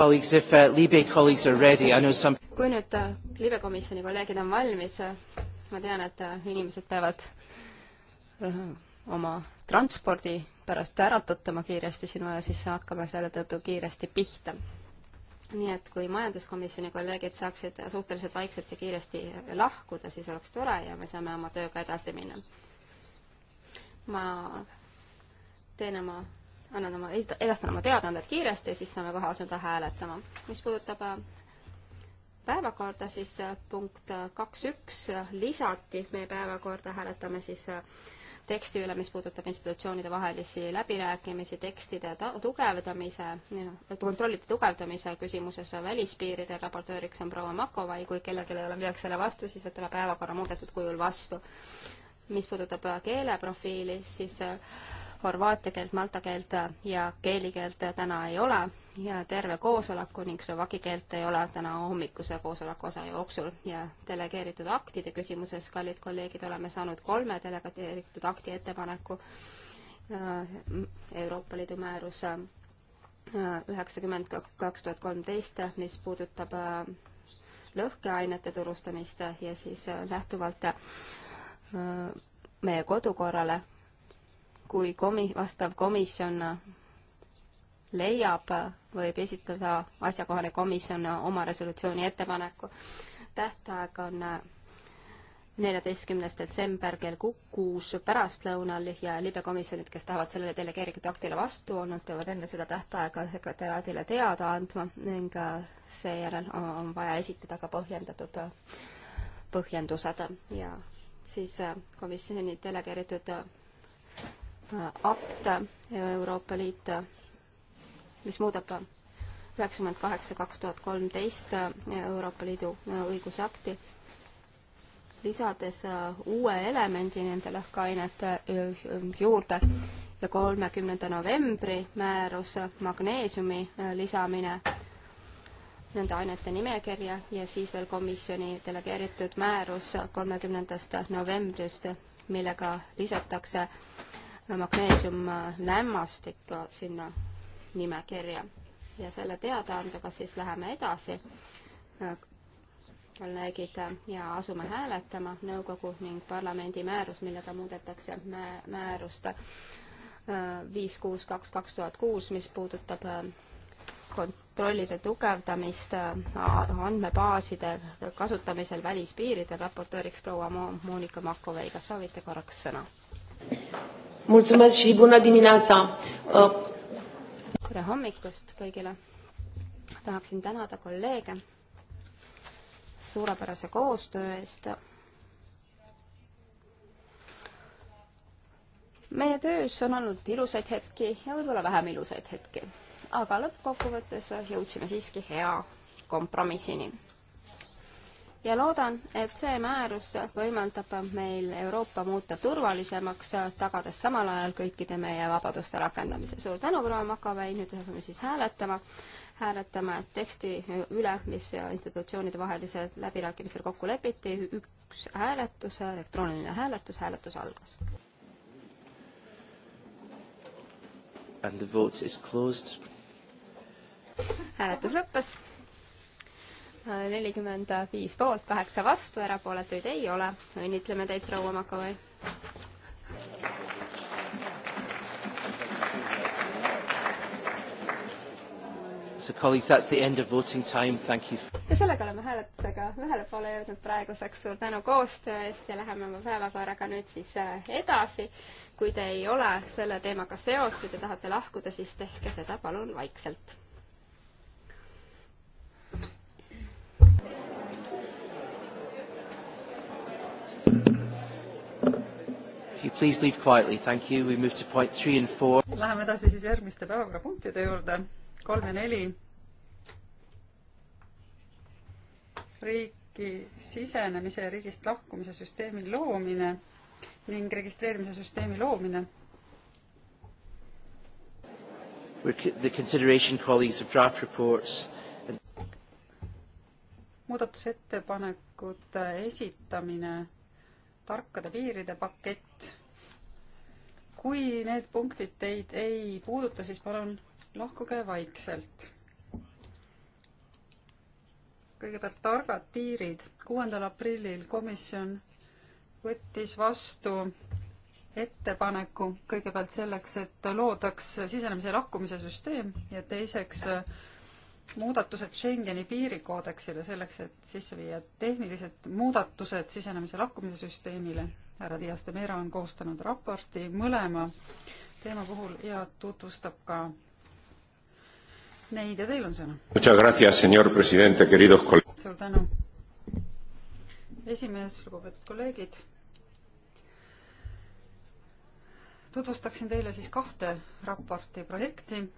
colleagues, if uh, Libe colleagues are ready, I know some kui nüüd äh, Libe komisjoni kolleegid on valmis, äh, ma tean, et äh, inimesed peavad oma transpordi pärast ära tõttama kiiresti sinna ja siis hakkame selle tõttu kiiresti pihta. nii et kui majanduskomisjoni kolleegid saaksid suhteliselt vaikselt ja kiiresti lahkuda, siis oleks tore ja me saame oma tööga edasi minna. ma teen oma annan oma, edastan oma teadaanded kiiresti ja siis saame kohe asuda hääletama. mis puudutab äh, päevakorda, siis äh, punkt äh, kaks üks lisati meie päevakorda, hääletame siis teksti üle, mis puudutab institutsioonide vahelisi läbirääkimisi, tekstide tugevdamise, kontrollide tugevdamise küsimuses välispiiride raportööriks on proua Makovai, kui kellelgi ei ole midagi selle vastu, siis võtame päevakorra muudetud kujul vastu. mis puudutab keeleprofiili, siis äh, horvaatia keelt, malta keelt ja keeli keelt täna ei ole ja terve koosoleku ning slovaki keelt ei ole täna hommikuse koosoleku osa jooksul ja delegeeritud aktide küsimuses, kallid kolleegid, oleme saanud kolme delegeeritud akti ettepaneku äh, Euroopa Liidu määrus äh, üheksakümmend kaks tuhat kolmteist, mis puudutab äh, lõhkeainete turustamist ja siis lähtuvalt meie kodukorrale kui komi-, vastav komisjon leiab, võib esitada asjakohane komisjon oma resolutsiooni ettepaneku. tähtaeg on äh, neljateistkümnes detsember kell kuus pärastlõunal ja libekomisjonid, kes tahavad sellele delegeeritud aktile vastu olla, nad peavad enne seda tähtaega sekretäraadile teada andma ning äh, seejärel on vaja esitada ka põhjendatud äh, põhjendused ja siis komisjoni delegeeritud akte Euroopa Liit, mis muudab üheksakümmend kaheksa, kaks tuhat kolmteist Euroopa Liidu õigusakti, lisades uue elemendi nende lõhkeainete juurde ja kolmekümnenda novembri määrus magneesiumi lisamine nende ainete nimekirja ja siis veel komisjoni delegeeritud määrus kolmekümnendast novembrist, millega lisatakse magneesiumlämmastik äh, äh, sinna nimekirja. ja selle teadaandega siis läheme edasi, äh, kolleegid, ja asume hääletama nõukogu ning parlamendi määrus, millega muudetakse määrust viis kuus kaks kaks tuhat kuus, mis puudutab kontrollide tugevdamist andmebaaside kasutamisel välispiiridel, raportööriks proua Monika Makovei, kas soovite korraks sõna? mulțumesc și bună dimineața! Uh, Tere hommikust kõigile! Tahaksin tänada kolleege suurepärase koostöö eest. Meie töös on olnud ilusaid hetki ja võib-olla vähem ilusaid hetki, aga lõppkokkuvõttes jõudsime siiski hea kompromissini ja loodan, et see määrus võimaldab meil Euroopa muuta turvalisemaks, tagades samal ajal kõikide meie vabaduste rakendamise. suur tänu, proua Makavei, nüüd asume siis hääletama. hääletame teksti üle, mis institutsioonide vahelisel läbirääkimistel kokku lepiti, üks hääletus, elektrooniline hääletus, hääletus algas. And the vote is closed. hääletus lõppes nelikümmend viis poolt, kaheksa vastu, erapooletuid ei ole. õnnitleme teid, proua Makovai. ja sellega oleme hääletusega ühele poole jõudnud praeguseks. suur tänu koostöö eest ja läheme oma päevakorraga nüüd siis äh, edasi. kui te ei ole selle teemaga seotud ja tahate lahkuda, siis tehke seda palun vaikselt If you please leave quietly, thank you, we move to point three and four. Läheme edasi siis järgmiste päevakorrapunktide juurde, kolm ja neli. riiki sisenemise ja riigist lahkumise süsteemi loomine ning registreerimise süsteemi loomine. The consideration colleagues of draft reports muudatusettepanekute esitamine tarkade piiride pakett. kui need punktid teid ei puuduta, siis palun lahkuge vaikselt. kõigepealt targad piirid. kuuendal aprillil komisjon võttis vastu ettepaneku kõigepealt selleks, et loodaks sisenemise ja lahkumise süsteem ja teiseks äh, muudatused Schengeni piirikoodeksile selleks, et sisse viia tehnilised muudatused sisenemise-lakkumise süsteemile. härra Dias de Mera on koostanud raporti mõlema teema puhul ja tutvustab ka neid ja teil on sõna. suur tänu. esimees, lugupeetud kolleegid. tutvustaksin teile siis kahte raporti projekti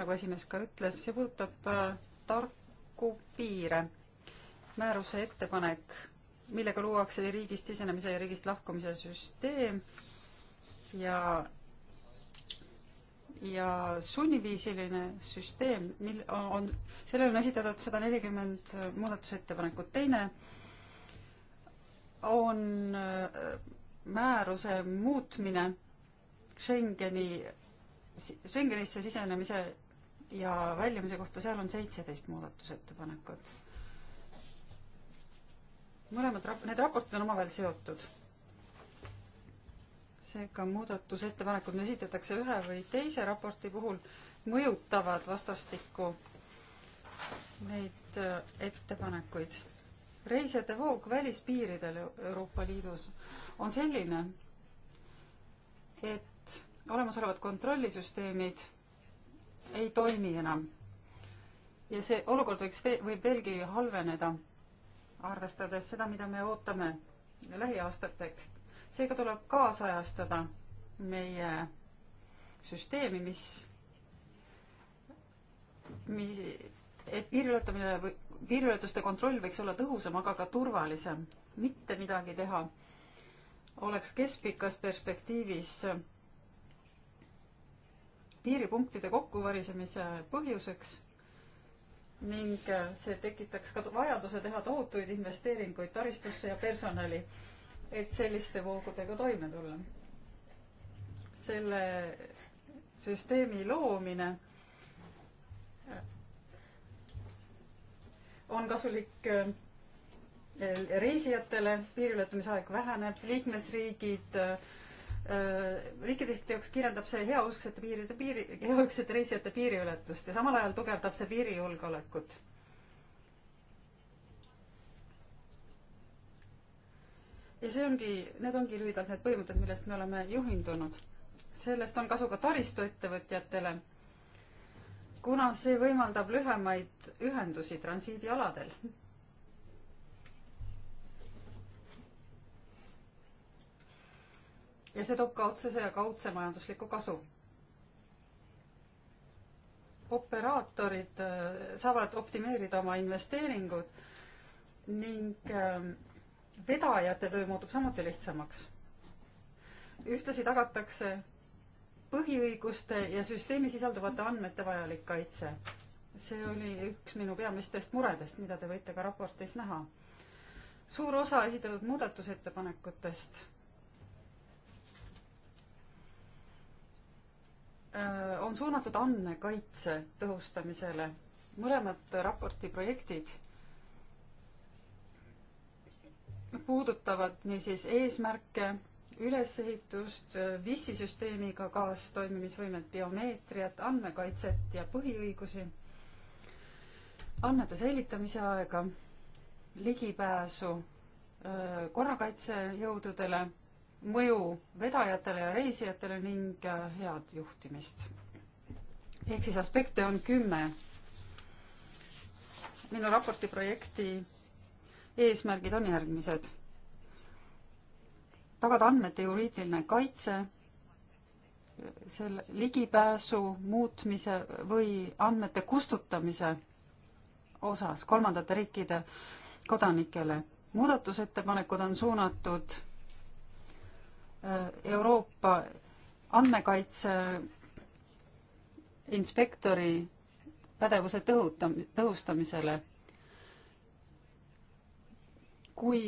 nagu esimees ka ütles, see puudutab äh, tarku piire. määruse ettepanek, millega luuakse riigist sisenemise ja riigist lahkumise süsteem ja ja sunniviisiline süsteem, mil on, sellele on esitatud sada nelikümmend muudatusettepanekut, teine on äh, määruse muutmine Schengeni, Schengenisse sisenemise ja väljumise kohta seal on seitseteist muudatusettepanekut. mõlemad rap-, need raportid on omavahel seotud. seega muudatusettepanekud, mis esitatakse ühe või teise raporti puhul, mõjutavad vastastikku neid äh, ettepanekuid. reisijate voog välispiiridel Euroopa Liidus on selline, et olemasolevad kontrollisüsteemid ei toimi enam. ja see olukord võiks, võib veelgi halveneda, arvestades seda, mida me ootame lähiaastateks. seega tuleb kaasajastada meie süsteemi, mis, mis, et piiriületamine või piiriületuste kontroll võiks olla tõhusam, aga ka turvalisem. mitte midagi teha oleks keskpikas perspektiivis piiripunktide kokkuvarisemise põhjuseks ning äh, see tekitaks ka vajaduse teha tohutuid investeeringuid taristusse ja personali, et selliste voogudega toime tulla. selle süsteemi loomine äh, on kasulik äh, reisijatele, piiriületamise aeg väheneb, liikmesriigid äh, riikidest jaoks kirjeldab see heausksete piiride piiri, heausksete reisijate piiriületust ja samal ajal tugevdab see piirijulgeolekut. ja see ongi, need ongi lühidalt need põhimõtted, millest me oleme juhindunud. sellest on kasu ka taristuettevõtjatele, kuna see võimaldab lühemaid ühendusi transiidialadel ja see toob ka otsese ja kaudse majandusliku kasu. operaatorid äh, saavad optimeerida oma investeeringud ning ähm, vedajate töö muutub samuti lihtsamaks. ühtlasi tagatakse põhiõiguste ja süsteemi sisalduvate andmete vajalik kaitse. see oli üks minu peamistest muredest, mida te võite ka raportis näha. suur osa esitatud muudatusettepanekutest Äh, on suunatud andmekaitse tõhustamisele. mõlemad raporti projektid puudutavad niisiis eesmärke, ülesehitust, VIS-i süsteemiga kaastoimimisvõimet, biomeetriat, andmekaitset ja põhiõigusi, andmete säilitamise aega, ligipääsu äh, korrakaitsejõududele mõju vedajatele ja reisijatele ning äh, head juhtimist. ehk siis aspekte on kümme. minu raporti projekti eesmärgid on järgmised. tagada andmete juriidiline kaitse, selle ligipääsu muutmise või andmete kustutamise osas kolmandate riikide kodanikele. muudatusettepanekud on suunatud Euroopa andmekaitse inspektori pädevuse tõhutam-, tõhustamisele. kui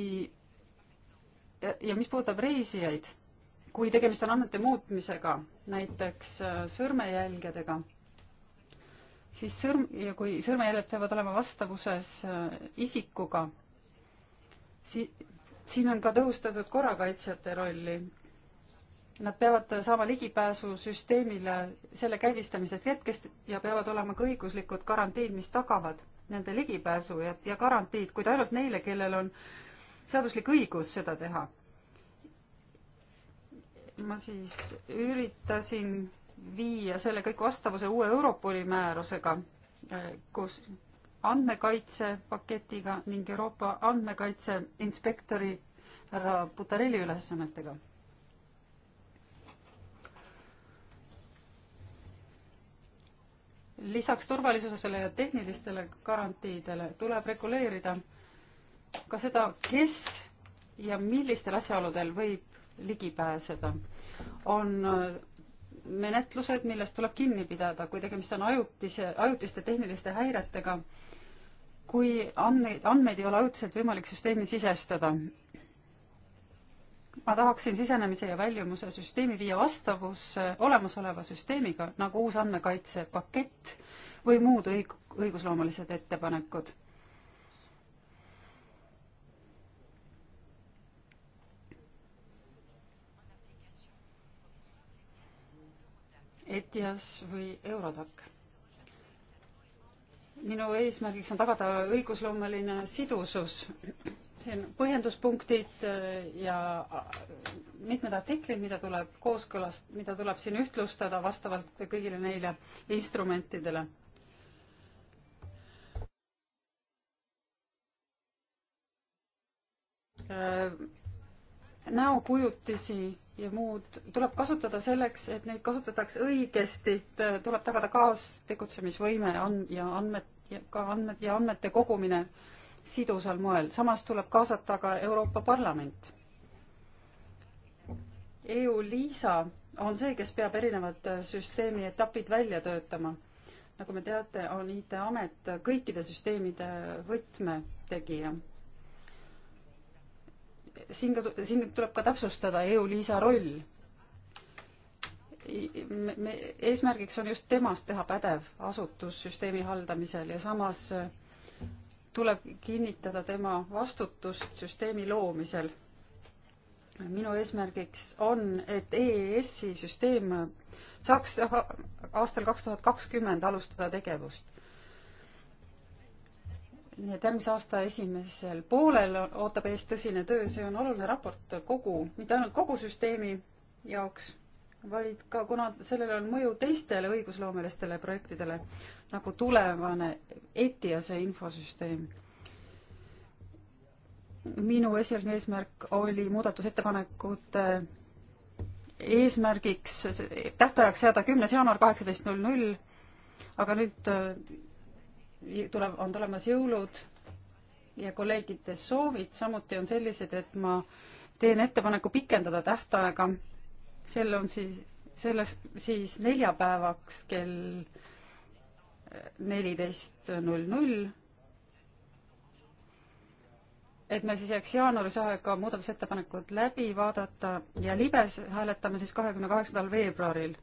ja, ja mis puudutab reisijaid, kui tegemist on andmete muutmisega, näiteks äh, sõrmejälgedega, siis sõrm, ja kui sõrmejäljed peavad olema vastavuses äh, isikuga, si-, siin on ka tõhustatud korrakaitsjate rolli Nad peavad saama ligipääsu süsteemile selle käivistamisest hetkest ja peavad olema ka õiguslikud garantiid, mis tagavad nende ligipääsu ja, ja garantiid, kuid ainult neile, kellel on seaduslik õigus seda teha. ma siis üritasin viia selle kõik vastavuse uue Europoli määrusega, eh, kus andmekaitsepaketiga ning Euroopa andmekaitse inspektori härra Butarelli ülesannetega lisaks turvalisusele ja tehnilistele garantiidele tuleb reguleerida ka seda, kes ja millistel asjaoludel võib ligi pääseda. on äh, menetlused, millest tuleb kinni pidada, kui tegemist on ajutise, ajutiste tehniliste häiretega, kui andmeid, andmeid ei ole ajutiselt võimalik süsteemi sisestada ma tahaksin sisenemise ja väljumuse süsteemi viia vastavusse olemasoleva süsteemiga, nagu uus andmekaitsepakett või muud õig-, õigusloomelised ettepanekud. ETIAS või Eurodac minu eesmärgiks on tagada õigusloomeline sidusus siin põhjenduspunktid äh, ja äh, mitmed artiklid, mida tuleb kooskõlast, mida tuleb siin ühtlustada vastavalt kõigile neile instrumentidele. Äh, näokujutisi ja muud tuleb kasutada selleks, et neid kasutatakse õigesti, tuleb tagada kaastegutsemisvõime ja andmed, ka andmed ja andmete kogumine sidusal moel, samas tuleb kaasata ka Euroopa Parlament. EU-LISA on see, kes peab erinevad äh, süsteemi etapid välja töötama. nagu me teate, on IT-amet kõikide süsteemide võtmetegija. siin ka, siin tuleb ka täpsustada EU-LISA roll. me, me, eesmärgiks on just temast teha pädev asutus süsteemi haldamisel ja samas äh, tuleb kinnitada tema vastutust süsteemi loomisel. minu eesmärgiks on, et EES-i süsteem saaks aastal kaks tuhat kakskümmend alustada tegevust. nii et järgmise aasta esimesel poolel ootab ees tõsine töö, see on oluline raport kogu, mitte ainult kogu süsteemi jaoks vaid ka kuna sellel on mõju teistele õigusloomelistele projektidele, nagu tulevane ETIAS-e infosüsteem. minu esialgne eesmärk oli muudatusettepanekute eesmärgiks tähtajaks seada kümnes jaanuar kaheksateist null null, aga nüüd äh, tuleb, on tulemas jõulud ja kolleegide soovid samuti on sellised, et ma teen ettepaneku pikendada tähtaega sel on siis, selles siis neljapäevaks kell neliteist null null. et me siis jääks jaanuaris aega muudatusettepanekud läbi vaadata ja libes hääletame siis kahekümne kaheksandal veebruaril.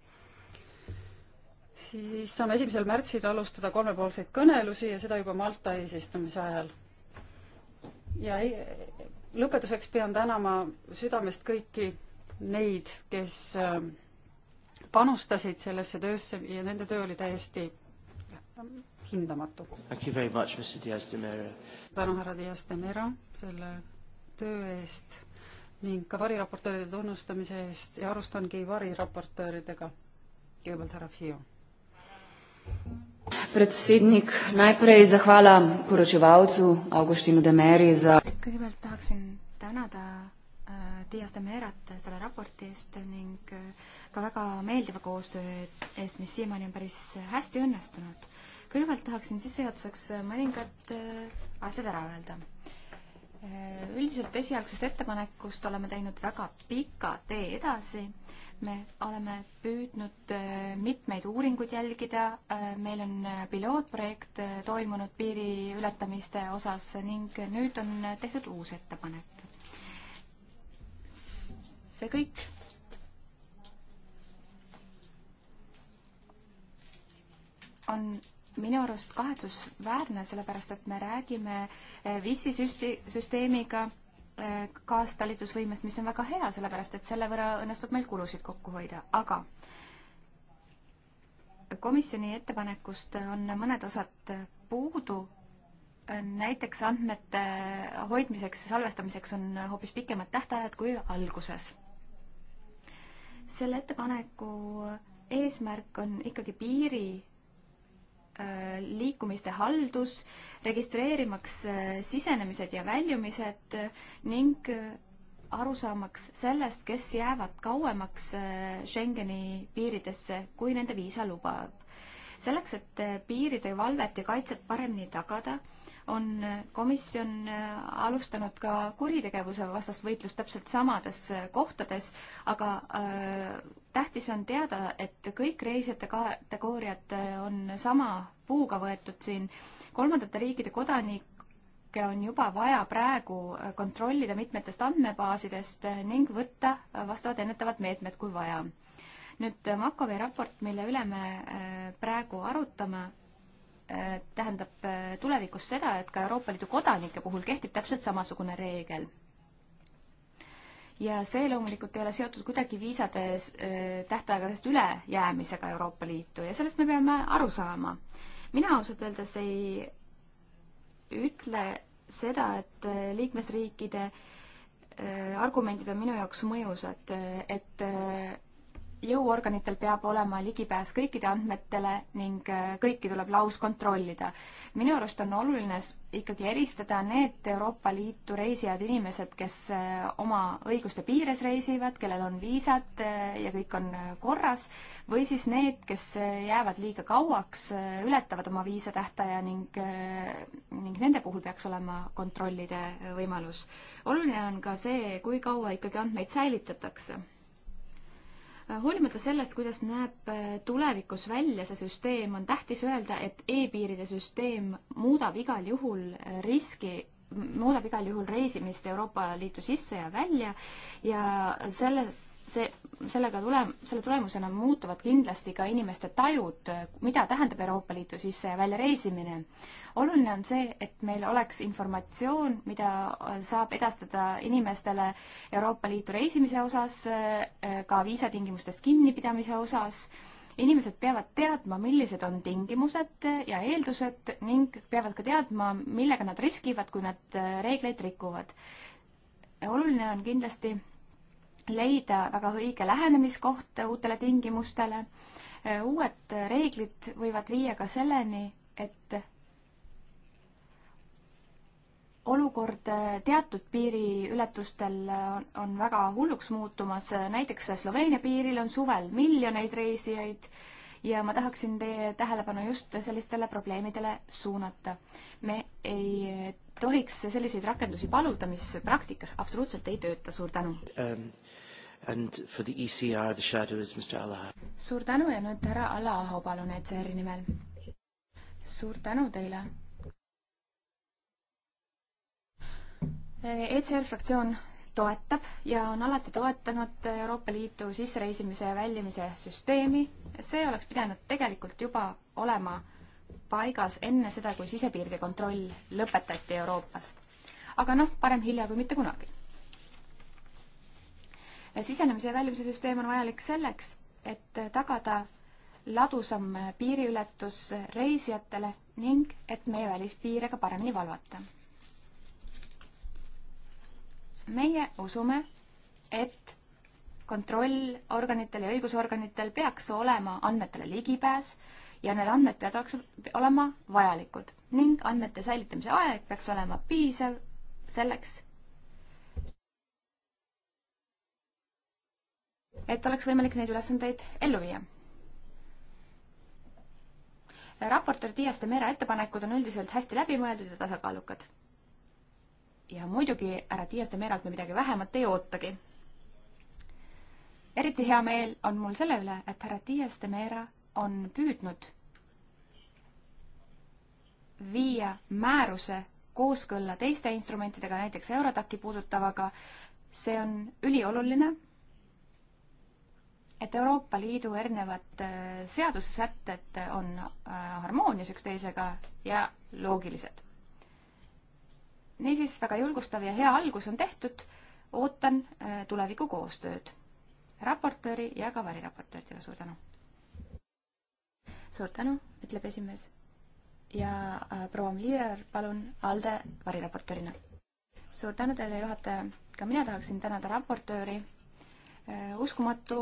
siis saame esimesel märtsil alustada kolmepoolseid kõnelusi ja seda juba Malta eesistumise ajal. ja ei, lõpetuseks pean tänama südamest kõiki neid, kes äh, panustasid sellesse töösse ja nende töö oli täiesti hindamatu. tänu, härra Dias de Mera, selle töö eest ning ka variraportööride tunnustamise eest ja alustangi variraportööridega. kõigepealt härra Fio. Predsednik, najprej zahvala poročevalcu Augustinu Demeri za kõigepealt tahaksin tänada Dias äh, de Merat selle raporti eest ning äh, ka väga meeldiva koostöö eest, mis siiamaani on päris hästi õnnestunud. kõigepealt tahaksin sissejuhatuseks äh, mõningad asjad ära öelda. Üldiselt esialgsest ettepanekust oleme teinud väga pika tee edasi. me oleme püüdnud mitmeid uuringuid jälgida, meil on pilootprojekt toimunud piiri ületamiste osas ning nüüd on tehtud uus ettepanek see kõik. on minu arust kahetsusväärne, sellepärast et me räägime eh, VIS-i süsti, süsteemiga eh, kaastalitusvõimest, mis on väga hea, sellepärast et selle võrra õnnestub meil kulusid kokku hoida, aga komisjoni ettepanekust on mõned osad puudu. näiteks andmete hoidmiseks ja salvestamiseks on hoopis pikemad tähtajad kui alguses selle ettepaneku eesmärk on ikkagi piiri äh, liikumiste haldus, registreerimaks äh, sisenemised ja väljumised ning äh, aru saamaks sellest, kes jäävad kauemaks Schengeni piiridesse, kui nende viisa lubab. selleks, et piiride valvet ja kaitset paremini tagada, on komisjon alustanud ka kuritegevuse vastast võitlust täpselt samades kohtades, aga äh, tähtis on teada, et kõik reisijate kategooriad äh, on sama puuga võetud siin. kolmandate riikide kodanik riike on juba vaja praegu äh, kontrollida mitmetest andmebaasidest äh, ning võtta vastavad ennetavad meetmed, kui vaja. nüüd Makovi raport, mille üle me praegu arutame, Äh, tähendab äh, tulevikus seda, et ka Euroopa Liidu kodanike puhul kehtib täpselt samasugune reegel. ja see loomulikult ei ole seotud kuidagi viisade äh, tähtaegadest ülejäämisega Euroopa Liitu ja sellest me peame aru saama. mina ausalt öeldes ei ütle seda, et liikmesriikide argumendid on minu jaoks mõjusad, et, et jõuorganitel peab olema ligipääs kõikide andmetele ning äh, kõiki tuleb laus kontrollida. minu arust on oluline ikkagi eristada need Euroopa Liitu reisijad inimesed, kes äh, oma õiguste piires reisivad, kellel on viisad äh, ja kõik on korras, või siis need, kes jäävad liiga kauaks, ületavad oma viisatähtaja ning, ning nende puhul peaks olema kontrollide võimalus. oluline on ka see, kui kaua ikkagi andmeid säilitatakse Äh, hoolimata sellest, kuidas näeb äh, tulevikus välja see süsteem, on tähtis öelda, et e-piiride süsteem muudab igal juhul äh, riski muudab igal juhul reisimist Euroopa Liitu sisse ja välja ja selles see, sellega tule, selle tulemusena muutuvad kindlasti ka inimeste tajud, mida tähendab Euroopa Liitu sisse ja välja reisimine. oluline on see, et meil oleks informatsioon, mida saab edastada inimestele Euroopa Liitu reisimise osas, ka viisatingimustest kinnipidamise osas. inimesed peavad teadma, millised on tingimused ja eeldused ning peavad ka teadma, millega nad riskivad, kui nad reegleid rikuvad. oluline on kindlasti leida väga õige lähenemiskoht uutele tingimustele. Äh, uued reeglid võivad viia ka selleni, et olukord äh, teatud piiriületustel on, äh, on väga hulluks muutumas, näiteks Sloveenia piiril on suvel miljoneid reisijaid ja ma tahaksin teie tähelepanu just sellistele probleemidele suunata. me ei tohiks selliseid rakendusi paluda, mis praktikas absoluutselt ei tööta, suur tänu um,. E suur tänu ja nüüd härra Alla Aho, palun, ECR-i nimel. suur tänu teile. ECR fraktsioon toetab ja on alati toetanud Euroopa Liitu sissereisimise ja väljumise süsteemi. see oleks pidanud tegelikult juba olema äh, paigas enne seda, kui sisepiiride kontroll lõpetati Euroopas. aga noh, parem hilja kui mitte kunagi. sisenemise ja väljumise süsteem on vajalik selleks, et tagada ladusam piiriületus reisijatele ning et meie välispiire ka paremini valvata. meie usume, et kontrollorganitel ja õigusorganitel peaks olema andmetele ligipääs äh, ja need andmed peaks olema vajalikud ning andmete säilitamise aeg peaks olema piisav selleks, et oleks võimalik neid ülesandeid ellu viia. raportöör Dias de Mera ettepanekud on üldiselt hästi läbimõeldud ja tasakaalukad. ja muidugi härra Dias de Meralt me midagi vähemat ei ootagi. eriti hea meel on mul selle üle, et härra Dias de Mera on püüdnud viia määruse kooskõlla teiste instrumentidega, näiteks Eurotaki puudutavaga, see on ülioluline, et Euroopa Liidu erinevad äh, seadusesätted on äh, harmoonias üksteisega ja loogilised. niisiis, väga julgustav ja hea algus on tehtud, ootan äh, tuleviku koostööd raportööri ja ka variraportööridele, suur tänu! suur tänu, ütleb esimees. ja äh, proua Miirer, palun, ALDE variraportöörina. suur tänu teile, juhataja. ka mina tahaksin tänada raportööri äh, uskumatu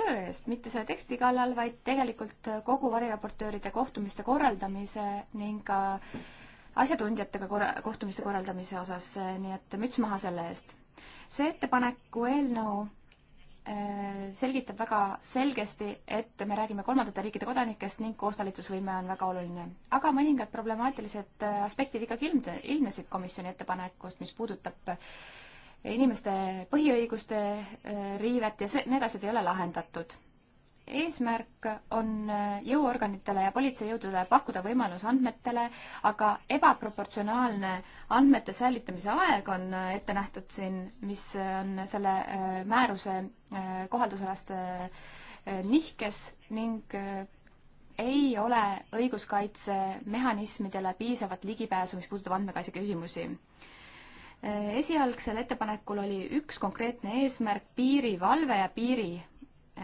töö eest, mitte selle teksti kallal, vaid tegelikult kogu variraportööride kohtumiste korraldamise ning ka asjatundjatega korra-, kohtumiste korraldamise osas, äh, nii et müts maha selle eest. see ettepaneku eelnõu Äh, selgitab väga selgesti, et me räägime kolmandate riikide kodanikest ning koostalitusvõime on väga oluline. aga mõningad problemaatilised äh, aspektid ikkagi ilm-, ilmnesid komisjoni ettepanekust, mis puudutab äh, inimeste põhiõiguste riivet ja see, need asjad ei ole lahendatud eesmärk on äh, jõuorganitele ja politseijõududele pakkuda võimalus andmetele, aga ebaproportsionaalne andmete säilitamise aeg on äh, ette nähtud siin, mis on selle äh, määruse kohaldusalast nihkes ning ei ole õiguskaitsemehhanismidele piisavat ligipääsu, mis puudutab andmekaitse küsimusi esialgsel ettepanekul oli üks konkreetne eesmärk, piirivalve ja piiri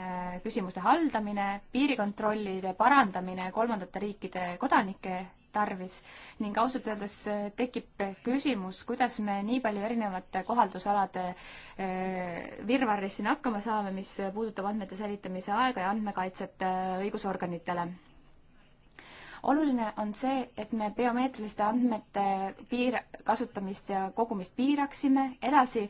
Äh, küsimuste haldamine, piirikontrollide parandamine kolmandate riikide kodanike tarvis ning ausalt öeldes äh, tekib küsimus, kuidas me nii palju erinevate kohaldusalade äh, virvarris siin hakkama saame, mis puudutab andmete säilitamise aega ja andmekaitset õigusorganitele oluline on see, et me biomeetriliste andmete piir, kasutamist ja kogumist piiraksime, edasi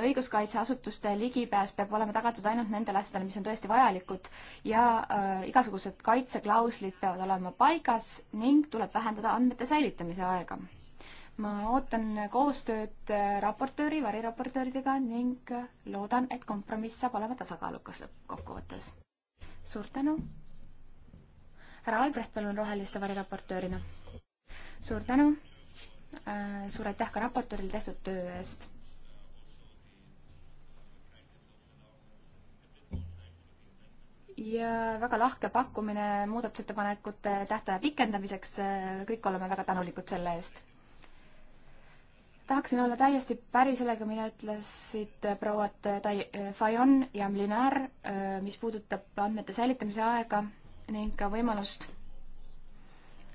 õiguskaitseasutuste ligipääs peab olema tagatud ainult nendele asjadele, mis on tõesti vajalikud ja äh, igasugused kaitseklauslid peavad olema paigas ning tuleb vähendada andmete säilitamise aega. ma ootan koostööd raportööri, variraportööridega ning loodan, et kompromiss saab olema tasakaalukas lõppkokkuvõttes. suur tänu! härra Albrecht, palun roheliste variraportöörina. suur tänu, äh, suur aitäh ka raportööril tehtud töö eest. ja väga lahke pakkumine muudatusettepanekute tähtaja pikendamiseks, äh, kõik oleme väga tänulikud selle eest tahaksin olla täiesti päri sellega, mida ütlesid prouad Fajon ja Mlinar, äh, mis puudutab andmete säilitamise aega ning ka võimalust,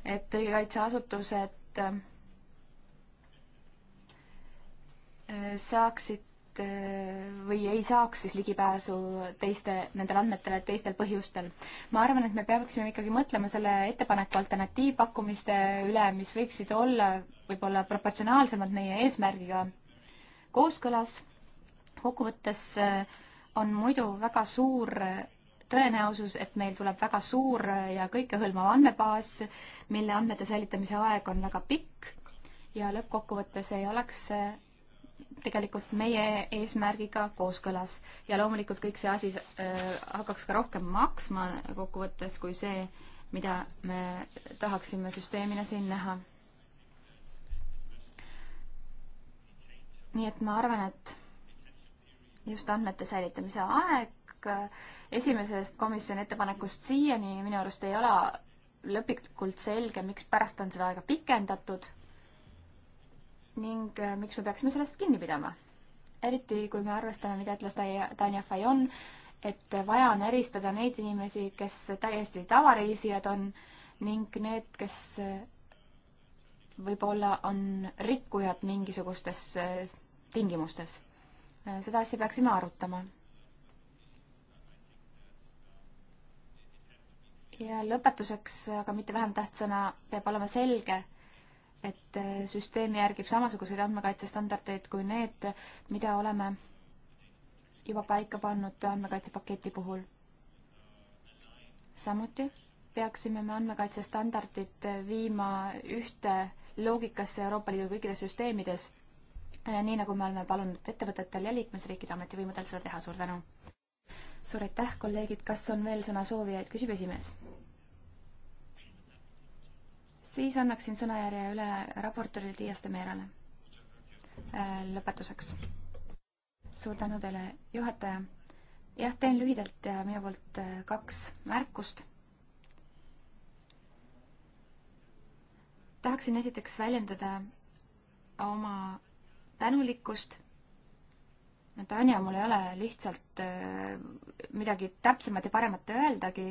et riigikaitseasutused äh, saaksid äh, või ei saaks siis ligipääsu teiste, nendele andmetele teistel põhjustel. ma arvan, et me peaksime ikkagi mõtlema selle ettepaneku alternatiivpakkumiste üle, mis võiksid olla võib-olla proportsionaalsemad meie eesmärgiga kooskõlas. kokkuvõttes äh, on muidu väga suur tõenäosus, et meil tuleb väga suur ja kõikehõlmav andmebaas, mille andmete säilitamise aeg on väga pikk ja lõppkokkuvõttes ei oleks see tegelikult meie eesmärgiga kooskõlas. ja loomulikult kõik see asi äh, hakkaks ka rohkem maksma kokkuvõttes kui see, mida me tahaksime süsteemina siin näha. nii et ma arvan, et just andmete säilitamise aeg ettepanek äh, esimesest komisjoni ettepanekust siiani minu arust ei ole lõplikult selge, mikspärast on seda aega pikendatud ning äh, miks me peaksime sellest kinni pidama. eriti, kui me arvestame, mida ütles Tanja Fajon, et vaja on eristada neid inimesi, kes täiesti tavareisijad on ning need, kes äh, võib-olla on rikkujad mingisugustes tingimustes. seda asja peaksime arutama ja lõpetuseks, aga mitte vähem tähtsana, peab olema selge, et äh, süsteem järgib samasuguseid andmekaitsestandardeid kui need, mida oleme juba paika pannud andmekaitsepaketi puhul. samuti peaksime me andmekaitsestandardid viima ühte loogikasse Euroopa Liidu kõikides süsteemides, äh, nii nagu me oleme palunud ettevõtetel ja liikmesriikide ametivõimudel seda teha, suur tänu! suur aitäh, kolleegid, kas on veel sõnasoovijaid, küsib esimees siis annaksin sõnajärje üle raportöörile Tiias Demerale. Äh, lõpetuseks. suur tänu teile, juhataja. jah, teen lühidalt ja minu poolt äh, kaks märkust. tahaksin esiteks väljendada oma tänulikkust Tanja, mul ei ole lihtsalt äh, midagi täpsemat ja paremat öeldagi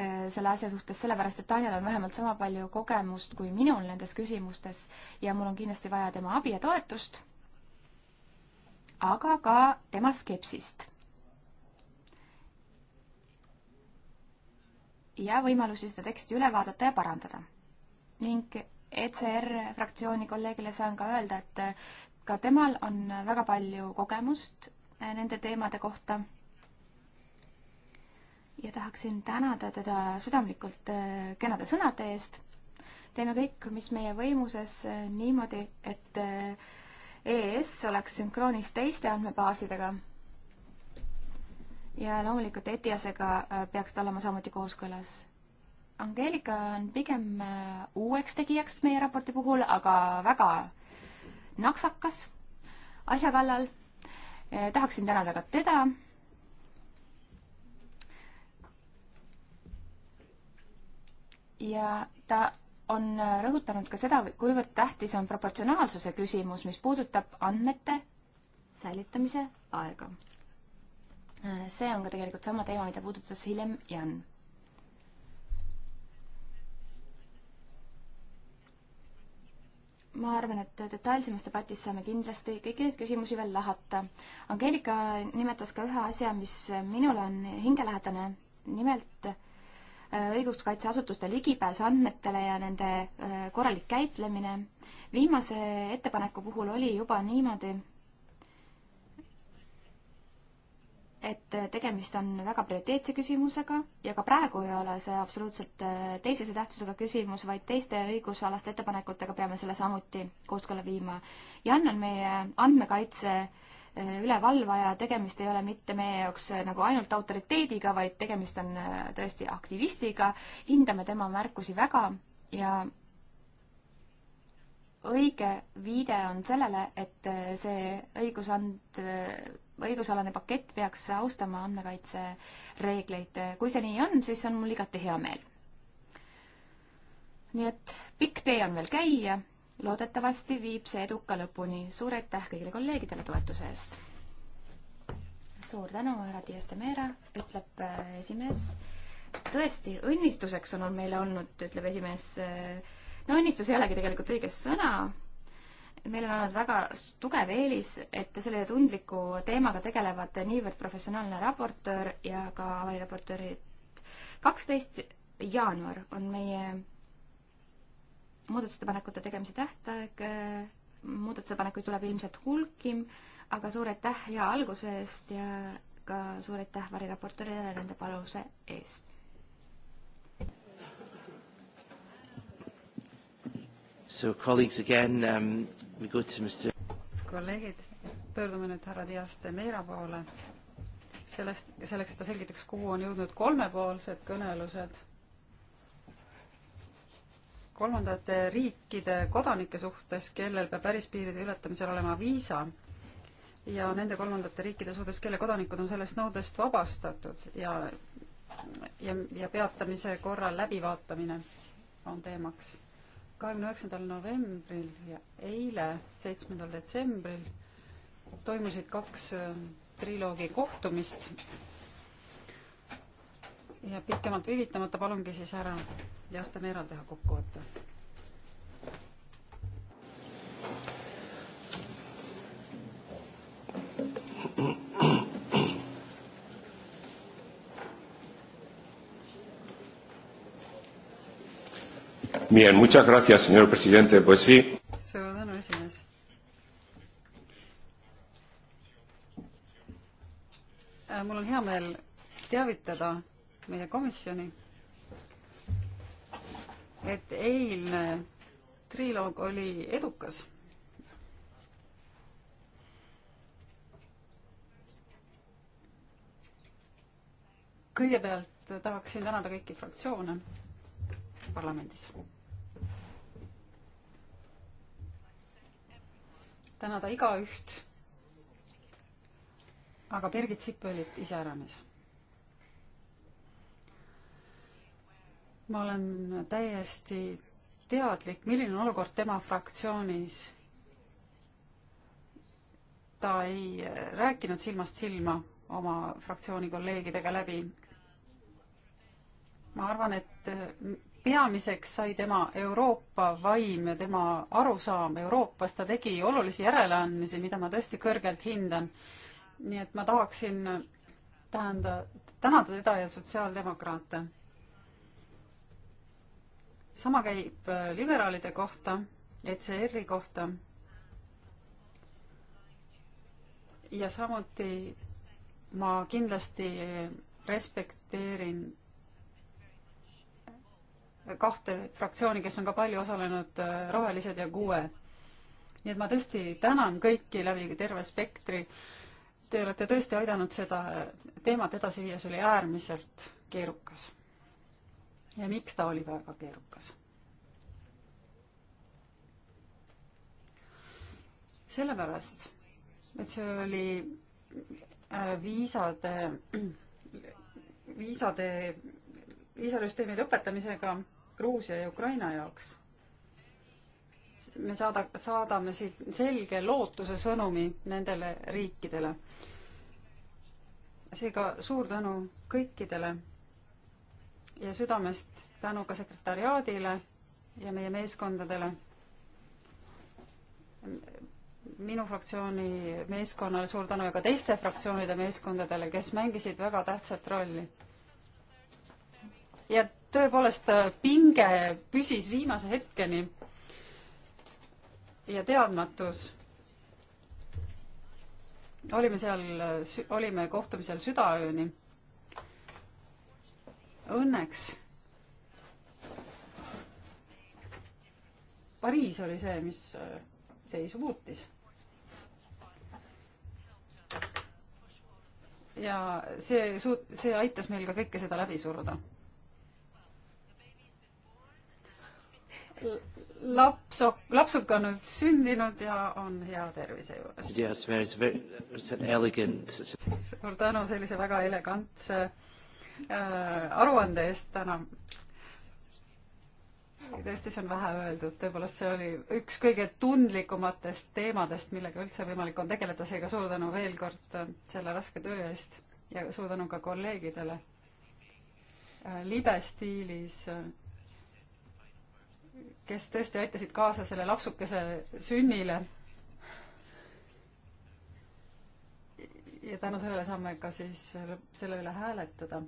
Äh, selle asja suhtes, sellepärast et Tanjal on vähemalt sama palju kogemust kui minul nendes küsimustes ja mul on kindlasti vaja tema abi ja toetust, aga ka tema skepsist. ja võimalusi seda teksti üle vaadata ja parandada. ning ECR fraktsiooni kolleegile saan ka öelda, et ka temal on väga palju kogemust äh, nende teemade kohta ja tahaksin tänada teda südamlikult äh, kenade sõnade eest. teeme kõik, mis meie võimuses äh, niimoodi, et äh, EES oleks sünkroonis teiste andmebaasidega. ja loomulikult ETIAS-ega peaks ta olema samuti kooskõlas Angeelika on pigem uueks tegijaks meie raporti puhul, aga väga naksakas asja kallal eh,. tahaksin tänada ka teda ja ta on rõhutanud ka seda, kuivõrd tähtis on proportsionaalsuse küsimus, mis puudutab andmete säilitamise aega. see on ka tegelikult sama teema, mida puudutas hiljem Jan ma arvan, et detailsemas debatis saame kindlasti kõiki neid küsimusi veel lahata. Angeelika nimetas ka ühe asja, mis minule on hingelähedane, nimelt äh, Äh, õiguskaitseasutuste ligipääs andmetele ja nende äh, korralik käitlemine. viimase ettepaneku puhul oli juba niimoodi, et äh, tegemist on väga prioriteetse küsimusega ja ka praegu ei ole see absoluutselt teisese tähtsusega küsimus, vaid teiste õigusalaste ettepanekutega peame selle samuti kooskõlla viima. Jan on meie andmekaitse äh, Äh, ülevalvaja, tegemist ei ole mitte meie jaoks äh, nagu ainult autoriteediga, vaid tegemist on äh, tõesti aktivistiga, hindame tema märkusi väga ja õige viide on sellele, et see õigusand, õigusalane pakett peaks austama andmekaitse reegleid. kui see nii on, siis on mul igati hea meel. nii et pikk tee on veel käia loodetavasti viib see eduka lõpuni. suur aitäh kõigile kolleegidele toetuse eest! suur tänu, härra Dias de Meera, ütleb äh, esimees. tõesti, õnnistuseks on meile olnud, ütleb esimees. Äh, no õnnistus ei olegi tegelikult õige sõna meil on olnud väga tugev eelis, et selle tundliku teemaga tegelevad niivõrd professionaalne raportöör ja ka avariraportöörid. kaksteist jaanuar on meie muudatusettepanekute tegemise tähtaeg, äh, muudatusettepanekuid tuleb ilmselt hulkim, aga suur aitäh hea alguse eest ja ka suur aitäh variraportorile nende paluse eest. So colleagues again um,, we go to Mr. kolleegid, pöördume nüüd härra Dias de Meira poole. sellest, selleks, et ta selgitaks, kuhu on jõudnud kolmepoolsed kõnelused kolmandate riikide kodanike suhtes, kellel peab välispiiride ületamisel olema viisa ja nende kolmandate riikide suhtes, kelle kodanikud on sellest nõudest vabastatud ja ja, ja peatamise korral läbivaatamine on teemaks. kahekümne üheksandal novembril ja eile, seitsmendal detsembril toimusid kaks äh, triloogi kohtumist ja pikemalt viivitamata palungi siis härra lasta Meeral teha kokkuvõtte. Bien, muchas gracias, señor presidente. Pues sí. Suur tänu, esimees. Äh, mul on hea meel teavitada meie komisjoni et eilne triloog oli edukas. kõigepealt tahaksin tänada kõiki fraktsioone parlamendis. tänada igaüht, aga Birgit Sipelit iseäranis ma olen täiesti teadlik, milline on olukord tema fraktsioonis. ta ei eh, rääkinud silmast silma oma fraktsiooni kolleegidega läbi. ma arvan, et eh, peamiseks sai tema Euroopa vaim ja tema arusaam Euroopast, ta tegi olulisi järeleandmisi, mida ma tõesti kõrgelt hindan. nii et ma tahaksin eh, tähenda, tänada teda ja sotsiaaldemokraate sama käib äh, liberaalide kohta, ECR-i kohta. ja samuti ma kindlasti respekteerin kahte fraktsiooni, kes on ka palju osalenud, äh, Rohelised ja kuue. nii et ma tõesti tänan kõiki läbi terve spektri. Te olete tõesti aidanud seda teemat edasi viia, see oli äärmiselt keerukas ja miks ta oli väga keerukas. sellepärast, et see oli äh, viisade, viisade, viisasüsteemi lõpetamisega Gruusia ja Ukraina jaoks. me saada, saadame siit selge lootuse sõnumi nendele riikidele. seega suur tänu kõikidele ja südamest tänu ka sekretariaadile ja meie meeskondadele. minu fraktsiooni meeskonnale suur tänu ja ka teiste fraktsioonide meeskondadele, kes mängisid väga tähtsat rolli. ja tõepoolest pinge püsis viimase hetkeni ja teadmatus. olime seal, olime kohtumisel südaööni õnneks Pariis oli see, mis äh, seisu muutis. ja see suut-, see aitas meil ka kõike seda läbi suruda. laps, lapsuke on nüüd sündinud ja on hea tervise juures. suur tänu sellise väga elegantse Äh, aruande eest täna. tõesti, see on vähe öeldud, tõepoolest see oli üks kõige tundlikumatest teemadest, millega üldse võimalik on tegeleda, seega suur tänu veel kord äh, selle raske töö eest ja suur tänu ka kolleegidele. Äh, libe stiilis, kes tõesti aitasid kaasa selle lapsukese sünnile. ja tänu sellele saame ka siis selle üle hääletada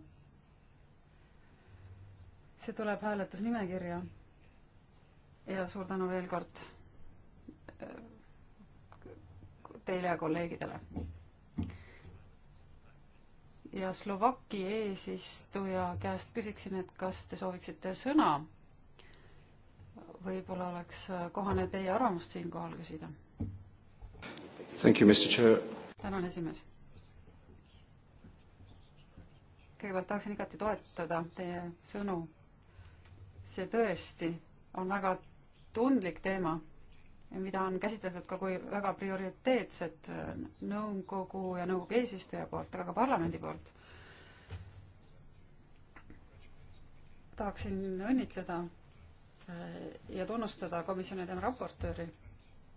see tuleb hääletusnimekirja. ja suur tänu veel kord äh, teile ja kolleegidele. ja Slovakki eesistuja käest küsiksin, et kas te sooviksite sõna? võib-olla oleks äh, kohane teie arvamust siinkohal küsida. tänan, esimees. kõigepealt tahaksin igati toetada teie sõnu see tõesti on väga tundlik teema, mida on käsitletud ka kui väga prioriteetset äh, nõukogu ja nõukogu eesistuja poolt, aga ka parlamendi poolt. tahaksin õnnitleda äh, ja tunnustada komisjoni ja tema raportööri,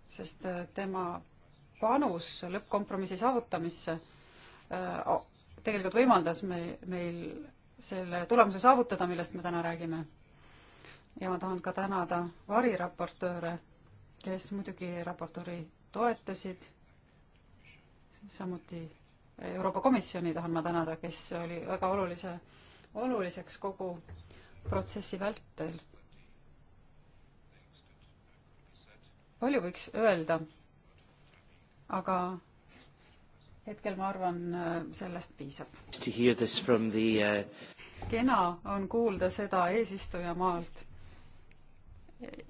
sest äh, tema panus lõppkompromissi saavutamisse tegelikult võimaldas me, meil selle tulemuse saavutada, millest me täna räägime ja ma tahan ka tänada variraportööre, kes muidugi raportööri toetasid, samuti Euroopa Komisjoni tahan ma tänada, kes oli väga olulise, oluliseks kogu protsessi vältel. palju võiks öelda, aga hetkel ma arvan, sellest piisab. Uh, kena on kuulda seda eesistujamaalt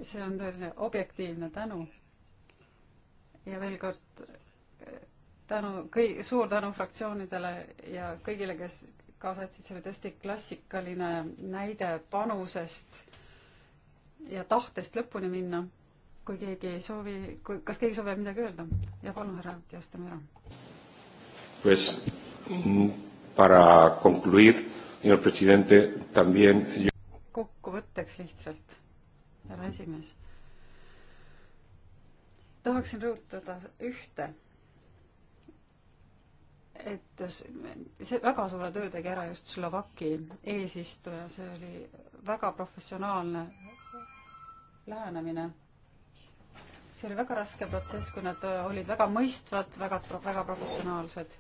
see on tõeline objektiivne tänu. ja veel kord eh, tänu, kõi-, suur tänu fraktsioonidele ja kõigile, kes kaasa aitasid, see oli tõesti klassikaline näide panusest ja tahtest lõpuni minna. kui keegi ei soovi, kui, kas keegi soovib midagi öelda? ja palun, härra Tiastamera. Pues mm, para concluir, señor presidente, también kokkuvõtteks lihtsalt härra esimees. tahaksin rõhutada ühte. et see väga suure töö tegi ära just Slovaki eesistuja, see oli väga professionaalne lähenemine. see oli väga raske protsess, kui nad olid väga mõistvad, väga, väga professionaalsed.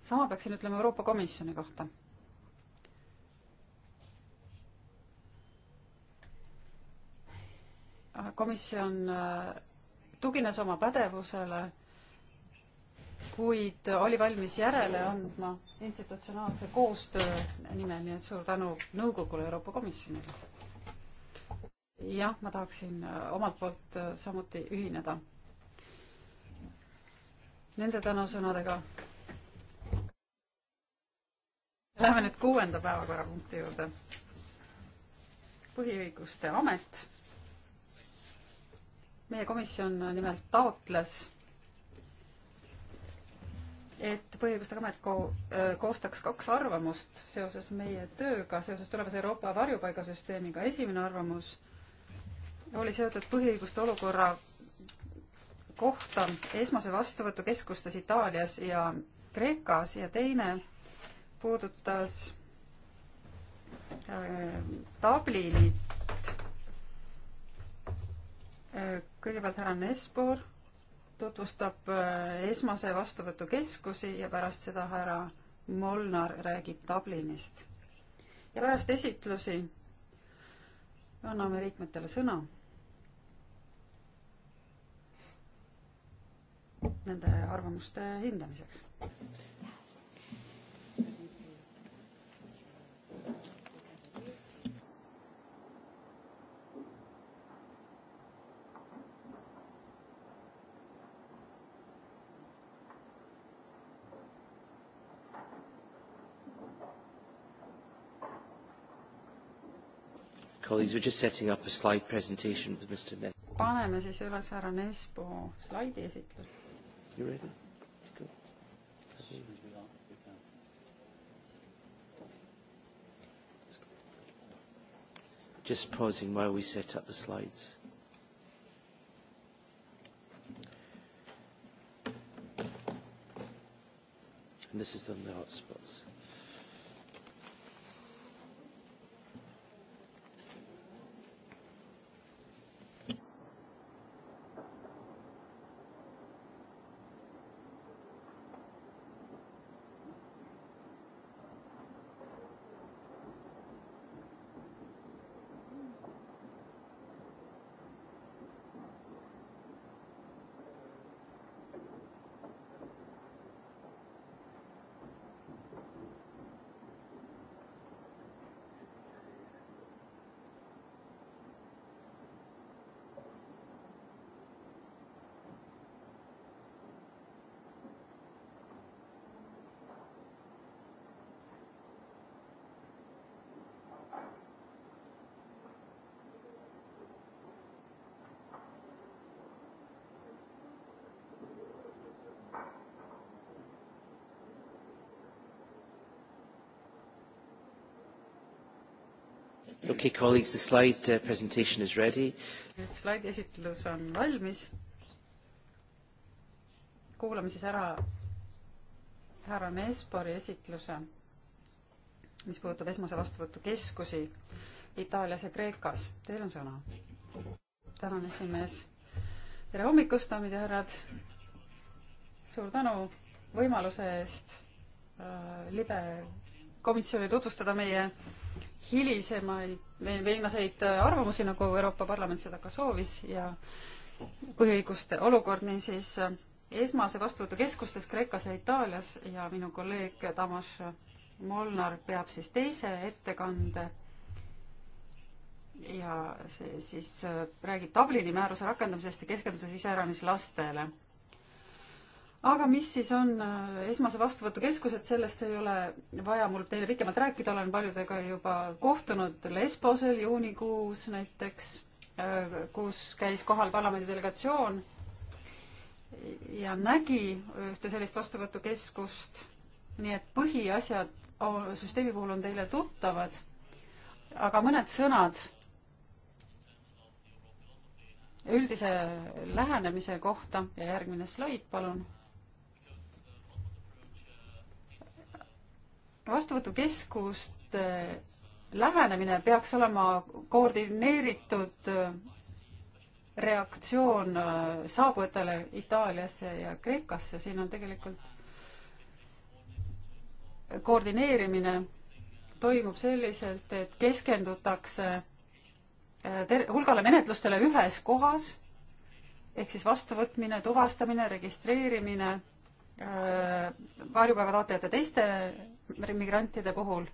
sama peaksin ütlema Euroopa Komisjoni kohta komisjon äh, tugines oma pädevusele, kuid oli valmis järele andma institutsionaalse koostöö nimel, nii et suur tänu nõukogule, Euroopa Komisjonile. jah, ma tahaksin äh, omalt poolt äh, samuti ühineda nende tänusõnadega. Läheme nüüd kuuenda päevakorrapunkti juurde. põhiõiguste amet meie komisjon nimelt taotles, et Põhiõiguste Amet ko-, koostaks kaks arvamust seoses meie tööga, seoses tulevase Euroopa varjupaigasüsteemiga. esimene arvamus oli seotud põhiõiguste olukorra kohta esmase vastuvõtukeskustes Itaalias ja Kreekas ja teine puudutas äh, tablinit äh, kõigepealt härra Nespoor tutvustab äh, esmase vastuvõtukeskusi ja pärast seda härra Molnar räägib Dublinist. ja pärast esitlusi anname liikmetele sõna. Nende arvamuste hindamiseks. Colleagues, we're just setting up a slide presentation with Mr. Ness. paneme siis üles härra Nespoo slaidi esitluse. You ready? Let's go. Just pausing while we set up the slides. And this is on the hotspots. Okay, colleagues, the slide uh, presentation is ready. slaidi esitlus on valmis. kuulame siis ära härra Nespori esitluse, mis puudutab esmase vastuvõtukeskusi Itaalias ja Kreekas. Teil on sõna. tänan, esimees. tere hommikust, daamid ja härrad. suur tänu võimaluse eest äh, libe komisjonile tutvustada meie äh, hilisemaid või viimaseid äh, arvamusi, nagu Euroopa Parlament seda ka soovis ja põhiõiguste olukord, niisiis äh, esmase vastuvõtukeskustes Kreekas ja Itaalias ja minu kolleeg Tamas Molnar peab siis teise ettekande ja see siis äh, räägib Dublini määruse rakendamisest ja keskendus iseäranis lastele aga mis siis on äh, esmase vastuvõtu keskused, sellest ei ole vaja mul teile pikemalt rääkida, olen paljudega juba kohtunud Lesbosel juunikuus näiteks, äh, kus käis kohal parlamendi delegatsioon ja nägi ühte sellist vastuvõtukeskust. nii et põhiasjad süsteemi puhul on teile tuttavad. aga mõned sõnad üldise lähenemise kohta ja järgmine slaid, palun vastuvõtukeskuste lähenemine peaks olema koordineeritud äh, reaktsioon äh, saabujatele Itaaliasse ja Kreekasse, siin on tegelikult koordineerimine toimub selliselt, et keskendutakse äh, ter-, hulgale menetlustele ühes kohas, ehk siis vastuvõtmine, tuvastamine, registreerimine Äh, varjupaiga taotlejate teiste migrantide puhul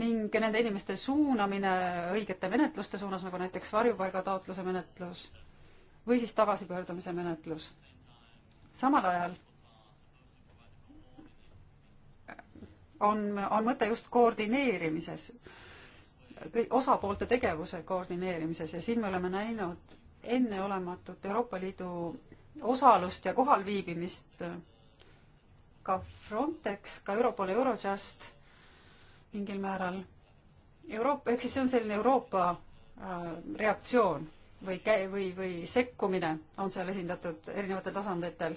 ning nende inimeste suunamine õigete menetluste suunas, nagu näiteks varjupaigataotluse menetlus või siis tagasipöördumise menetlus. samal ajal on, on mõte just koordineerimises, osapoolte tegevuse koordineerimises ja siin me oleme näinud enneolematut Euroopa Liidu osalust ja kohalviibimist ka Frontex, ka Europol ja Eurojust mingil määral. Euroopa, ehk siis see on selline Euroopa äh, reaktsioon või käi-, või, või sekkumine on seal esindatud erinevatel tasanditel.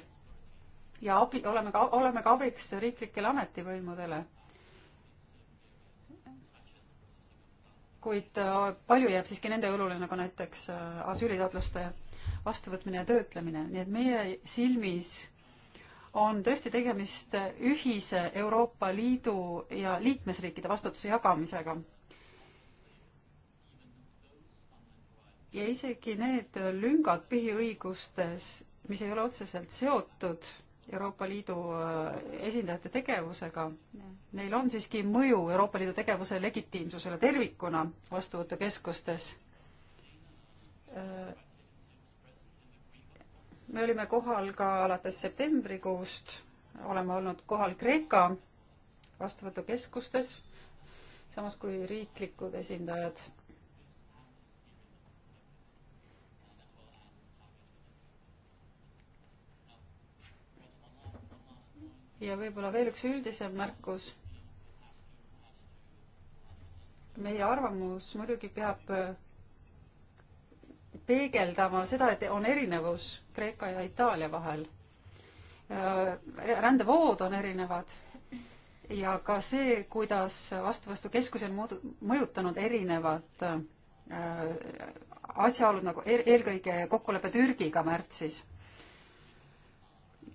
ja abi, oleme ka, oleme ka abiks riiklikele ametivõimudele. kuid äh, palju jääb siiski nende õlule, nagu näiteks äh, asüülitaotluste vastuvõtmine ja töötlemine, nii et meie silmis on tõesti tegemist ühise Euroopa Liidu ja liikmesriikide vastutuse jagamisega. ja isegi need lüngad põhiõigustes, mis ei ole otseselt seotud Euroopa Liidu äh, esindajate tegevusega, neil on siiski mõju Euroopa Liidu tegevuse legitiimsusele tervikuna vastuvõtukeskustes. Äh, me olime kohal ka alates septembrikuust, oleme olnud kohal Kreeka vastuvõtukeskustes, samas kui riiklikud esindajad. ja võib-olla veel üks üldisem märkus. meie arvamus muidugi peab peegeldama seda, et on erinevus Kreeka ja Itaalia vahel. Äh, rändevood on erinevad ja ka see, kuidas vastuvõtukeskusi on muudu-, mõjutanud erinevad äh, asjaolud nagu e-, eelkõige kokkulepe Türgiga märtsis.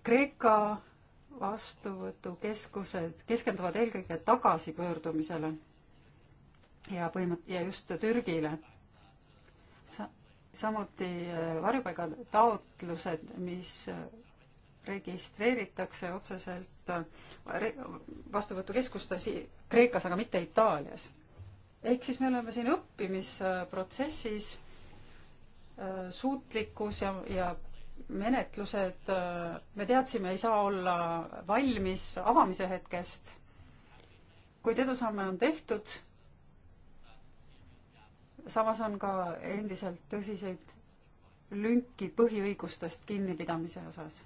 Kreeka vastuvõtukeskused keskenduvad eelkõige tagasipöördumisele ja põhimõtt- ja just Türgile. sa-, samuti äh, varjupaigataotlused, mis äh, registreeritakse otseselt äh, vastuvõtukeskustes Kreekas, aga mitte Itaalias. ehk siis me oleme siin õppimisprotsessis, suutlikkus ja, ja menetlused, me teadsime, ei saa olla valmis avamise hetkest, kuid edusamme on tehtud samas on ka endiselt tõsiseid lünki põhiõigustest kinnipidamise osas.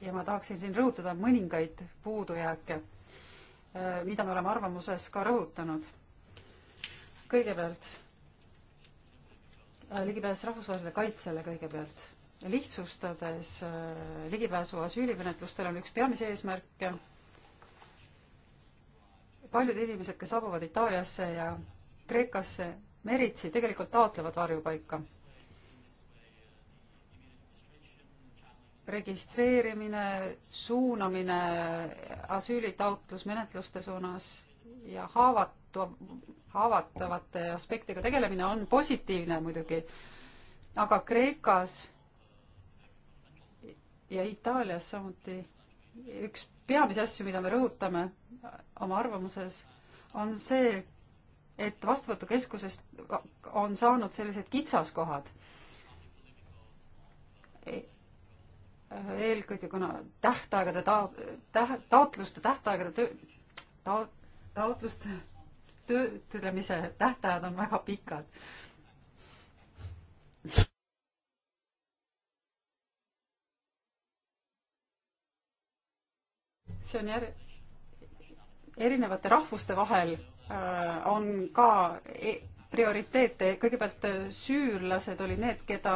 ja ma tahaksin siin rõhutada mõningaid puudujääke, äh, mida me oleme arvamuses ka rõhutanud. kõigepealt äh, ligipääs rahvusvahelisele kaitsele kõigepealt. lihtsustades äh, ligipääsu asüülimenetlustele on üks peamisi eesmärke. paljud inimesed, kes saabuvad Itaaliasse ja Kreekasse meritsi tegelikult taotlevad varjupaika. registreerimine, suunamine asüülitaotlusmenetluste suunas ja haavatu, haavatavate aspektidega tegelemine on positiivne muidugi, aga Kreekas ja Itaalias samuti üks peamisi asju, mida me rõhutame oma arvamuses, on see, et vastuvõtukeskusest on saanud sellised kitsaskohad. E-, eelkõige kuna tähtaegade ta-, täh-, taotluste tähtaegade töö, ta-, taotluste töötlemise tähtajad on väga pikad. see on jär-, erinevate rahvuste vahel Äh, on ka e-, prioriteete, kõigepealt äh, süürlased olid need, keda,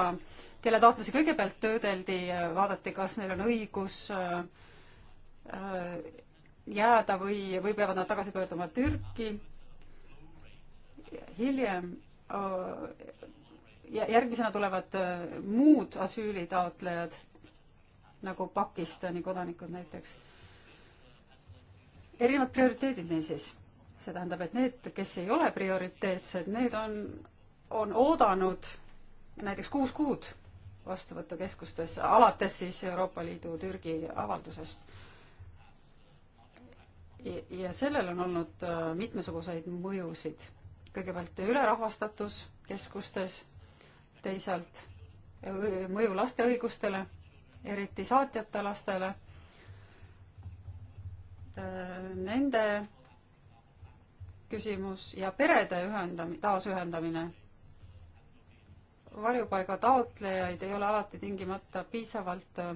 kelle taotlusi kõigepealt töödeldi, vaadati, kas neil on õigus äh, jääda või, või peavad nad tagasi pöörduma Türki. hiljem ja järgmisena tulevad muud asüülitaotlejad nagu Pakistani kodanikud näiteks. erinevad prioriteedid neil siis see tähendab, et need, kes ei ole prioriteetsed, need on, on oodanud näiteks kuus kuud vastuvõtukeskustes, alates siis Euroopa Liidu Türgi avaldusest. ja sellel on olnud äh, mitmesuguseid mõjusid. kõigepealt ülerahvastatus keskustes, teisalt mõju laste õigustele, eriti saatjata lastele, äh, nende küsimus ja perede ühendam-, taasühendamine. varjupaiga taotlejaid ei ole alati tingimata piisavalt äh,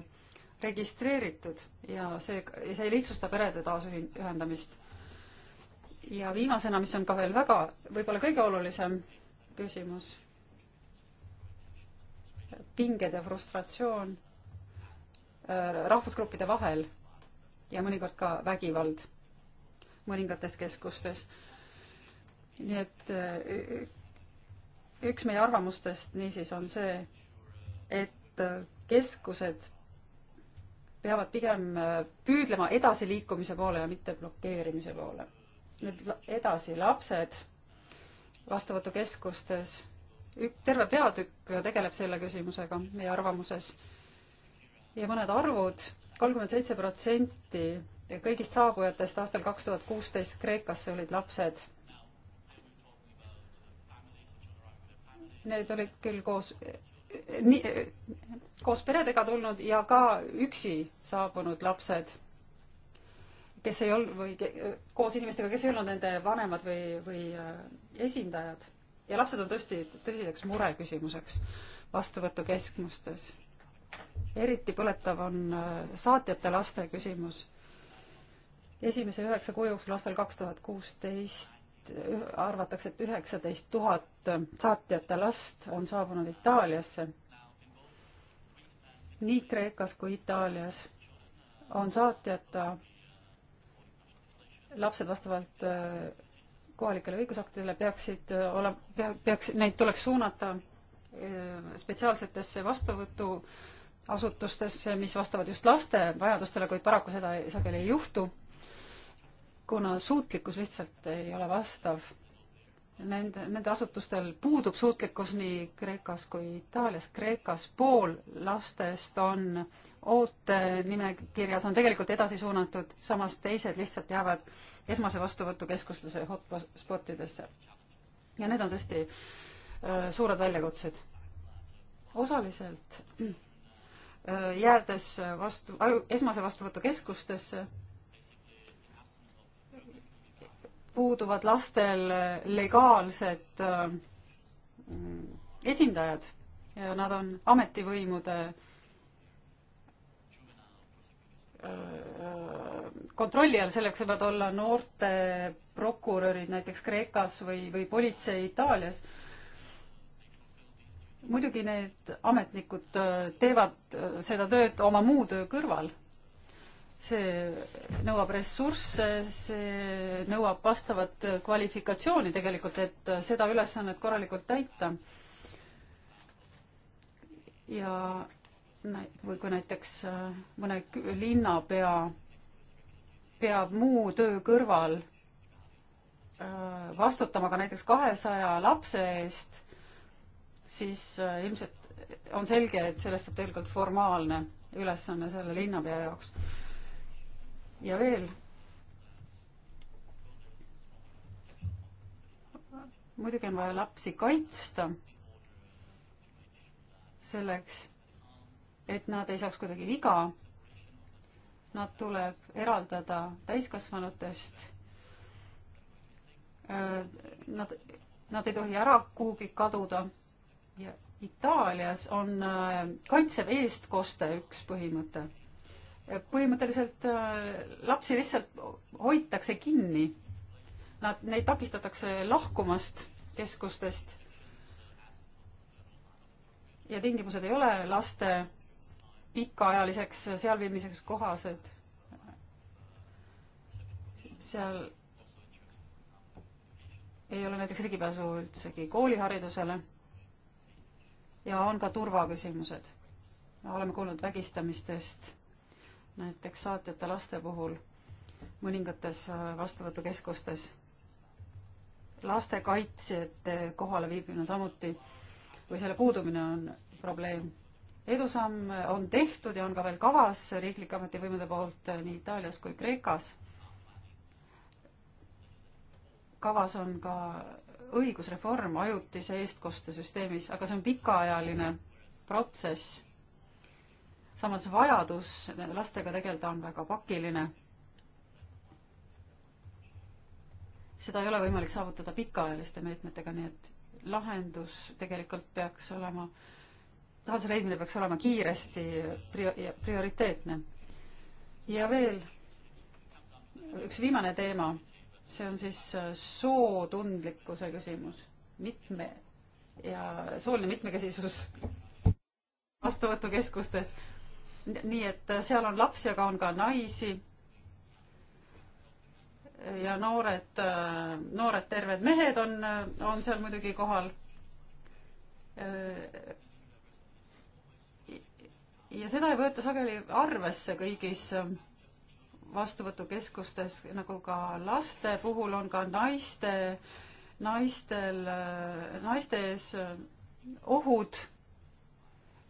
registreeritud ja see, see ei lihtsusta perede taasühendamist. ja viimasena, mis on ka veel väga, võib-olla kõige olulisem küsimus, pinged ja frustratsioon äh, rahvusgruppide vahel ja mõnikord ka vägivald mõningates keskustes nii et eh, üks meie arvamustest niisiis on see, et eh, keskused peavad pigem eh, püüdlema edasiliikumise poole ja mitte blokeerimise poole. nüüd edasi lapsed vastuvõtukeskustes, ük-, terve peatükk tegeleb selle küsimusega meie arvamuses ja mõned arvud, kolmkümmend seitse protsenti kõigist saabujatest aastal kaks tuhat kuusteist Kreekasse olid lapsed need olid küll koos nii, koos peredega tulnud ja ka üksi saabunud lapsed, kes ei olnud või koos inimestega, kes ei olnud nende vanemad või, või äh, esindajad. ja lapsed on tõesti tõsiseks mureküsimuseks vastuvõtukeskustes. eriti põletav on äh, saatjate laste küsimus. esimese üheksa kuu jooksul aastal kaks tuhat kuusteist et äh, arvatakse, et üheksateist tuhat saatjate last on saabunud Itaaliasse. nii Kreekas kui Itaalias on saatjata lapsed vastavalt äh, kohalikele õigusaktidele peaksid äh, olema, pea, peaks, neid tuleks suunata spetsiaalsetesse vastuvõtuasutustesse, mis vastavad just laste vajadustele, kuid paraku seda sageli ei juhtu kuna suutlikkus lihtsalt ei ole vastav. Nende, nende asutustel puudub suutlikkus nii Kreekas kui Itaalias. Kreekas pool lastest on ootenimekirjas, on tegelikult edasi suunatud, samas teised lihtsalt jäävad esmase vastuvõtukeskustesse, hotspotidesse. ja need on tõesti öö, suured väljakutsed. osaliselt öö, jäädes vastu, esmase vastuvõtukeskustesse puuduvad lastel legaalsed äh, esindajad ja nad on ametivõimude äh, äh, kontrolli all, selleks võivad olla noorte prokurörid näiteks Kreekas või, või politsei Itaalias. muidugi need ametnikud teevad seda tööd oma muu töö kõrval see nõuab ressursse, see nõuab vastavat kvalifikatsiooni tegelikult, et seda ülesannet korralikult täita. ja või kui näiteks äh, mõne linnapea peab muu töö kõrval äh, vastutama ka näiteks kahesaja lapse eest, siis äh, ilmselt on selge, et sellest saab tegelikult formaalne ülesanne selle linnapea jaoks ja veel. muidugi on vaja lapsi kaitsta selleks, et nad ei saaks kuidagi viga. Nad tuleb eraldada täiskasvanutest. Äh, nad, nad ei tohi ära kuhugi kaduda ja Itaalias on äh, kaitsev eestkoste üks põhimõte põhimõtteliselt äh, lapsi lihtsalt hoitakse kinni. Nad, neid takistatakse lahkumast keskustest. ja tingimused ei ole laste pikaajaliseks sealviimiseks kohased. seal ei ole näiteks ligipääsu üldsegi kooliharidusele. ja on ka turvaküsimused. oleme kuulnud vägistamistest näiteks saatjate laste puhul mõningates äh, vastuvõtukeskustes. lastekaitsjate kohale viibimine samuti või selle puudumine on probleem. edusamm on tehtud ja on ka veel kavas riiklike ametivõimude poolt äh, nii Itaalias kui Kreekas. kavas on ka õigusreform ajutise eestkostesüsteemis, aga see on pikaajaline protsess samas vajadus nende lastega tegeleda on väga pakiline. seda ei ole võimalik saavutada pikaajaliste meetmetega, nii et lahendus tegelikult peaks olema, lahenduse leidmine peaks olema kiiresti prior-, prioriteetne. ja veel üks viimane teema, see on siis äh, sootundlikkuse küsimus, mitme ja sooline mitmekesisus vastuvõtukeskustes nii et seal on lapsi, aga on ka naisi ja noored, noored terved mehed on, on seal muidugi kohal. ja seda ei võeta sageli arvesse kõigis vastuvõtukeskustes, nagu ka laste puhul on ka naiste, naistel, naiste ees ohud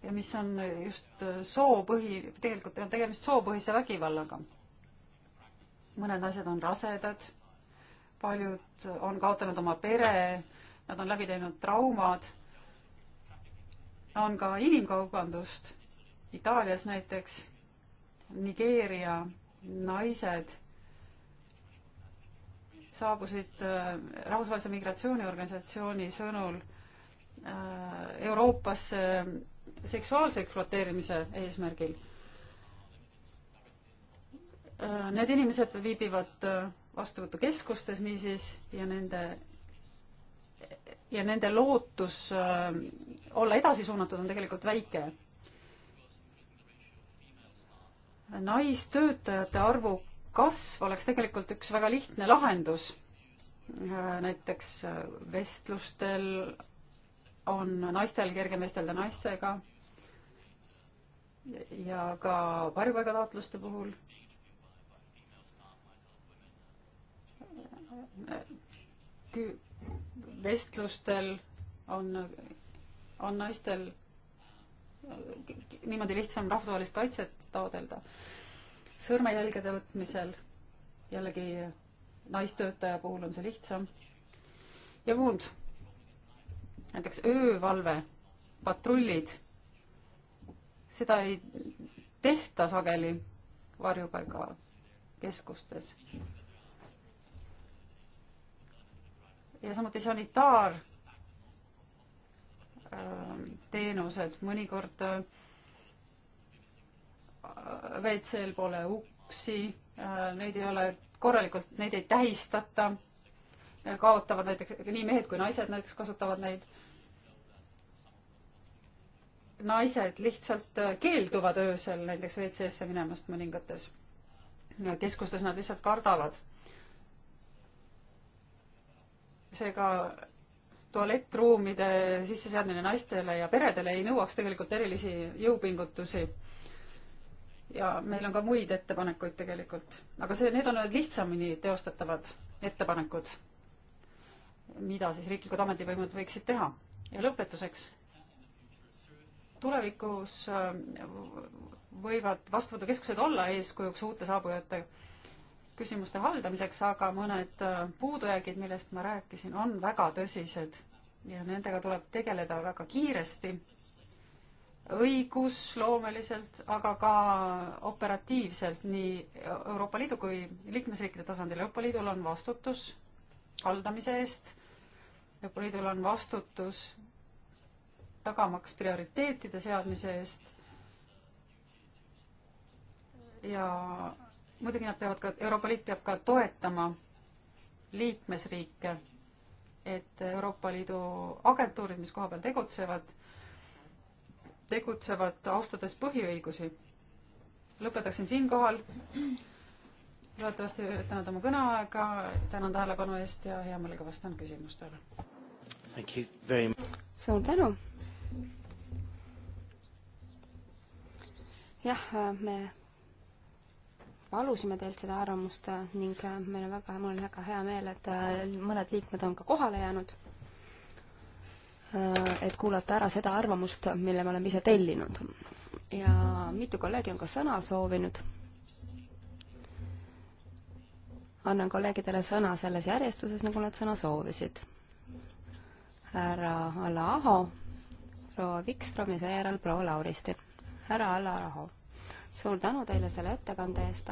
ja mis on just soopõhi, tegelikult on tegemist soopõhise vägivallaga. mõned asjad on rasedad, paljud on kaotanud oma pere, nad on läbi teinud traumad, on ka inimkaubandust. Itaalias näiteks Nigeeria naised saabusid äh, rahvusvahelise migratsiooniorganisatsiooni sõnul äh, Euroopasse seksuaalse ekspluateerimise eesmärgil. Äh, need inimesed viibivad äh, vastuvõtukeskustes niisiis ja nende ja nende lootus äh, olla edasi suunatud on tegelikult väike naistöötajate arvu kasv oleks tegelikult üks väga lihtne lahendus. näiteks vestlustel on naistel kergem vestelda naistega ja ka varjupaigataotluste puhul. vestlustel on, on naistel niimoodi lihtsam rahvusvahelist kaitset taodelda. sõrmejälgede võtmisel jällegi naistöötaja puhul on see lihtsam ja muud näiteks öövalve, patrullid, seda ei tehta sageli varjupaigakeskustes. ja samuti sanitaar ähm, teenused, mõnikord WC-l äh, pole uksi, äh, neid ei ole korralikult, neid ei tähistata, kaotavad näiteks nii mehed kui naised näiteks kasutavad neid naised lihtsalt äh, keelduvad öösel näiteks WC-sse minemast mõningates keskustes, nad lihtsalt kardavad. seega tualettruumide sisseseadmine naistele ja peredele ei nõuaks tegelikult erilisi jõupingutusi. ja meil on ka muid ettepanekuid tegelikult, aga see, need on need lihtsamini teostatavad ettepanekud, mida siis riiklikud ametivõimud võiksid teha. ja lõpetuseks tulevikus äh, võivad vastuvõtukeskused olla eeskujuks uute saabujate küsimuste haldamiseks, aga mõned äh, puudujäägid, millest ma rääkisin, on väga tõsised ja nendega tuleb tegeleda väga kiiresti, õigusloomeliselt, aga ka operatiivselt nii Euroopa Liidu kui liikmesriikide tasandil. Euroopa Liidul on vastutus haldamise eest, Euroopa Liidul on vastutus tagamaks prioriteetide seadmise eest. ja muidugi nad peavad ka, Euroopa Liit peab ka toetama liikmesriike, et Euroopa Liidu agentuurid, mis koha peal tegutsevad, tegutsevad austades põhiõigusi. lõpetaksin siinkohal. loodetavasti ei ületanud oma kõneaega, tänan tähelepanu eest ja hea meelega vastan küsimustele. suur tänu! jah, me palusime teilt seda arvamust ning meil on väga, mul on väga hea meel, et äh, mõned liikmed on ka kohale jäänud, äh, et kuulata ära seda arvamust, mille me oleme ise tellinud. ja mitu kolleegi on ka sõna soovinud. annan kolleegidele sõna selles järjestuses, nagu nad sõna soovisid. härra Ala Aho proua Vikström ja seejärel proua Lauristi. härra Alaraho, suur tänu teile selle ettekande eest.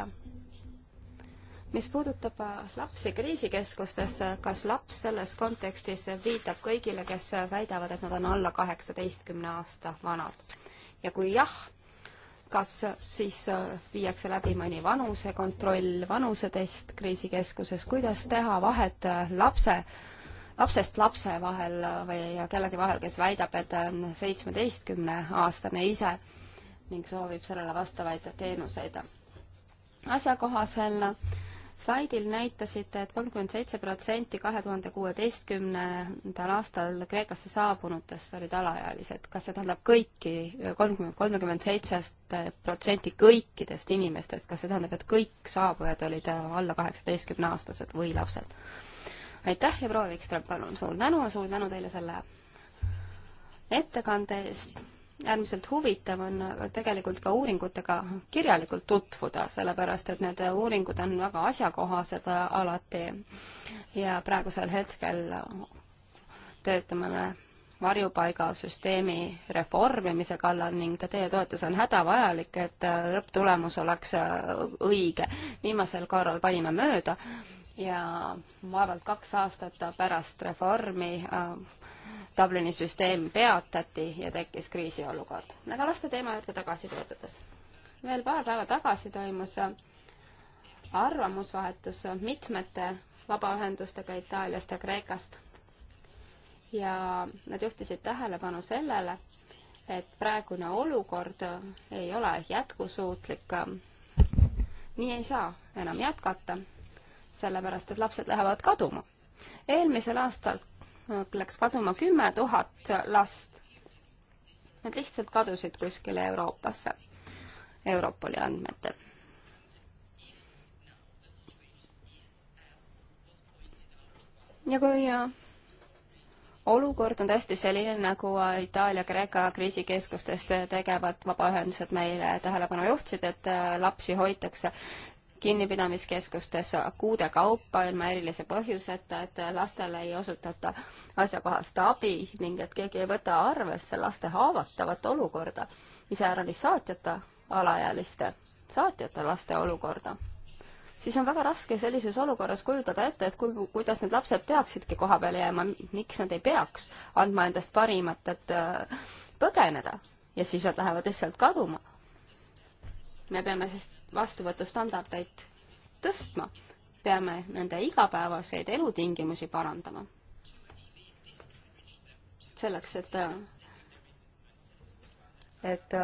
mis puudutab äh, lapsi kriisikeskustes, kas laps selles kontekstis viitab kõigile, kes väidavad, et nad on alla kaheksateistkümne aasta vanad? ja kui jah, kas siis äh, viiakse läbi mõni vanusekontroll, vanusetest kriisikeskuses, kuidas teha vahet äh, lapse lapsest lapse vahel või kellegi vahel, kes väidab, et ta on seitsmeteistkümneaastane ise ning soovib sellele vastavaid teenuseid. asjakohasel slaidil näitasite et, et kolmkümmend seitse protsenti kahe tuhande kuueteistkümnendal aastal Kreekasse saabunutest olid alaealised. kas see tähendab kõiki, kolmkümmend, kolmekümmend seitsest protsenti kõikidest inimestest, kas see tähendab, et kõik saabujad olid alla kaheksateistkümne aastased või lapsed? aitäh ja proua Vikström, palun, suur tänu, suur tänu teile selle ettekande eest. äärmiselt huvitav on tegelikult ka uuringutega kirjalikult tutvuda, sellepärast et need uuringud on väga asjakohased alati ja praegusel hetkel töötame me varjupaigasüsteemi reformimise kallal ning ka teie toetus on hädavajalik, et lõpptulemus oleks õige. viimasel korral panime mööda ja vaevalt kaks aastat pärast reformi äh, Dublini süsteem peatati ja tekkis kriisiolukord. aga laste teema juurde tagasi pöördudes. veel paar päeva tagasi toimus äh, arvamusvahetus mitmete vabaühendustega Itaaliast ja Kreekast. ja nad juhtisid tähelepanu sellele, et praegune olukord ei ole jätkusuutlik. nii ei saa enam jätkata sellepärast et lapsed lähevad kaduma. eelmisel aastal äh, läks kaduma kümme tuhat last. Nad lihtsalt kadusid kuskile Euroopasse, Europoli andmetel. ja kui äh, olukord on tõesti selline, nagu äh, Itaalia-Kreeka kriisikeskustest tegevad vabaühendused meile tähelepanu juhtisid, et lapsi hoitakse kinnipidamiskeskustes kuude kaupa ilma erilise põhjuseta, et lastele ei osutata asjakohast abi ning et keegi ei võta arvesse laste haavatavat olukorda, iseäranis saatjata alaealiste, saatjata laste olukorda siis on väga raske sellises olukorras kujutada ette, et kui, kuidas need lapsed peaksidki koha peale jääma, miks nad ei peaks andma endast parimat, et äh, põgeneda ja siis nad lähevad lihtsalt kaduma me peame vastuvõtustandardeid tõstma, peame nende igapäevaseid elutingimusi parandama. selleks, et, et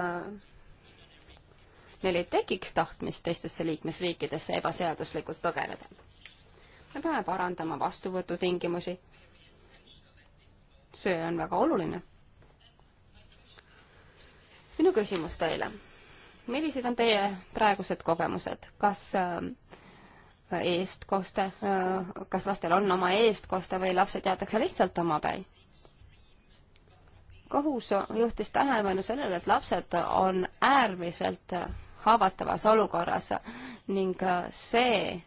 neil ei tekiks tahtmist teistesse liikmesriikidesse ebaseaduslikult põgeneda. me peame parandama vastuvõtutingimusi. see on väga oluline. minu küsimus teile millised on teie praegused kogemused, kas äh, eestkoste, äh, kas lastel on oma eestkoste või lapsed jäetakse lihtsalt omapäi? kohus juhtis tähelepanu sellele, et lapsed on äärmiselt haavatavas olukorras ning äh, see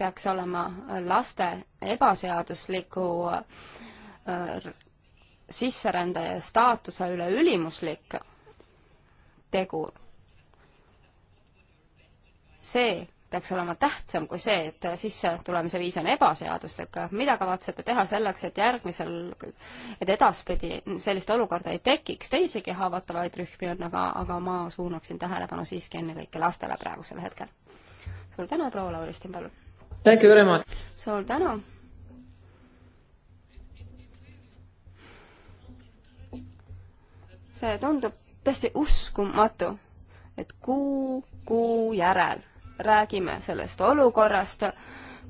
peaks olema laste ebaseadusliku sisserändaja staatuse üle ülimuslik tegur see peaks olema tähtsam kui see, et sissetulemise viis on ebaseaduslik. mida kavatsete teha selleks, et järgmisel, et edaspidi sellist olukorda ei tekiks? teisigi haavatavaid rühmi on, aga, aga ma suunaksin tähelepanu siiski ennekõike lastele praegusel hetkel. suur tänu, proua Lauristin, palun! suur tänu! see tundub täiesti uskumatu, et kuu kuu järel räägime sellest olukorrast,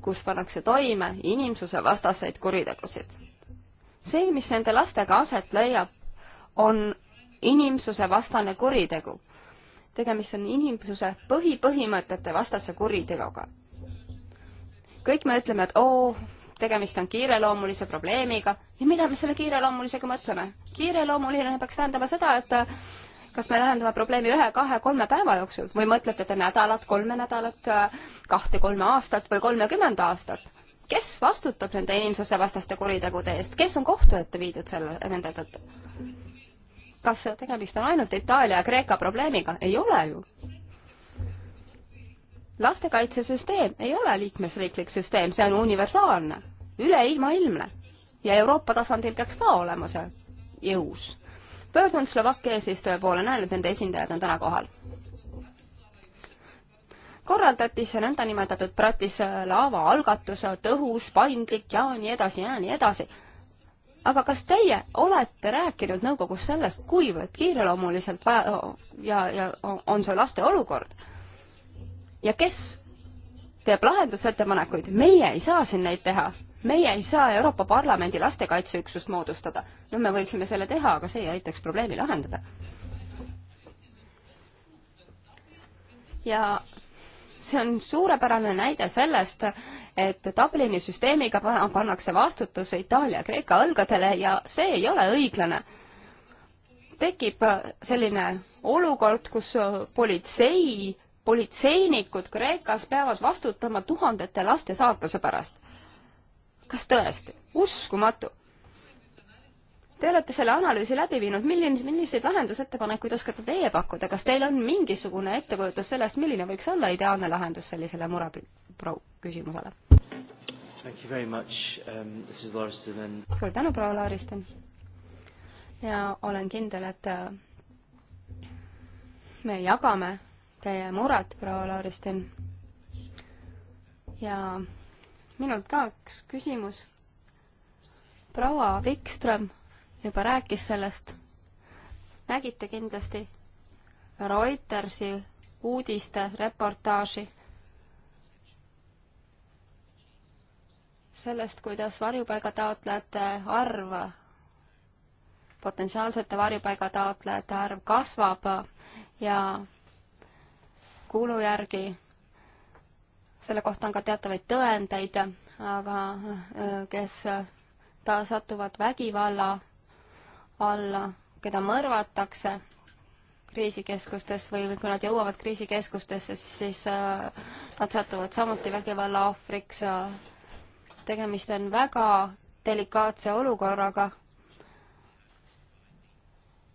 kus pannakse toime inimsuse vastaseid kuritegusid. see, mis nende lastega aset leiab, on inimsuse vastane kuritegu. tegemist on inimsuse põhipõhimõtete vastase kuriteguga. kõik me ütleme, et oo, tegemist on kiireloomulise probleemiga ja mida me selle kiireloomulisega mõtleme? kiireloomuline peaks tähendama seda, et kas me lahendame probleemi ühe, kahe, kolme päeva jooksul või mõtlete te nädalat, kolme nädalat, kahte-kolme aastat või kolmekümmend aastat? kes vastutab nende inimsusevastaste kuritegude eest, kes on kohtu ette viidud selle, nende tõttu? kas tegemist on ainult Itaalia ja Kreeka probleemiga? ei ole ju. lastekaitsesüsteem ei ole liikmesriiklik süsteem, see on universaalne, üle ilma ilmne. ja Euroopa tasandil peaks ka olema see jõus pöördun Slovakkia eesistuja poole, näen, et nende esindajad on täna kohal. korraldati see nõndanimetatud Bratislava algatus, tõhus, paindlik ja nii edasi ja nii edasi aga kas teie olete rääkinud nõukogus sellest, kuivõrd kiireloomuliselt vaja ja, ja on see laste olukord? ja kes teeb lahendusettepanekuid, meie ei saa siin neid teha meie ei saa Euroopa Parlamendi lastekaitseüksust moodustada. no me võiksime selle teha, aga see ei aitaks probleemi lahendada. ja see on suurepärane näide sellest, et Dublini süsteemiga pannakse vastutus Itaalia ja Kreeka õlgadele ja see ei ole õiglane. tekib selline olukord, kus politsei, politseinikud Kreekas peavad vastutama tuhandete laste saatuse pärast kas tõesti? uskumatu! Te olete selle analüüsi läbi viinud, milline, milliseid lahendusettepanekuid oskate teie pakkuda, kas teil on mingisugune ettekujutus sellest, milline võiks olla ideaalne lahendus sellisele mure küsimusele? Um, suur tänu, proua Lauristin! ja olen kindel, et äh, me jagame teie muret, proua Lauristin, ja minult ka üks küsimus. proua Wikström juba rääkis sellest. nägite kindlasti Reutersi uudiste reportaaži sellest, kuidas varjupaigataotlejate arv, potentsiaalsete varjupaigataotlejate arv kasvab ja kuulu järgi selle kohta on ka teatavaid tõendeid, aga äh, kes ta satuvad vägivalla alla, keda mõrvatakse kriisikeskustes või, või kui nad jõuavad kriisikeskustesse, siis, siis äh, nad satuvad samuti vägivalla ohvriks. tegemist on väga delikaatse olukorraga.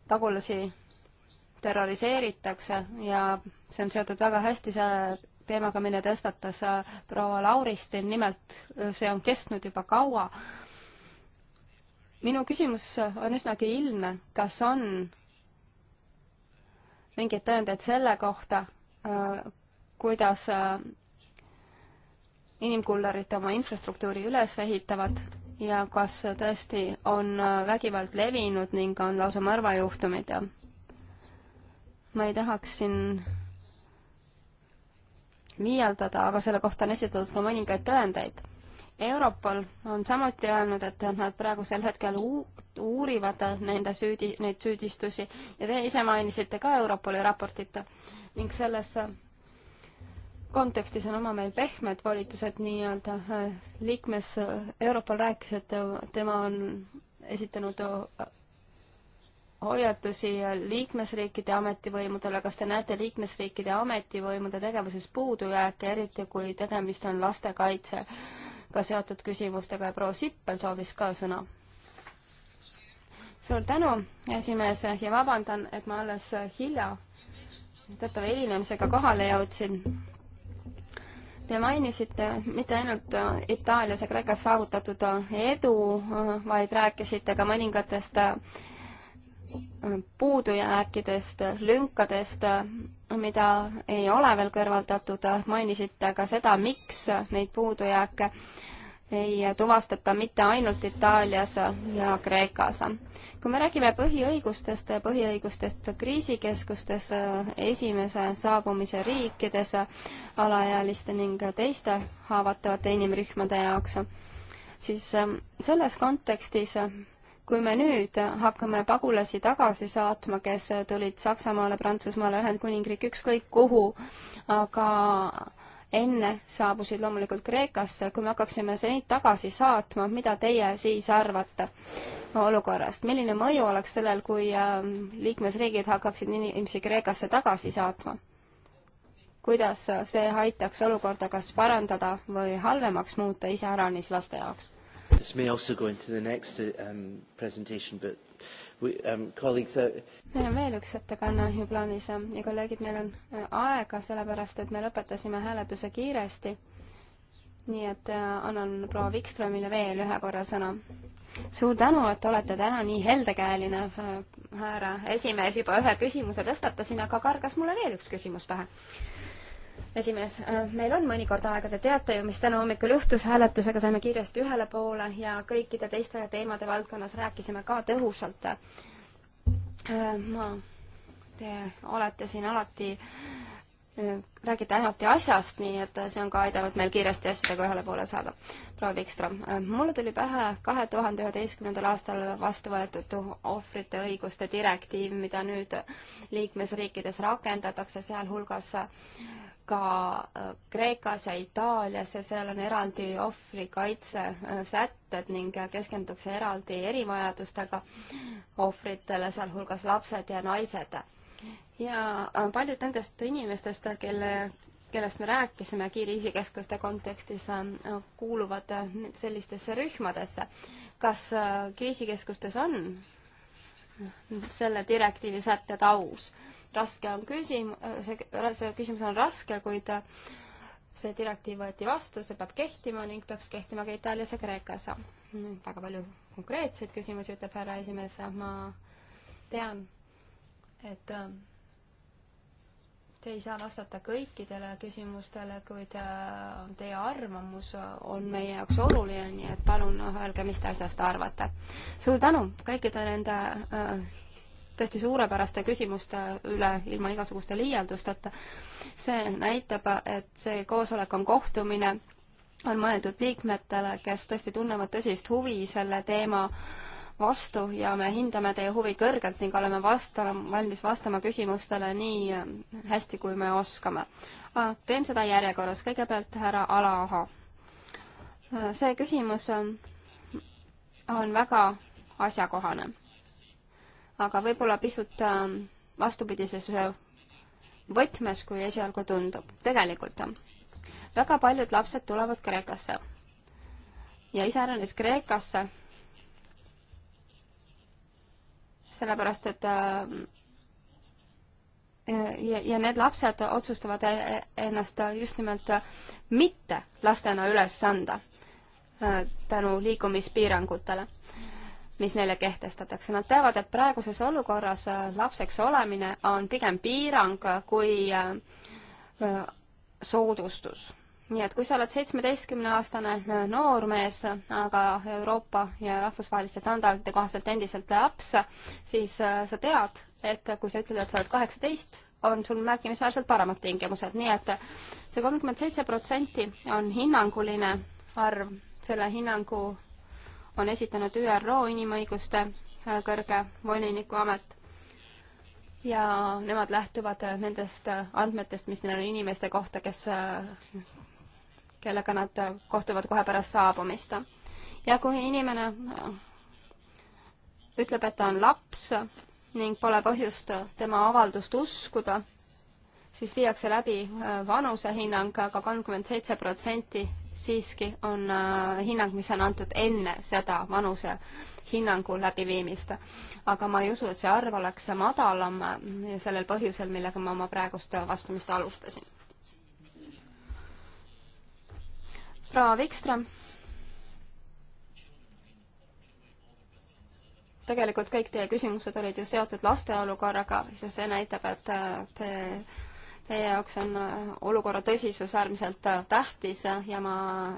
pagulasi terroriseeritakse ja see on seotud väga hästi selle teemaga, mille tõstatas äh, proua Lauristin, nimelt äh, see on kestnud juba kaua. minu küsimus äh, on üsnagi ilmne, kas on mingeid tõendeid selle kohta, kuidas inimkullerid oma infrastruktuuri üles ehitavad ja kas tõesti on vägivald levinud ning on lausa mõrvajuhtumid ja ma ei tahaks siin liialdada, aga selle kohta on esitatud ka mõningaid tõendeid. Europol on samuti öelnud, et nad praegusel hetkel uurivad nende süüdi, neid süüdistusi ja te ise mainisite ka Europoli raportit ning selles kontekstis on oma meil pehmed volitused nii-öelda äh, liikmes, äh, Europol rääkis, et tema on esitanud äh, hoiatusi liikmesriikide ametivõimudele, kas te näete liikmesriikide ametivõimude tegevuses puudujääke, eriti kui tegemist on lastekaitsega seotud küsimustega ja proua Sippel soovis ka sõna? suur tänu, esimees, ja vabandan, et ma alles hilja teatava hilinemisega kohale jõudsin. Te mainisite mitte ainult Itaalias ja Kreekas saavutatud edu, vaid rääkisite ka mõningatest äh, puudujääkidest, lünkadest, mida ei ole veel kõrvaldatud, mainisite ka seda, miks neid puudujääke ei tuvastata mitte ainult Itaalias ja Kreekas. kui me räägime põhiõigustest, põhiõigustest kriisikeskustes, esimese saabumise riikides, alaealiste ning teiste haavatavate inimrühmade jaoks, siis selles kontekstis kui me nüüd hakkame pagulasi tagasi saatma, kes tulid Saksamaale, Prantsusmaale, Ühendkuningriiki, ükskõik kuhu, aga enne saabusid loomulikult Kreekasse, kui me hakkaksime neid tagasi saatma, mida teie siis arvate olukorrast? milline mõju oleks sellel, kui ähm, liikmesriigid hakkaksid inimesi Kreekasse tagasi saatma? kuidas see aitaks olukorda kas parandada või halvemaks muuta iseäranis laste jaoks? This may also go into the next uh, um, presentation, but we, um, colleagues are... Uh, meil on veel üks ettekanne ju plaanis ja kolleegid, meil on äh, aega, sellepärast et me lõpetasime hääletuse kiiresti. nii et äh, annan proua Wikströmile veel ühe korra sõna. suur tänu, et olete täna nii heldekäeline, äh, härra esimees, juba ühe küsimuse tõstatasin, aga kargas mulle veel üks küsimus pähe esimees, äh, meil on mõnikord aega, te teate ju, mis täna hommikul juhtus, hääletusega saime kiiresti ühele poole ja kõikide teiste teemade valdkonnas rääkisime ka tõhusalt. Äh, ma, te olete siin alati, äh, räägite alati asjast, nii et see on ka aidanud meil kiiresti asjadega ühele poole saada. proua Vikström, mulle tuli pähe kahe tuhande üheteistkümnendal aastal vastu võetud ohvrite õiguste direktiiv, mida nüüd liikmesriikides rakendatakse, sealhulgas ka äh, Kreekas ja Itaalias ja seal on eraldi ohvrikaitsesätted äh, ning äh, keskendutakse eraldi erivajadustega ohvritele, sealhulgas lapsed ja naised. ja paljud nendest inimestest, kelle, kellest me rääkisime kiirriisikeskuste kontekstis, kuuluvad sellistesse rühmadesse. kas kriisikeskustes on selle direktiivi sätted aus? raske on küsim-, see, see küsimus on raske, kuid see direktiiv võeti vastu, see peab kehtima ning peaks kehtima ka Itaalias ja Kreekas. väga palju konkreetseid küsimusi, ütleb härra esimees, ma tean, et te ei saa vastata kõikidele küsimustele, kuid teie arvamus on meie jaoks oluline, nii et palun öelge, mis te asjast arvate. suur tänu kõikide nende äh, tõesti suurepäraste küsimuste üle ilma igasuguste liialdusteta. see näitab, et see koosolek on kohtumine, on mõeldud liikmetele, kes tõesti tunnevad tõsist huvi selle teema vastu ja me hindame teie huvi kõrgelt ning oleme vasta-, valmis vastama küsimustele nii hästi, kui me oskame. teen seda järjekorras, kõigepealt härra Ala-Aho. see küsimus on, on väga asjakohane aga võib-olla pisut ähm, vastupidises võtmes, kui esialgu tundub. tegelikult väga paljud lapsed tulevad Kreekasse ja iseäranis Kreekasse, sellepärast et ähm, ja, ja need lapsed otsustavad e, e, ennast just nimelt mitte lastena üles anda äh, tänu liikumispiirangutele mis neile kehtestatakse. Nad teavad, et praeguses olukorras äh, lapseks olemine on pigem piirang kui äh, äh, soodustus. nii et kui sa oled seitsmeteistkümneaastane noormees, aga Euroopa ja rahvusvaheliste standardite kohaselt endiselt laps, siis sa tead, et kui sa ütled, et sa oled kaheksateist, on sul märkimisväärselt paremad tingimused, nii et see kolmkümmend seitse protsenti on hinnanguline arv, selle hinnangu on esitanud ÜRO inimõiguste äh, kõrge voliniku amet ja nemad lähtuvad äh, nendest äh, andmetest, mis neil on inimeste kohta, kes, kellega nad kohtuvad kohe pärast saabumist. ja kui inimene ütleb, et ta on laps ning pole põhjust tema avaldust uskuda, siis viiakse läbi vanusehinnang aga, aga kolmkümmend seitse protsenti siiski on äh, hinnang, mis on antud enne seda vanuse hinnangu läbiviimist. aga ma ei usu, et see arv oleks madalam äh, sellel põhjusel, millega ma oma praegust vastamist alustasin. proua Vikström. tegelikult kõik teie küsimused olid ju seotud laste olukorraga, sest see näitab, et äh, te Teie jaoks on äh, olukorra tõsisus äärmiselt äh, tähtis ja ma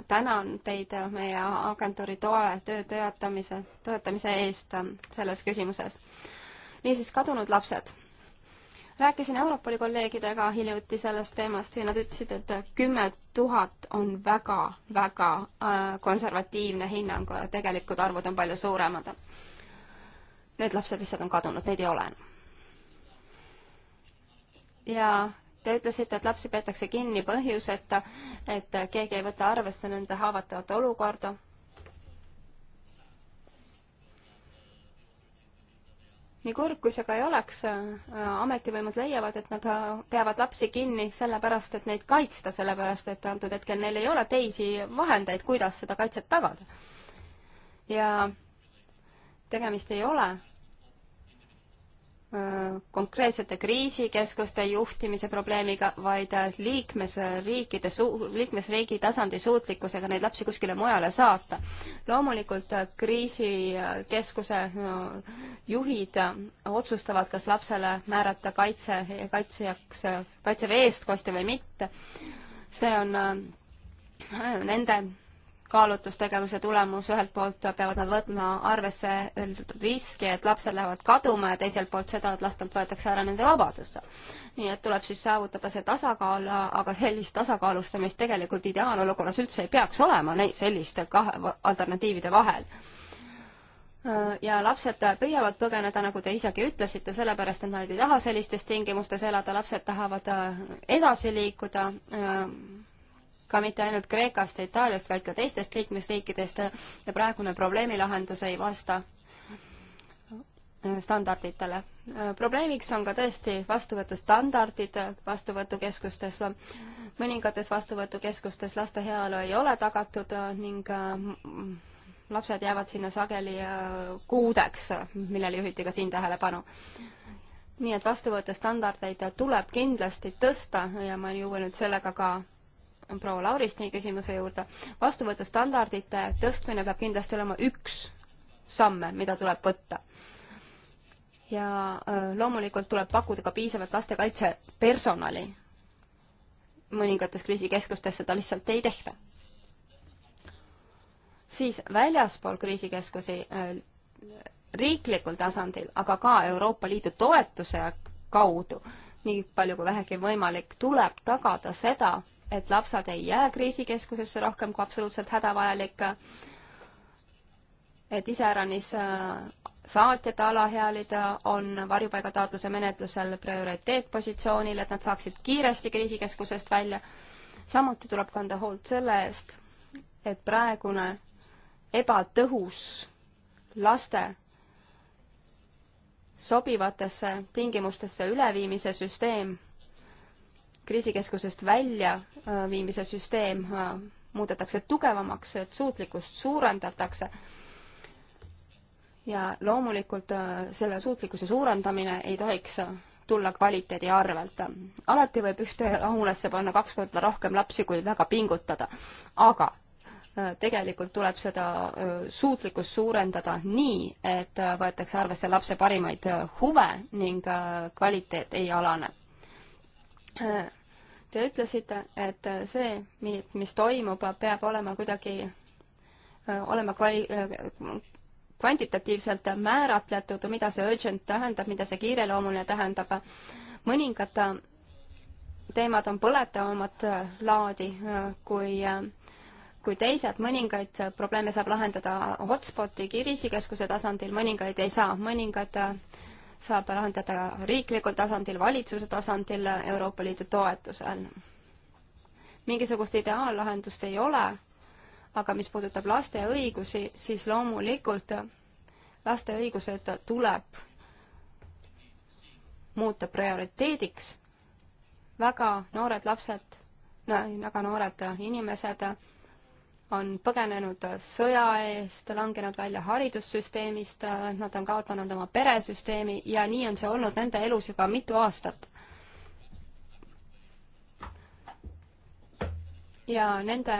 tänan teid äh, meie agentuuri toe, töö toetamise, toetamise eest selles küsimuses. niisiis, kadunud lapsed. rääkisin Europoli kolleegidega hiljuti sellest teemast ja nad ütlesid, et kümme tuhat on väga, väga konservatiivne hinnang, tegelikud arvud on palju suuremad. Need lapsed lihtsalt on kadunud, neid ei ole enam. ja Te ütlesite, et lapsi peetakse kinni põhjuseta, et keegi ei võta arvesse nende haavatavate olukorda. nii kurb, kui see ka ei oleks, ametivõimud leiavad, et nad peavad lapsi kinni sellepärast, et neid kaitsta, sellepärast et antud hetkel neil ei ole teisi vahendeid, kuidas seda kaitset tagada. ja tegemist ei ole Äh, konkreetsete kriisikeskuste juhtimise probleemiga, vaid liikmesriikide suu-, liikmesriigi tasandi suutlikkusega neid lapsi kuskile mujale saata. loomulikult äh, kriisikeskuse äh, juhid otsustavad, kas lapsele määrata kaitse, kaitsjaks, kaitseväe eestkostja või mitte. see on nende kaalutlustegevuse tulemus, ühelt poolt peavad nad võtma arvesse riski, et lapsed lähevad kaduma ja teiselt poolt seda, et lastelt võetakse ära nende vabadus. nii et tuleb siis saavutada see tasakaal, aga sellist tasakaalustamist tegelikult ideaalolukorras üldse ei peaks olema, selliste kahe alternatiivide vahel ja lapsed püüavad põgeneda, nagu te isegi ütlesite, sellepärast et nad ei taha sellistes tingimustes elada, lapsed tahavad edasi liikuda ka mitte ainult Kreekast ja Itaaliast, vaid ka teistest liikmesriikidest ja praegune probleemi lahendus ei vasta standarditele. probleemiks on ka tõesti vastuvõtustandardid vastuvõtukeskustes. mõningates vastuvõtukeskustes laste heaolu ei ole tagatud ning mm, lapsed jäävad sinna sageli äh, kuudeks, millele juhiti ka siin tähelepanu nii et vastuvõttestandardeid tuleb kindlasti tõsta ja ma jõuan nüüd sellega ka proua Lauristini küsimuse juurde, vastuvõtustandardite tõstmine peab kindlasti olema üks samme, mida tuleb võtta. ja äh, loomulikult tuleb pakkuda ka piisavat lastekaitsepersonali. mõningates kriisikeskustes seda lihtsalt ei tehta. siis väljaspool kriisikeskusi äh, riiklikul tasandil, aga ka Euroopa Liidu toetuse kaudu, nii palju kui vähegi võimalik, tuleb tagada seda, et lapsed ei jää kriisikeskusesse rohkem kui absoluutselt hädavajalik, et iseäranis äh, saatjate alaealid äh, on varjupaigataotluse menetlusel prioriteetpositsioonil, et nad saaksid kiiresti kriisikeskusest välja. samuti tuleb kanda hoolt selle eest, et praegune ebatõhus laste sobivatesse tingimustesse üleviimise süsteem kriisikeskusest väljaviimise äh, süsteem äh, muudetakse tugevamaks, et suutlikkust suurendatakse. ja loomulikult äh, selle suutlikkuse suurendamine ei tohiks tulla kvaliteedi arvelt. alati võib ühte ahulasse panna kaks korda rohkem lapsi, kui väga pingutada. aga tegelikult tuleb seda suutlikkust suurendada nii, et võetakse arvesse lapse parimaid huve ning kvaliteet ei alane Te ütlesite, et see, mis toimub, peab olema kuidagi, äh, olema kvali-, äh, kvantitatiivselt määratletud, mida see urgent tähendab, mida see kiireloomuline tähendab. mõningad äh, teemad on põletavamad laadi kui, kui teised, mõningaid probleeme saab lahendada hotspoti kriisikeskuse tasandil, mõningaid ei saa, mõningad äh, saab lahendada riiklikul tasandil, valitsuse tasandil, Euroopa Liidu toetusel. mingisugust ideaallahendust ei ole, aga mis puudutab laste õigusi, siis loomulikult laste õigused tuleb muuta prioriteediks. väga noored lapsed no,, väga noored inimesed on põgenenud sõja eest, langenud välja haridussüsteemist, nad on kaotanud oma peresüsteemi ja nii on see olnud nende elus juba mitu aastat. ja nende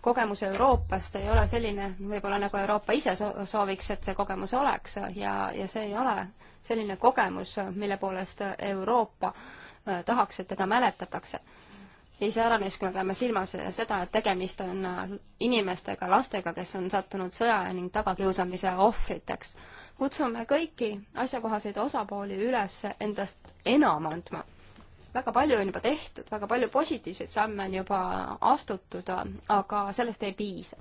kogemus Euroopast ei ole selline võib-olla nagu Euroopa ise sooviks, et see kogemus oleks ja, ja see ei ole selline kogemus, mille poolest Euroopa äh, tahaks, et teda mäletatakse iseäranis, kui me peame silmas seda, et tegemist on äh, inimestega, lastega, kes on sattunud sõja ning tagakiusamise ohvriteks. kutsume kõiki asjakohaseid osapooli üles endast enam andma. väga palju on juba tehtud, väga palju positiivseid samme on juba astutud, aga sellest ei piisa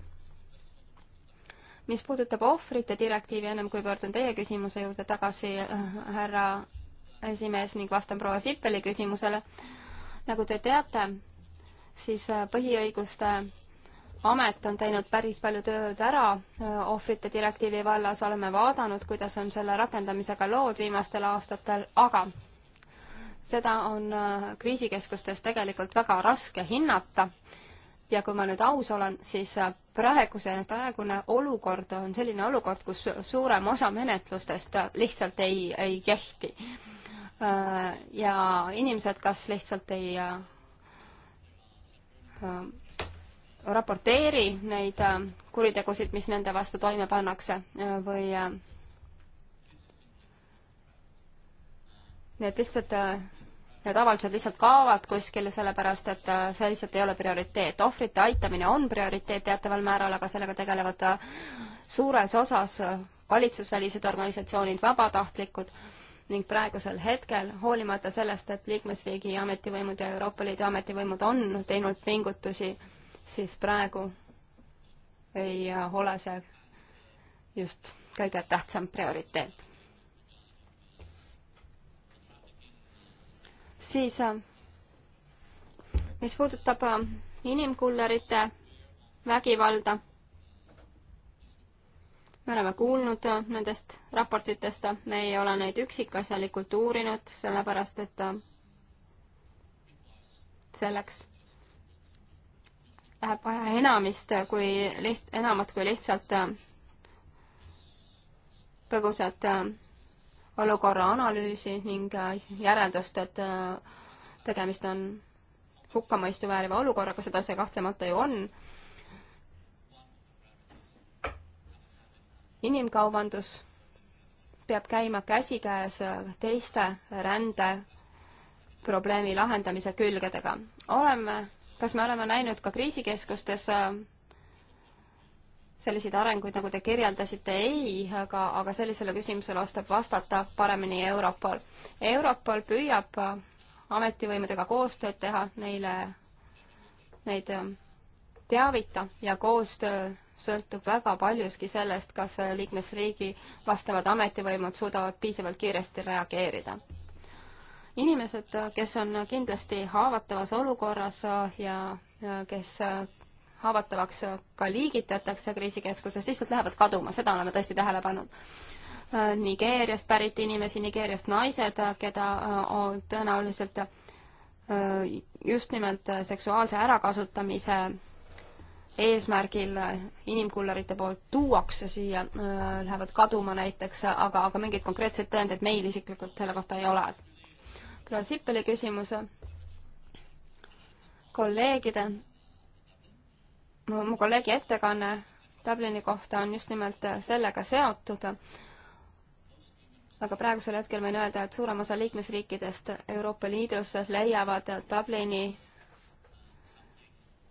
mis puudutab ohvrite direktiivi, ennem kui pöördun teie küsimuse juurde tagasi, äh, härra esimees, ning vastan proua Sippeli küsimusele äh,, nagu te teate, siis äh, põhiõiguste amet on teinud päris palju tööd ära äh, ohvrite direktiivi vallas, oleme vaadanud, kuidas on selle rakendamisega lood viimastel aastatel, aga seda on äh, kriisikeskustes tegelikult väga raske hinnata. ja kui ma nüüd aus olen, siis praeguse, praegune olukord on selline olukord, kus suurem osa menetlustest lihtsalt ei, ei kehti Äh, ja inimesed kas lihtsalt ei äh, äh, raporteeri neid kuritegusid, mis nende vastu toime pannakse või need lihtsalt, need avaldused lihtsalt kaovad kuskile, sellepärast et see lihtsalt ei ole prioriteet. ohvrite aitamine on prioriteet teataval määral, aga sellega tegelevad suures osas valitsusvälised organisatsioonid, vabatahtlikud ning praegusel hetkel, hoolimata sellest, et liikmesriigi ametivõimud ja Euroopa Liidu ametivõimud on teinud pingutusi, siis praegu ei ole see just kõige tähtsam prioriteet. siis, mis puudutab inimkullerite vägivalda me oleme kuulnud äh, nendest raportitest, me ei ole neid üksikasjalikult uurinud, sellepärast et äh, selleks läheb vaja enamist kui liht-, enamat kui lihtsalt äh, põgusat olukorra analüüsi ning järeldust, et tegemist on hukkamõistu vääriva olukorraga, seda see kahtlemata ju on inimkaubandus peab käima käsikäes teiste rände probleemi lahendamise külgedega. oleme, kas me oleme näinud ka kriisikeskustes äh, selliseid arenguid, nagu te kirjeldasite, ei, aga, aga sellisele küsimusele oskab vastata paremini Europol. Europol püüab äh, ametivõimudega koostööd teha, neile, neid äh, teavita ja koostöö sõltub väga paljuski sellest, kas liikmesriigi vastavad ametivõimud suudavad piisavalt kiiresti reageerida. inimesed, kes on kindlasti haavatavas olukorras ja kes haavatavaks ka liigitatakse kriisikeskuses, lihtsalt lähevad kaduma, seda oleme tõesti tähele pannud Nigeeriast pärit inimesi, Nigeeriast naised, keda tõenäoliselt äh, just nimelt seksuaalse ärakasutamise eesmärgil inimkullerite poolt tuuakse siia, äh, lähevad kaduma näiteks, aga, aga mingeid konkreetseid tõendeid meil isiklikult selle kohta ei ole. Klaas Sippeli küsimus kolleegide, mu kolleegi ettekanne Dublini kohta on just nimelt sellega seotud aga praegusel hetkel võin öelda, et suurem osa liikmesriikidest Euroopa Liidus leiavad Dublini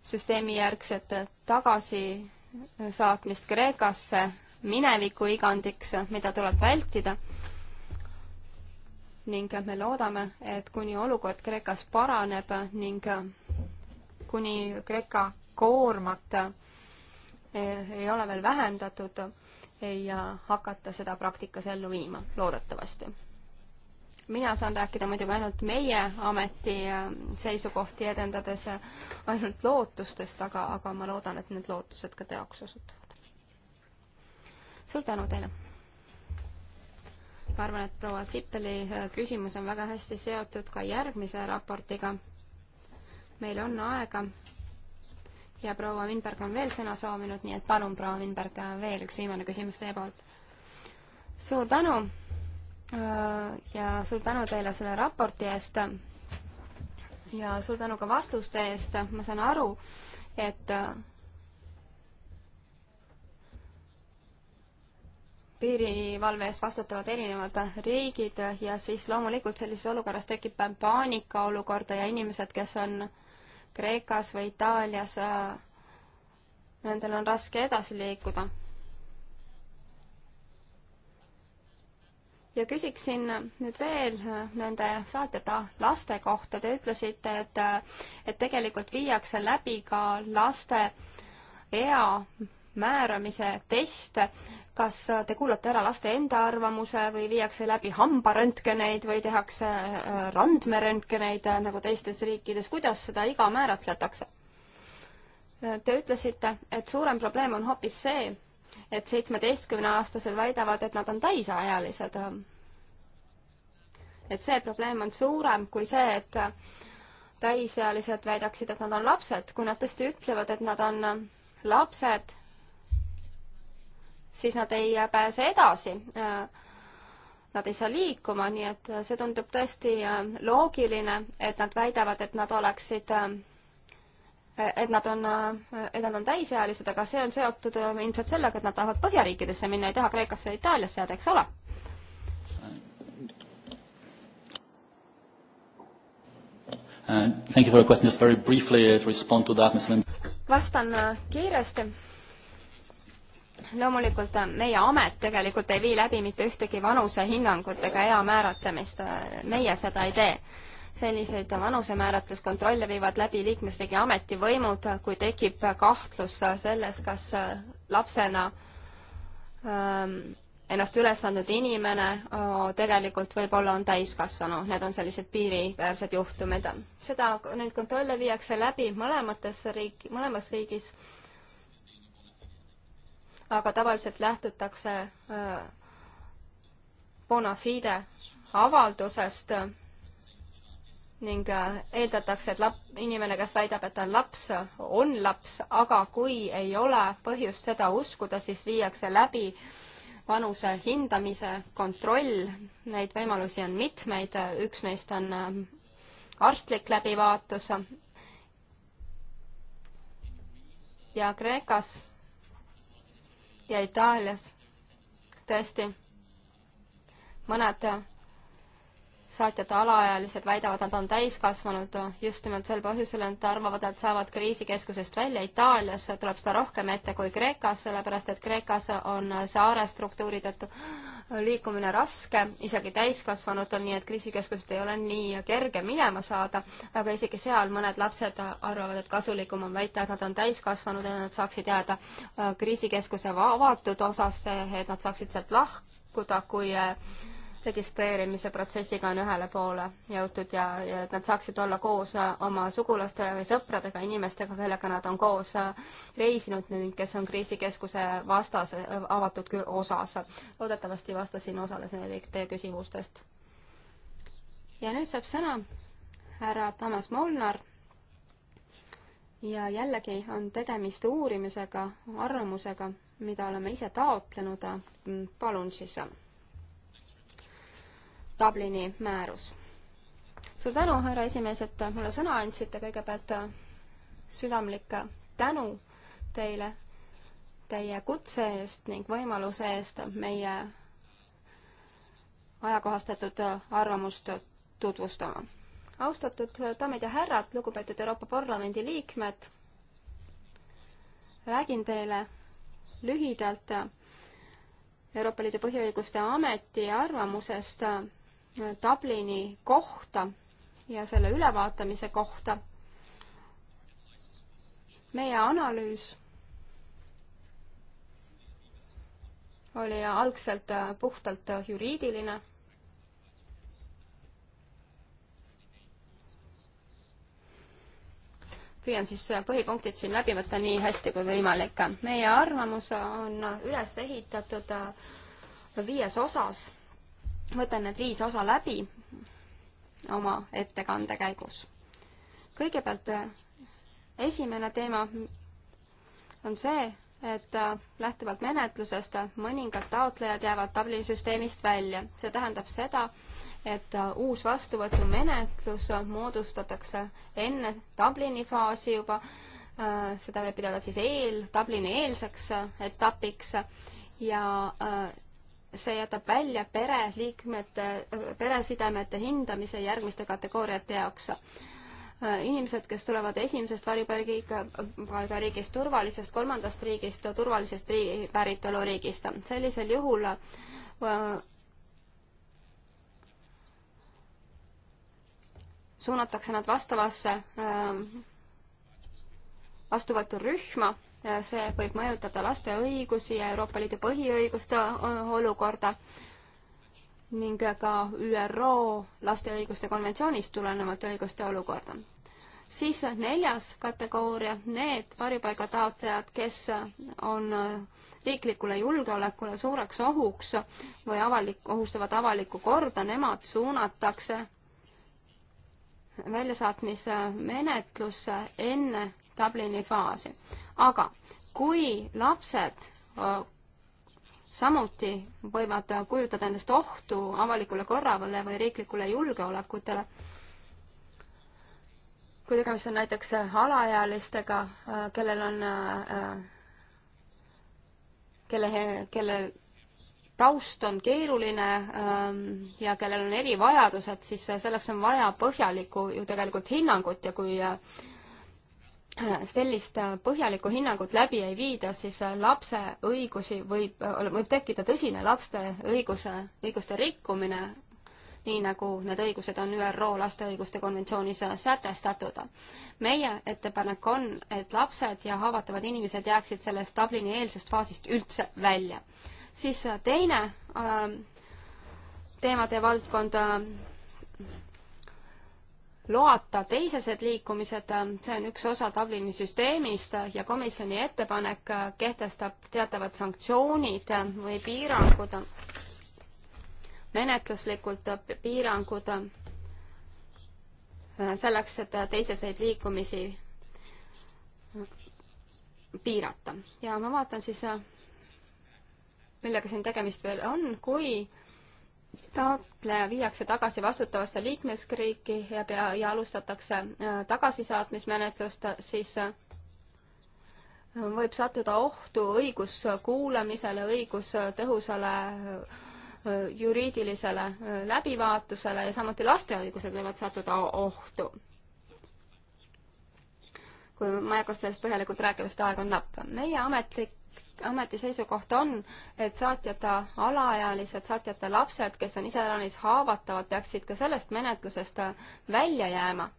süsteemijärgset tagasisaatmist Kreekasse mineviku igandiks, mida tuleb vältida. ning me loodame, et kuni olukord Kreekas paraneb ning kuni Kreeka koormat eh, ei ole veel vähendatud, ei hakata seda praktikas ellu viima, loodetavasti mina saan rääkida muidugi ainult meie ameti äh, seisukohti edendades, äh, ainult lootustest, aga, aga ma loodan, et need lootused ka teoks osutuvad. suur tänu teile! ma arvan, et proua Sippeli äh, küsimus on väga hästi seotud ka järgmise raportiga. meil on aega ja proua Vinberg on veel sõna soovinud, nii et palun, proua Vinberg, veel üks viimane küsimus teie poolt. suur tänu! Äh, ja suur tänu teile selle raporti eest ja suur tänu ka vastuste eest, ma saan aru, et äh, piirivalve eest vastutavad erinevad riigid ja siis loomulikult sellises olukorras tekib paanikaolukorda ja inimesed, kes on Kreekas või Itaalias, äh, nendel on raske edasi liikuda ja küsiksin nüüd veel äh, nende saatjate laste kohta. Te ütlesite, et, äh, et tegelikult viiakse läbi ka laste ea määramise teste. kas äh, te kuulate ära laste enda arvamuse või viiakse läbi hambaröntgeneid või tehakse randmeröntgeneid nagu teistes riikides, kuidas seda iga määratletakse? Te ütlesite, et suurem probleem on hoopis see, et seitsmeteistkümneaastased väidavad, et nad on täisaealised. et see probleem on suurem kui see, et täisealised väidaksid, et nad on lapsed. kui nad tõesti ütlevad, et nad on lapsed, siis nad ei pääse edasi. Nad ei saa liikuma, nii et see tundub tõesti loogiline, et nad väidavad, et nad oleksid et nad on, et nad on täisealised, aga see on seotud äh, ilmselt sellega, et nad tahavad Põhjariikidesse minna, ei taha Kreekasse ja Itaaliasse jääda, eks ole? Uh, thank you for your question. Just very briefly uh, to respond to that, Ms. Lind. vastan äh, kiiresti. loomulikult äh, meie amet tegelikult ei vii läbi mitte ühtegi vanusehinnangut ega ea määratlemist. meie seda ei tee selliseid vanusemääratluskontrolle viivad läbi liikmesriigi ametivõimud, kui tekib kahtlus selles, kas äh, lapsena ähm, ennast üles andnud inimene äh, tegelikult võib-olla on täiskasvanu, need on sellised piiriäärsed juhtumid. seda, neid kontrolle viiakse läbi mõlemates riik, mõlemas riigis, aga tavaliselt lähtutakse äh, bona fide avaldusest ning äh, eeldatakse, et lap-, inimene, kes väidab, et ta on laps, on laps, aga kui ei ole põhjust seda uskuda, siis viiakse läbi vanuse hindamise kontroll. Neid võimalusi on mitmeid, üks neist on äh, arstlik läbivaatus. ja Kreekas ja Itaalias tõesti mõned saatjate alaealised väidavad, nad on täiskasvanud just nimelt sel põhjusel, et arvavad, et saavad kriisikeskusest välja. Itaalias tuleb seda rohkem ette kui Kreekas, sellepärast et Kreekas on saarestruktuuri tõttu liikumine raske, isegi täiskasvanutel, nii et kriisikeskusest ei ole nii kerge minema saada, aga isegi seal mõned lapsed arvavad, et kasulikum on väita, et nad on täiskasvanud ja nad saaksid jääda äh, kriisikeskuse avatud osasse, et nad saaksid sealt lahkuda, kui äh, registreerimise protsessiga on ühele poole jõutud ja, ja et nad saaksid olla koos äh, oma sugulaste ja sõpradega, inimestega, kellega nad on koos äh, reisinud ning kes on kriisikeskuse vastas, äh, avatud osas. loodetavasti vastasin osalisele teie küsimustest. ja nüüd saab sõna härra Tamas Molnar ja jällegi on tegemist uurimisega, arvamusega, mida oleme ise taotlenud. palun siis Dublini määrus. suur tänu, härra esimees, et mulle sõna andsite, kõigepealt äh, südamlik äh, tänu teile teie kutse eest ning võimaluse eest meie ajakohastatud äh, arvamust tutvustama. austatud daamid ja härrad, lugupeetud Euroopa Parlamendi liikmed, räägin teile lühidalt Euroopa Liidu põhiõiguste ameti arvamusest Dublini kohta ja selle ülevaatamise kohta. meie analüüs oli algselt äh, puhtalt äh, juriidiline. püüan siis äh, põhipunktid siin läbi võtta nii hästi kui võimalik. meie arvamus on üles ehitatud viies osas võtan need viis osa läbi oma ettekande käigus. kõigepealt äh, esimene teema on see, et äh, lähtuvalt menetlusest mõningad taotlejad jäävad Dublini süsteemist välja. see tähendab seda, et äh, uus vastuvõtumenetlus moodustatakse enne Dublini faasi juba, seda võib pidada siis eel, Dublini eelseks etapiks ja see jätab välja pereliikmete, peresidemete hindamise järgmiste kategooriate jaoks inimesed, kes tulevad esimesest varjupaiga riigist, turvalisest kolmandast riigist, turvalisest riigi, päritoluriigist. sellisel juhul äh, suunatakse nad vastavasse äh, vastuvõturühma see võib mõjutada laste õigusi ja Euroopa Liidu põhiõiguste olukorda ning ka ÜRO laste õiguste konventsioonist tulenevate õiguste olukorda. siis neljas kategooria, need varjupaigataotlejad, kes on riiklikule julgeolekule suureks ohuks või avalik, ohustavad avalikku korda, nemad suunatakse väljasaatmise menetlusse enne, Dublini faasi. aga kui lapsed samuti võivad kujutada endast ohtu avalikule korrale või riiklikule julgeolekutele, kui tegemist on näiteks alaealistega, kellel on, kelle, kelle taust on keeruline ähm, ja kellel on erivajadused, siis selleks on vaja põhjalikku ju tegelikult hinnangut ja kui äh, sellist äh, põhjalikku hinnangut läbi ei viida, siis äh, lapse õigusi võib, äh, võib tekkida tõsine laste õiguse, õiguste rikkumine, nii nagu need õigused on ÜRO laste õiguste konventsioonis sätestatud. meie ettepanek on, et lapsed ja haavatavad inimesed jääksid sellest Dublini eelsest faasist üldse välja. siis teine teemade valdkond loata teisesed liikumised, see on üks osa Dublini süsteemist ja komisjoni ettepanek kehtestab teatavad sanktsioonid või piirangud, menetluslikult piirangud selleks, et teiseseid liikumisi piirata. ja ma vaatan siis, millega siin tegemist veel on, kui taotleja viiakse tagasi vastutavasse liikmesriiki ja pea, ja alustatakse äh, tagasisaatmismenetlust, siis äh, võib sattuda ohtu õigus kuulamisele, õigus tõhusale äh, juriidilisele läbivaatusele ja samuti laste õigused võivad sattuda ohtu. kui ma ei hakka sellest põhjalikult rääkima, sest aeg on napp. meie ametlik ameti seisukoht on, et saatjata alaealised, saatjata lapsed, kes on iseäranis haavatavad, peaksid ka sellest menetlusest äh, välja jääma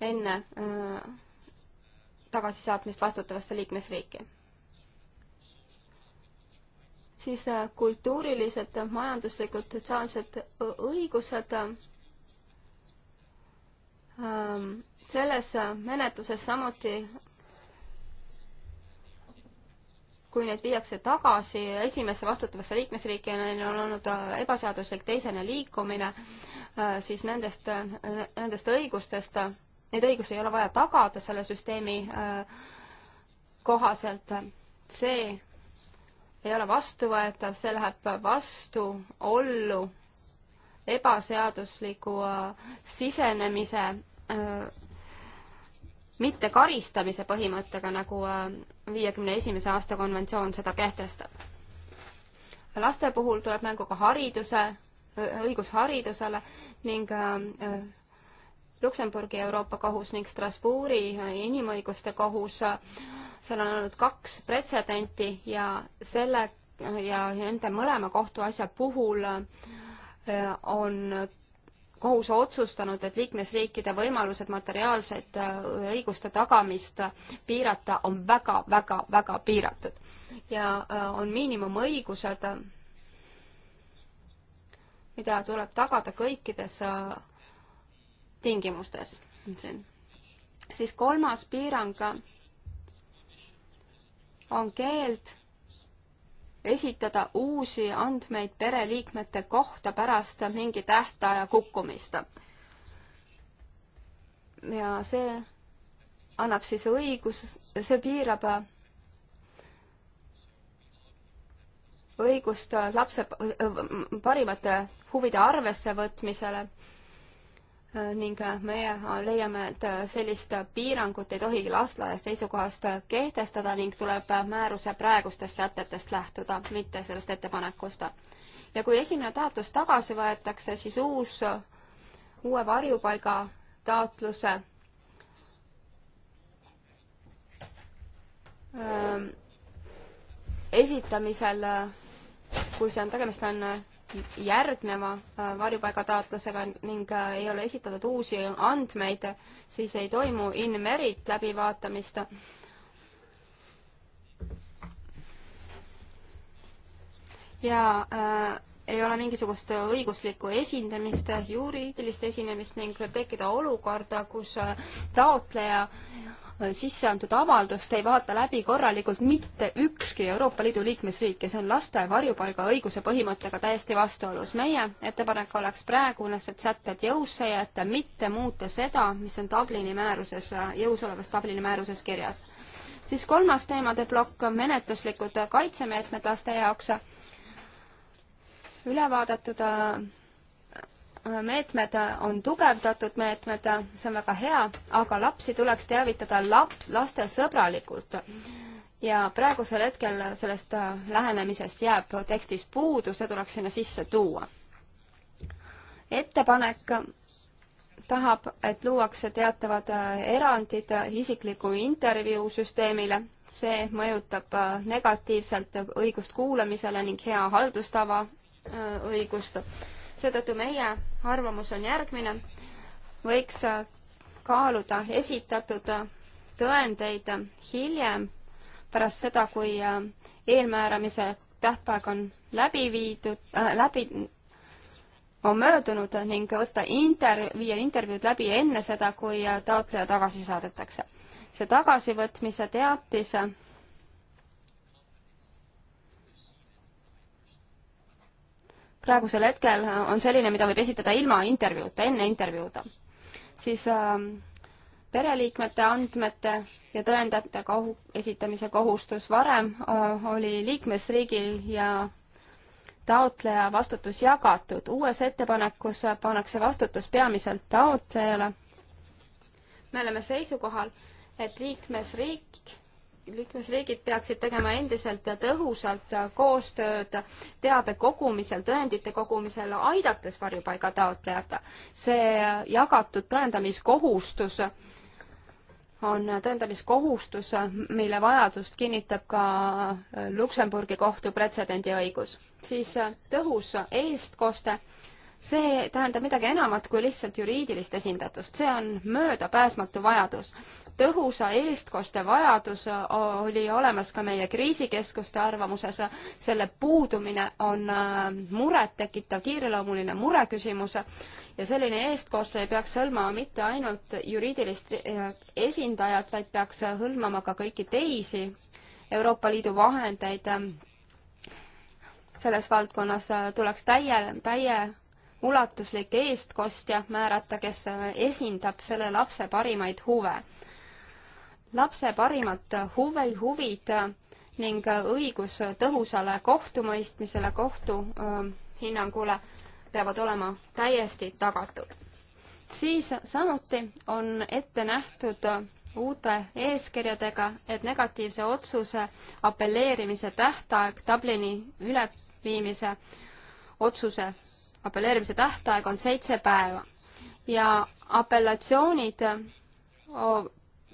enne äh, tagasisaatmist vastutavasse liikmesriiki. siis äh, kultuurilised, majanduslikud, sotsiaalsed õigused äh, ähm, selles äh, menetluses samuti kui need viiakse tagasi esimesse vastutavasse liikmesriiki ja neil on olnud äh, ebaseaduslik teisene liikumine, äh, siis nendest, äh, nendest õigustest, neid õigusi ei ole vaja tagada selle süsteemi kohaselt. see ei ole vastuvõetav, see läheb vastuollu ebaseadusliku sisenemise mitte karistamise põhimõttega, nagu viiekümne esimese aasta konventsioon seda kehtestab. laste puhul tuleb mängu ka hariduse, õigus haridusele ning äh, Luksemburgi Euroopa Kohus ning Strasbourgi Inimõiguste Kohus, seal on olnud kaks pretsedenti ja selle ja nende mõlema kohtuasja puhul on kohus otsustanud, et liikmesriikide võimalused materiaalset äh, õiguste tagamist piirata on väga-väga-väga piiratud. ja äh, on miinimumõigused, mida tuleb tagada kõikides äh, tingimustes. siis kolmas piirang on keeld esitada uusi andmeid pereliikmete kohta pärast mingi tähtaja kukkumist. ja see annab siis õigus, see piirab õigust lapse parimate huvide arvesse võtmisele ning meie leiame, et sellist piirangut ei tohigi lasteaia seisukohast kehtestada ning tuleb määruse praegustest sätetest lähtuda, mitte sellest ettepanekust. ja kui esimene taotlus tagasi võetakse, siis uus, uue varjupaiga taotluse ähm, esitamisel, kui see on, tegemist on järgneva äh, varjupaigataotlusega ning äh, ei ole esitatud uusi andmeid, siis ei toimu in merit läbivaatamist. ja äh, ei ole mingisugust õiguslikku esindamist, juriidilist esinemist ning võib tekkida olukorda, kus äh, taotleja äh, Äh, sisse antud avaldust ei vaata läbi korralikult mitte ükski Euroopa Liidu liikmesriik ja see on laste varjupaiga õiguse põhimõttega täiesti vastuolus. meie ettepanek oleks praegune sätted jõusse jätta, mitte muuta seda, mis on Dublini määruses, äh, jõus olevas Dublini määruses kirjas. siis kolmas teemade plokk, menetluslikud kaitsemeetmed laste jaoks üle vaadatud äh, meetmed on tugevdatud meetmed, see on väga hea, aga lapsi tuleks teavitada laps, lastesõbralikult. ja praegusel hetkel sellest äh, lähenemisest jääb tekstis puudu, see tuleks sinna sisse tuua. ettepanek tahab, et luuakse teatavad äh, erandid isikliku intervjuu süsteemile. see mõjutab äh, negatiivselt õigust kuulamisele ning hea haldustava õigust seetõttu meie arvamus on järgmine, võiks äh, kaaluda esitatud äh, tõendeid äh, hiljem, pärast seda, kui eelmääramise tähtaeg on läbi viidud äh,, läbi, on möödunud ning võtta inter-, viia intervjuud läbi enne seda, kui taotleja tagasi saadetakse. see tagasivõtmise teatis praegusel hetkel äh, on selline, mida võib esitada ilma intervjuuta, enne intervjuuda. siis äh, pereliikmete andmete ja tõendajate kohu-, esitamise kohustus varem äh, oli liikmesriigil ja taotleja vastutus jagatud. uues ettepanekus pannakse vastutus peamiselt taotlejale. me oleme seisukohal, et liikmesriik liikmesriigid peaksid tegema endiselt tõhusalt koostööd teabe kogumisel, tõendite kogumisel, aidates varjupaiga taotlejat. see jagatud tõendamiskohustus on tõendamiskohustus, mille vajadust kinnitab ka Luksemburgi kohtu pretsedendiõigus. siis tõhus eestkoste see tähendab midagi enamat kui lihtsalt juriidilist esindatust, see on möödapääsmatu vajadus tõhusa eestkoste vajadus oli olemas ka meie kriisikeskuste arvamuses. selle puudumine on äh, murettekitav, kiireloomuline mureküsimus ja selline eestkoste ei peaks hõlmama mitte ainult juriidilist äh, esindajat, vaid peaks hõlmama ka kõiki teisi Euroopa Liidu vahendeid. selles valdkonnas äh, tuleks täie, täie ulatuslik eestkostja määrata, kes esindab selle lapse parimaid huve lapse parimad huve, huvid ning õigus tõhusale kohtumõistmisele, kohtu öö, äh, hinnangule peavad olema täiesti tagatud. siis samuti on ette nähtud uute eeskirjadega, et negatiivse otsuse apelleerimise tähtaeg Dublini üleviimise otsuse apelleerimise tähtaeg on seitse päeva ja apellatsioonid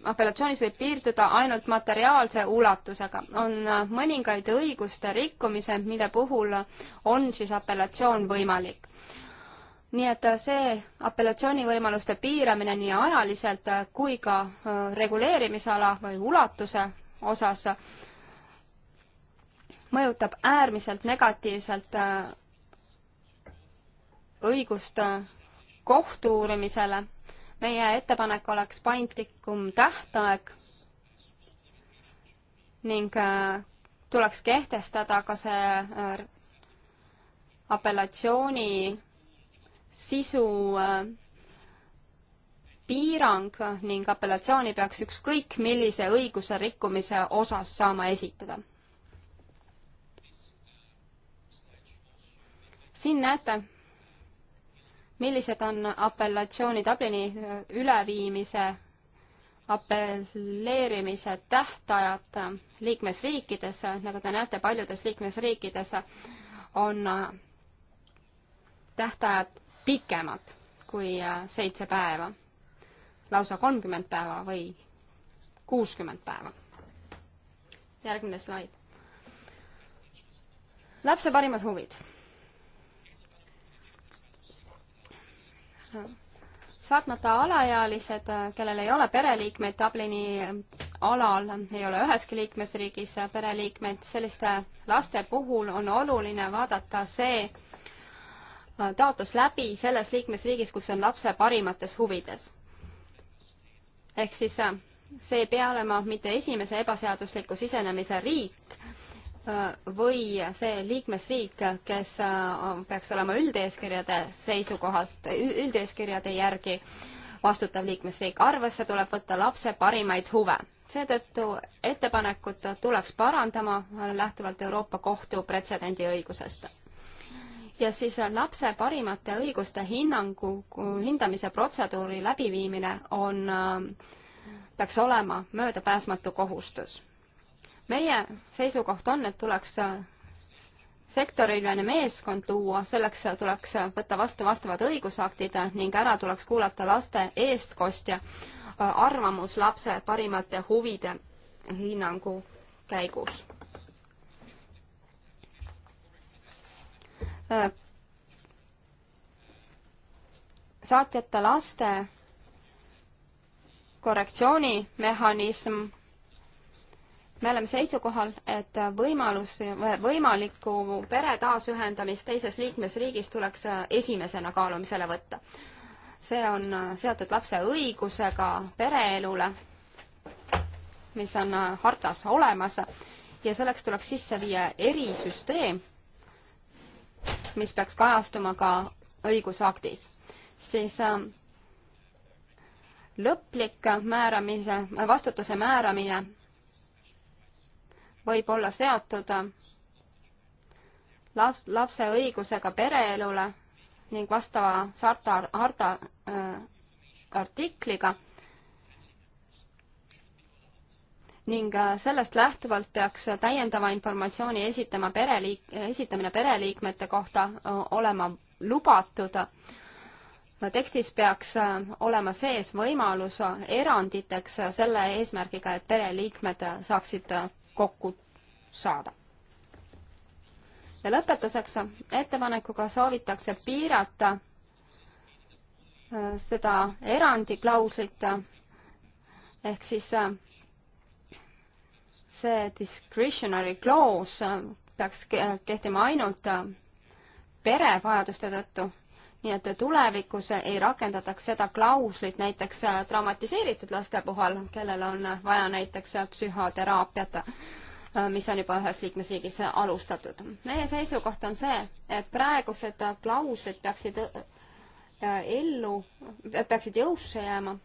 apelatsioonis võib piirduda ainult materiaalse ulatusega. on mõningaid õiguste rikkumise, mille puhul on siis apellatsioon võimalik. nii et see apellatsioonivõimaluste piiramine nii ajaliselt kui ka äh, reguleerimisala või ulatuse osas mõjutab äärmiselt negatiivselt äh, õigust äh, kohtu uurimisele meie ettepanek oleks paindlikum tähtaeg ning äh, tuleks kehtestada ka see äh, apellatsiooni sisu äh, piirang ning apellatsiooni peaks ükskõik millise õiguse rikkumise osas saama esitada. siin näete millised on apellatsiooni Dublini äh, üleviimise apelleerimise tähtajad liikmesriikides, nagu te näete, paljudes liikmesriikides on äh, tähtajad pikemad kui äh, seitse päeva, lausa kolmkümmend päeva või kuuskümmend päeva. järgmine slaid. lapse parimad huvid saatmata alaealised, kellel ei ole pereliikmeid Dublini alal, ei ole üheski liikmesriigis pereliikmeid, selliste laste puhul on oluline vaadata see äh, taotlus läbi selles liikmesriigis, kus on lapse parimates huvides. ehk siis äh, see ei pea olema mitte esimese ebaseadusliku sisenemise riik, või see liikmesriik, kes äh, peaks olema üldeeskirjade seisukohast, üldeeskirjade järgi vastutav liikmesriik, arvesse tuleb võtta lapse parimaid huve. seetõttu ettepanekut tuleks parandama lähtuvalt Euroopa Kohtu pretsedendi õigusest. ja siis lapse parimate õiguste hinnangu, hindamise protseduuri läbiviimine on, äh, peaks olema möödapääsmatu kohustus meie seisukoht on, et tuleks äh, sektoriline meeskond luua, selleks äh, tuleks äh, võtta vastu vastavad õigusaktid ning ära tuleks kuulata laste eestkostja arvamus lapse parimate huvide hinnangu käigus. saatjate laste korrektsioonimehhanism me oleme seisukohal, et võimalus, võimalikku pere taasühendamist teises liikmesriigis tuleks esimesena kaalumisele võtta. see on seotud lapse õigusega pereelule, mis on hartas olemas ja selleks tuleks sisse viia erisüsteem, mis peaks kajastuma ka õigusaktis. siis äh, lõplik määramise, vastutuse määramine võib olla seotud äh, laps, lapse õigusega pereelule ning vastava sarta, harta äh, artikliga. ning äh, sellest lähtuvalt peaks täiendava informatsiooni esitama pereliik-, esitamine pereliikmete kohta äh, olema lubatud. tekstis peaks olema sees võimalus eranditeks selle eesmärgiga, et pereliikmed saaksid kokku saada. ja lõpetuseks ettepanekuga soovitakse piirata äh, seda erandiklauslit äh, ehk siis äh, see discretionary clause peaks kehtima ainult pere vajaduste tõttu nii et tulevikus ei rakendataks seda klauslit näiteks äh, traumatiseeritud laste puhul, kellel on vaja näiteks äh, psühhoteraapiat, äh, mis on juba ühes liikmesriigis alustatud. meie seisukoht on see, et praegused klauslid peaksid ellu, peaksid jõusse jääma,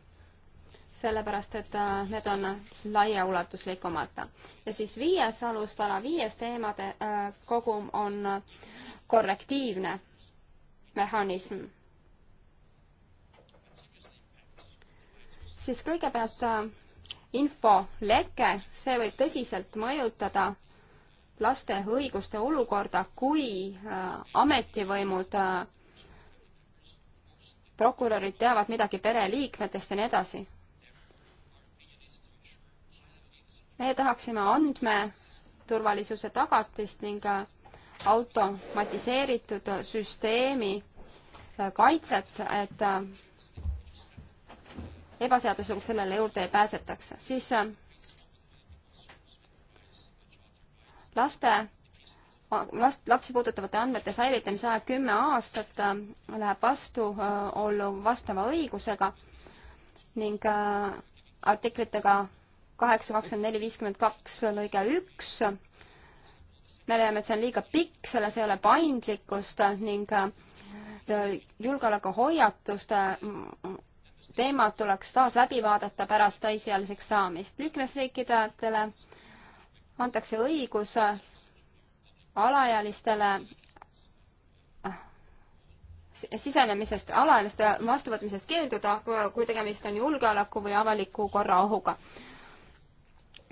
sellepärast et need on laiaulatuslikumad. ja siis viies alustala, viies teemade kogum on korrektiivne mehhanism. siis kõigepealt äh, infoleke, see võib tõsiselt mõjutada laste õiguste olukorda, kui äh, ametivõimud, äh, prokurörid teavad midagi pereliikmetest ja nii edasi meie tahaksime andmeturvalisuse tagatist ning automatiseeritud süsteemi kaitset, et äh, ebaseaduslikult sellele juurde ei pääsetaks, siis äh, laste last, lapsi puudutavate andmete säilitamise aeg kümme aastat äh, läheb vastuollu vastava õigusega ning artiklitega kaheksa, kakskümmend neli, viiskümmend kaks lõige üks. me leiame, et see on liiga pikk, selles ei ole paindlikkust ning Äh, julgeolekuhoiatuste mm, teemad tuleks taas läbi vaadata pärast täisealiseks saamist. liikmesriikidele antakse õigus äh, alaealistele äh, sisenemisest, alaealiste vastuvõtmisest keelduda, kui tegemist on julgeoleku või avaliku korra ohuga.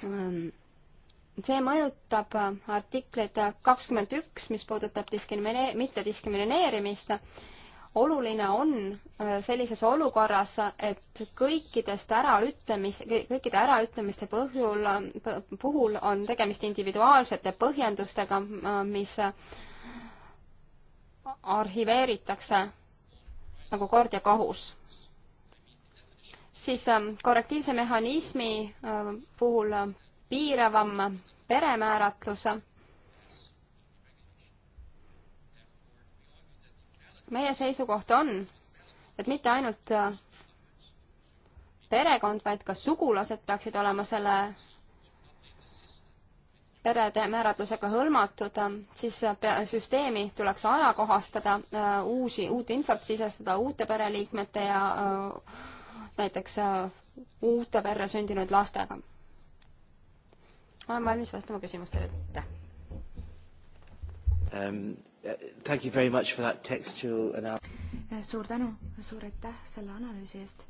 Mm see mõjutab artiklit kakskümmend üks, mis puudutab diskrimineer-, mittediskrimineerimist. oluline on äh, sellises olukorras, et kõikidest äraütlemis-, kõikide äraütlemiste põhjul, puhul on tegemist individuaalsete põhjendustega, mis arhiveeritakse nagu kord ja kohus siis ähm, korrektiivse mehhanismi äh, puhul piiravam peremääratlus. meie seisukoht on, et mitte ainult äh, perekond, vaid ka sugulased peaksid olema selle perede määratlusega hõlmatud, siis äh, süsteemi tuleks ajakohastada, äh, uusi, uut infot sisestada uute pereliikmete ja näiteks uute perre sündinud lastega olen valmis vastama küsimustele, aitäh. Um, uh, thank you very much for that textual analysis. suur tänu, suur aitäh selle analüüsi eest.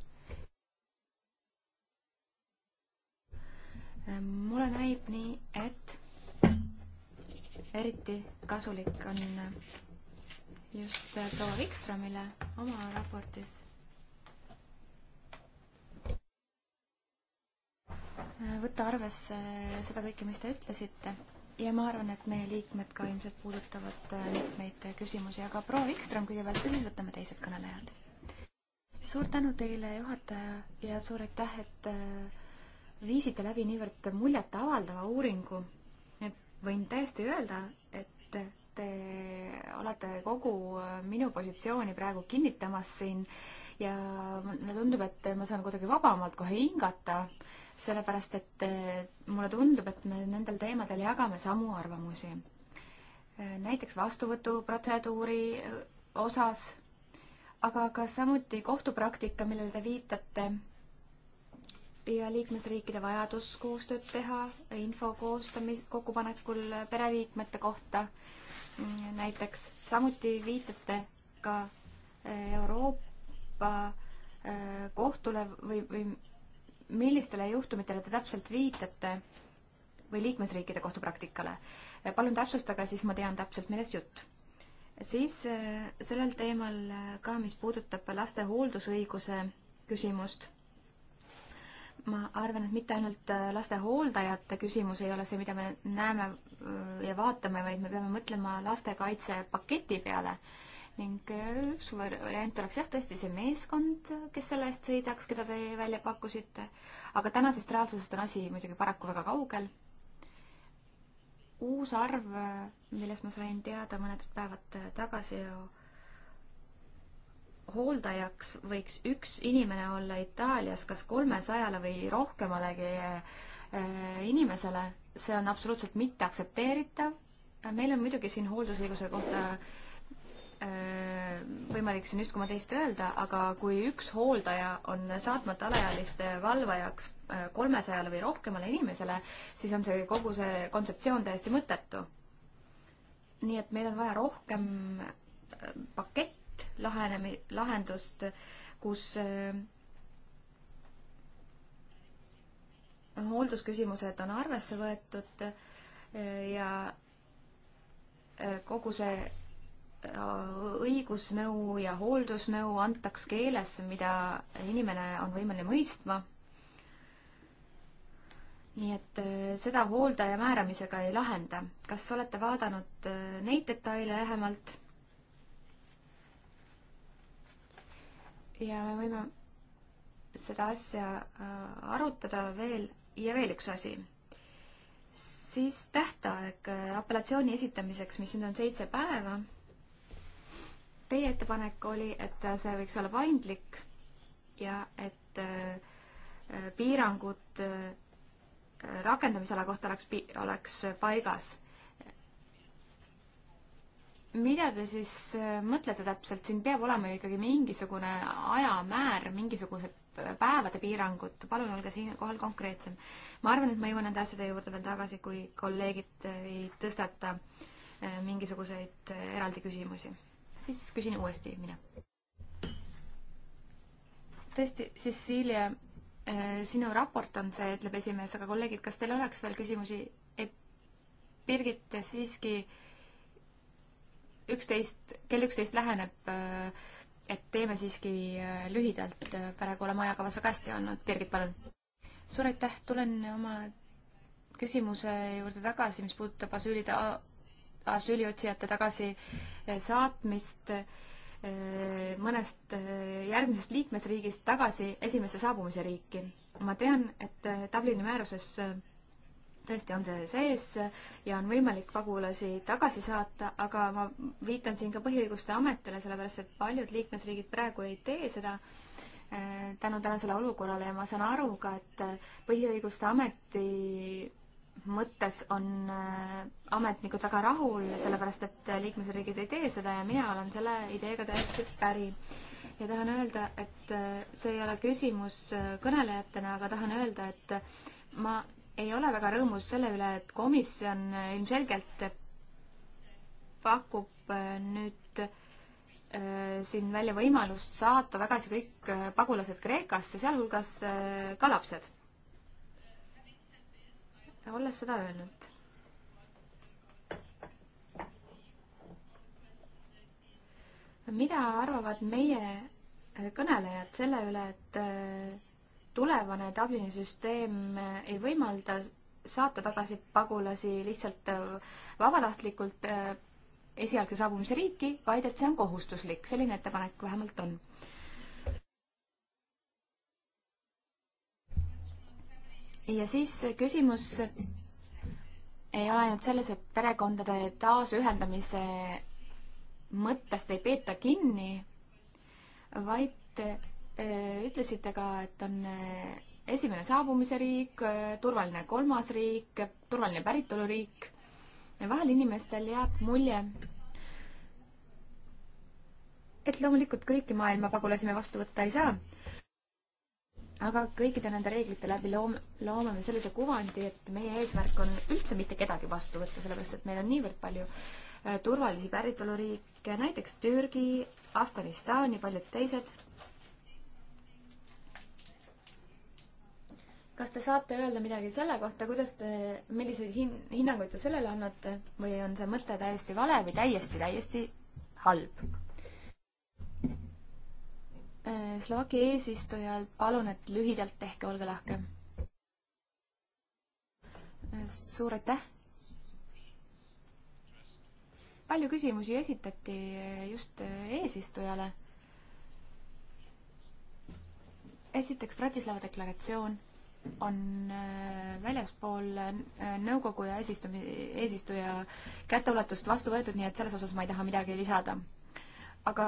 Äh, mulle näib nii, et eriti kasulik on just äh, proua Vikstromile oma raportis võtta arvesse seda kõike, mis te ütlesite ja ma arvan, et meie liikmed ka ilmselt puudutavad äh, mitmeid küsimusi, aga proua Vikström kõigepealt ja siis võtame teised kõnelejad. suur tänu teile, juhataja, ja suur aitäh, et äh, viisite läbi niivõrd muljetavaldava uuringu. et võin täiesti öelda, et te olete kogu äh, minu positsiooni praegu kinnitamas siin ja mulle tundub, et ma saan kuidagi vabamalt kohe hingata äh, sellepärast et eh, mulle tundub, et me nendel teemadel jagame samu arvamusi. Eh, näiteks vastuvõtuprotseduuri eh, osas, aga ka samuti kohtupraktika, millele te viitate, ja liikmesriikide vajadus koostööd teha info koostamis-, kokkupanekul pereliikmete kohta näiteks, samuti viitate ka Euroopa kohtule või, või millistele juhtumitele te täpselt viitate või liikmesriikide kohtupraktikale? palun täpsustage, siis ma tean täpselt, millest jutt. siis äh, sellel teemal äh, ka, mis puudutab laste hooldusõiguse küsimust ma arvan, et mitte ainult äh, lastehooldajate küsimus ei ole see, mida me näeme ja vaatame, vaid me peame mõtlema lastekaitsepaketi peale ning äh, üks variant oleks jah, tõesti see meeskond, kes selle eest sõidaks, keda te välja pakkusite, aga tänasest reaalsusest on asi muidugi paraku väga kaugel. uus arv, millest ma sain teada mõned päevad tagasi, hooldajaks võiks üks inimene olla Itaalias kas kolmesajale või rohkemalegi äh, inimesele, see on absoluutselt mitteaktsepteeritav. meil on muidugi siin hooldusõiguse kohta äh, Äh, võimalik siin üht koma teist öelda, aga kui üks hooldaja on saatmata alaealiste valvajaks äh, kolmesajale või rohkemale inimesele, siis on see kogu see kontseptsioon täiesti mõttetu. nii et meil on vaja rohkem äh, pakett lahenemi-, lahendust, kus hooldusküsimused on arvesse võetud ja kogu see Äh, õigusnõu ja hooldusnõu antaks keeles, mida inimene on võimeline mõistma. nii et äh, seda hooldaja määramisega ei lahenda. kas olete vaadanud äh, neid detaile lähemalt? ja me võime seda asja arutada veel ja veel üks asi. siis tähtaeg apellatsiooni esitamiseks, mis nüüd on seitse päeva Teie ettepanek oli, et see võiks olla paindlik ja et äh, piirangud äh, rakendamisala kohta oleks, oleks paigas. mida te siis äh, mõtlete täpselt, siin peab olema ju ikkagi mingisugune ajamäär, mingisugused päevade piirangut, palun olge siinkohal konkreetsem. ma arvan, et ma jõuan nende asjade juurde veel tagasi, kui kolleegid ei tõstata mingisuguseid eraldi küsimusi siis küsin uuesti mina. tõesti, Cecilia, äh, sinu raport on see, ütleb esimees, aga kolleegid, kas teil oleks veel küsimusi? Birgit siiski üksteist, kell üksteist läheneb, äh, et teeme siiski äh, lühidalt, praegu oleme ajakavas väga hästi olnud. Birgit, palun. suur aitäh, tulen oma küsimuse juurde tagasi, mis puudutab asüülide asüüliotsijate tagasisaatmist eh, eh, mõnest eh, järgmisest liikmesriigist tagasi esimesse saabumise riiki. ma tean, et Dublini määruses tõesti on see sees ja on võimalik pagulasi tagasi saata, aga ma viitan siin ka Põhiõiguste Ametile, sellepärast et paljud liikmesriigid praegu ei tee seda tänu tänasele olukorrale ja ma saan aru ka, et Põhiõiguste Ameti mõttes on äh, ametnikud väga rahul, sellepärast et liikmesriigid ei tee seda ja mina olen selle ideega täiesti päri. ja tahan öelda, et äh, see ei ole küsimus äh, kõnelejatena, aga tahan öelda, et ma ei ole väga rõõmus selle üle, et komisjon ilmselgelt pakub nüüd siin välja võimalust saata tagasi kõik pagulased Kreekasse, sealhulgas ka lapsed olles seda öelnud mida arvavad meie äh, kõnelejad selle üle, et äh, tulevane Dublini süsteem äh, ei võimalda saata tagasi pagulasi lihtsalt vabatahtlikult esialgse saabumise riiki, vaid et see on kohustuslik, selline ettepanek vähemalt on. ja siis küsimus ei ole ainult selles, et perekondade taasühendamise mõttest ei peeta kinni, vaid äh, ütlesite ka, et on äh, esimene saabumise riik, äh, turvaline kolmas riik, turvaline päritoluriik. vahel inimestel jääb mulje, et loomulikult kõiki maailma pagulasi me vastu võtta ei saa aga kõikide nende reeglite läbi loome, loome me sellise kuvandi, et meie eesmärk on üldse mitte kedagi vastu võtta, sellepärast et meil on niivõrd palju äh, turvalisi päritoluriike, näiteks Türgi, Afganistan ja paljud teised. kas te saate öelda midagi selle kohta, kuidas te, milliseid hin-, hinnanguid te sellele annate või on see mõte täiesti vale või täiesti, täiesti halb? Eh, Slovaki eesistujal, palun, et lühidalt tehke, olge lahke. Eh, suur aitäh! palju küsimusi esitati eh, just eesistujale. esiteks Bratislava deklaratsioon on väljaspool nõukogu ja eesistumi, eesistuja käteulatust vastu võetud, nii et selles osas ma ei taha midagi lisada. aga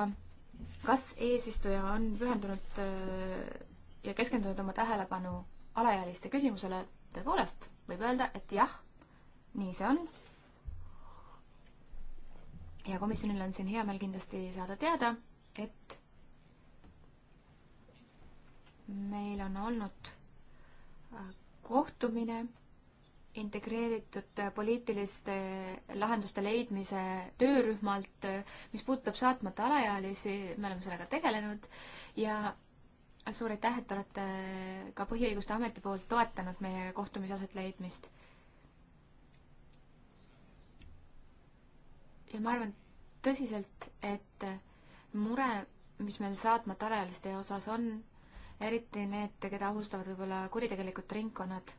kas eesistuja on pühendunud äh, ja keskendunud oma tähelepanu alaealiste küsimusele? tõepoolest, võib öelda, et jah, nii see on. ja komisjonil on siin hea meel kindlasti saada teada, et meil on olnud äh, kohtumine integreeritud poliitiliste lahenduste leidmise töörühmalt, mis puudutab saatmata alaealisi, me oleme sellega tegelenud ja suur aitäh, et olete ka Põhiõiguste Ameti poolt toetanud meie kohtumise aset leidmist. ja ma arvan tõsiselt, et mure, mis meil saatmata alaealiste osas on, eriti need, keda ohustavad võib-olla kuritegelikud ringkonnad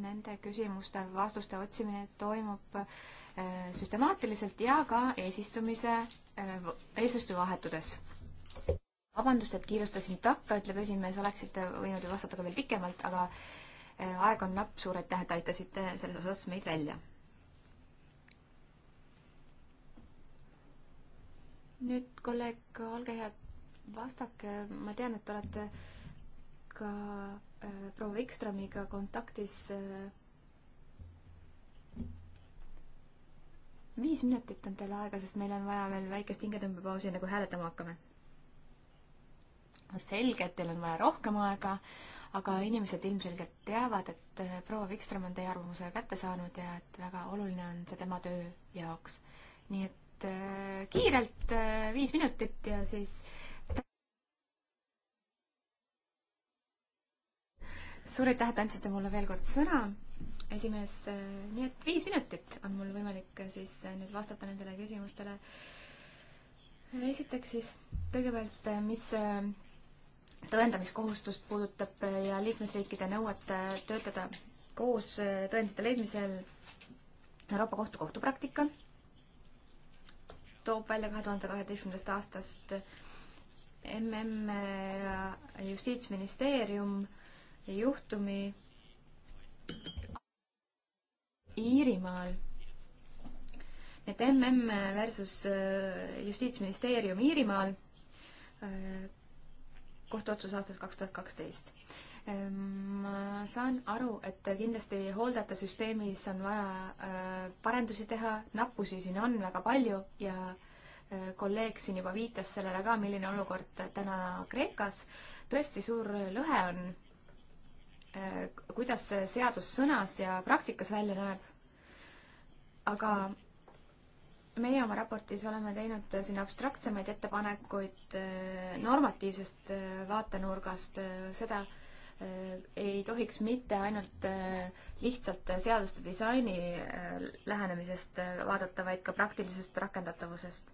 nende küsimuste, vastuste otsimine toimub äh, süstemaatiliselt ja ka eesistumise, äh, eesistuja vahetudes. vabandust, et kiirustasin takka, ütleb esimees, oleksite võinud ju vastata ka veel pikemalt, aga äh, aeg on napp, suur aitäh, et aitasite selles osas meid välja. nüüd kolleeg, olge hea, vastake, ma tean, et te olete ka Äh, proua Wikströmiga kontaktis äh, viis minutit on teil aega, sest meil on vaja veel väikest hingetõmbepausi, enne kui hääletama hakkame. selge, et teil on vaja rohkem aega, aga inimesed ilmselgelt teavad, et äh, proua Wikström on teie arvamuse kätte saanud ja et väga oluline on see tema töö jaoks. nii et kiirelt viis minutit ja siis äh, suur aitäh, et andsite mulle veel kord sõna, esimees, äh, nii et viis minutit on mul võimalik äh, siis äh, nüüd vastata nendele küsimustele. esiteks siis kõigepealt, mis tõendamiskohustust puudutab ja liikmesriikide nõuet töötada koos tõendite leidmisel Euroopa Kohtu kohtupraktika toob välja kahe tuhande kaheteistkümnendast aastast MM Justiitsministeerium juhtumi Iirimaal. et mm versus äh, justiitsministeerium Iirimaal, äh, kohtuotsus aastast kaks tuhat kaksteist. Ähm, ma saan aru, et kindlasti hooldajate süsteemis on vaja äh, parendusi teha, nappusi siin on väga palju ja kolleeg siin juba viitas sellele ka, milline olukord täna Kreekas. tõesti suur lõhe on Äh, kuidas see seadus sõnas ja praktikas välja näeb. aga meie oma raportis oleme teinud äh, siin abstraktsemaid ettepanekuid äh, normatiivsest vaatenurgast, seda ei tohiks mitte ainult lihtsalt seaduste disaini lähenemisest vaadata, vaid ka praktilisest rakendatavusest.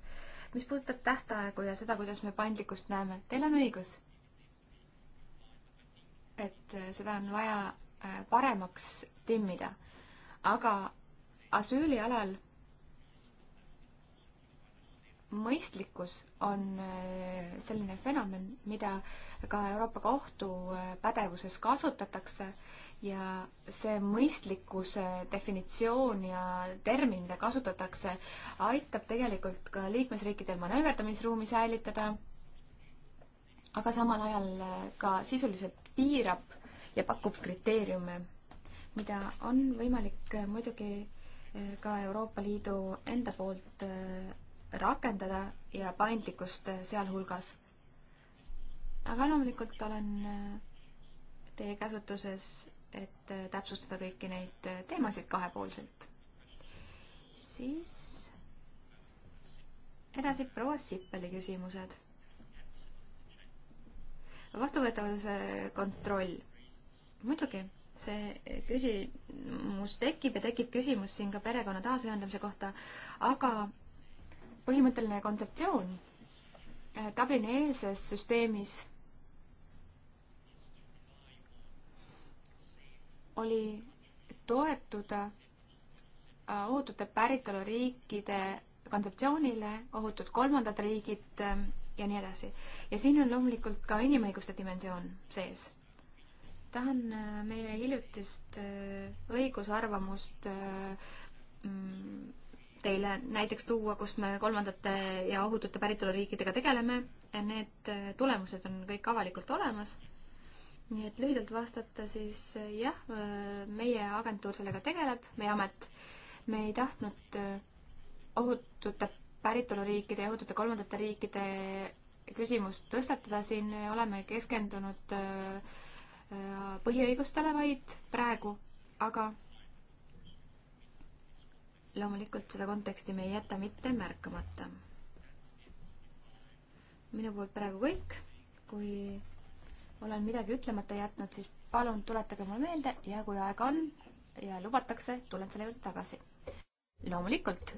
mis puudutab tähtaegu ja seda, kuidas me paindlikkust näeme, teil on õigus et äh, seda on vaja äh, paremaks timmida. aga asüülialal mõistlikkus on äh, selline fenomen, mida ka Euroopa Kohtu pädevuses kasutatakse ja see mõistlikkuse definitsioon ja termin, mida kasutatakse, aitab tegelikult ka liikmesriikidel manööverdamisruumi säilitada, aga samal ajal ka sisuliselt piirab ja pakub kriteeriume, mida on võimalik äh, muidugi äh, ka Euroopa Liidu enda poolt äh, rakendada ja paindlikkust sealhulgas. aga loomulikult olen teie käsutuses, et täpsustada kõiki neid teemasid kahepoolselt. siis edasi proua Sippeli küsimused vastuvõetavuse kontroll. muidugi, see küsimus tekib ja tekib küsimus siin ka perekonna taasühendamise kohta, aga põhimõtteline kontseptsioon äh, Dublini eelses süsteemis oli toetuda äh, ohutute päritoluriikide kontseptsioonile, ohutud kolmandad riigid ähm, ja nii edasi. ja siin on loomulikult ka inimõiguste dimensioon sees. tahan äh, meie hiljutist äh, õigusarvamust äh, mm, teile näiteks tuua, kus me kolmandate ja ohutute päritoluriikidega tegeleme. Need tulemused on kõik avalikult olemas. nii et lühidalt vastata, siis jah, meie agentuur sellega tegeleb, meie amet. me ei tahtnud ohutute päritoluriikide ja õhutute kolmandate riikide küsimust tõstatada, siin oleme keskendunud äh, äh, põhiõigustele vaid praegu, aga loomulikult seda konteksti me ei jäta mitte märkamata. minu poolt praegu kõik, kui olen midagi ütlemata jätnud, siis palun tuletage mulle meelde ja kui aega on ja lubatakse, tulen selle juurde tagasi. loomulikult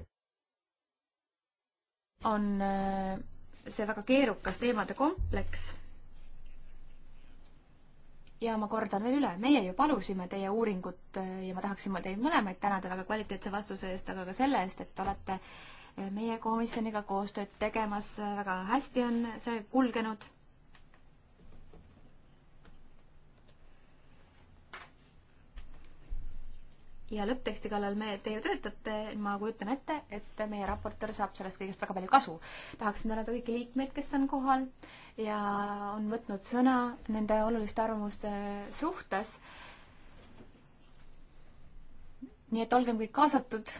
on äh, see väga keerukas teemade kompleks. ja ma kordan veel üle, meie ju palusime teie uuringut äh, ja ma tahaksin teid mõlemaid tänada väga kvaliteetse vastuse eest, aga ka selle eest, et olete äh, meie komisjoniga koostööd tegemas, väga hästi on see kulgenud ja lõppteksti kallal me, te ju töötate, ma kujutan ette, et meie raportöör saab sellest kõigest väga palju kasu. tahaksin tänada kõiki liikmeid, kes on kohal ja on võtnud sõna nende oluliste arvamuste suhtes. nii et olgem kõik kaasatud.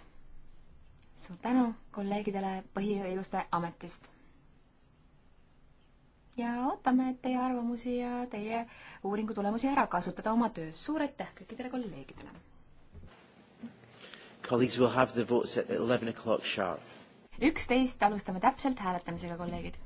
suur tänu kolleegidele Põhiõiguste Ametist. ja ootame teie arvamusi ja teie uuringu tulemusi ära kasutada oma töös. suur aitäh kõikidele kolleegidele Colleagues will have the votes at eleven o'clock sharp. üksteist alustame täpselt hääletamisega, kolleegid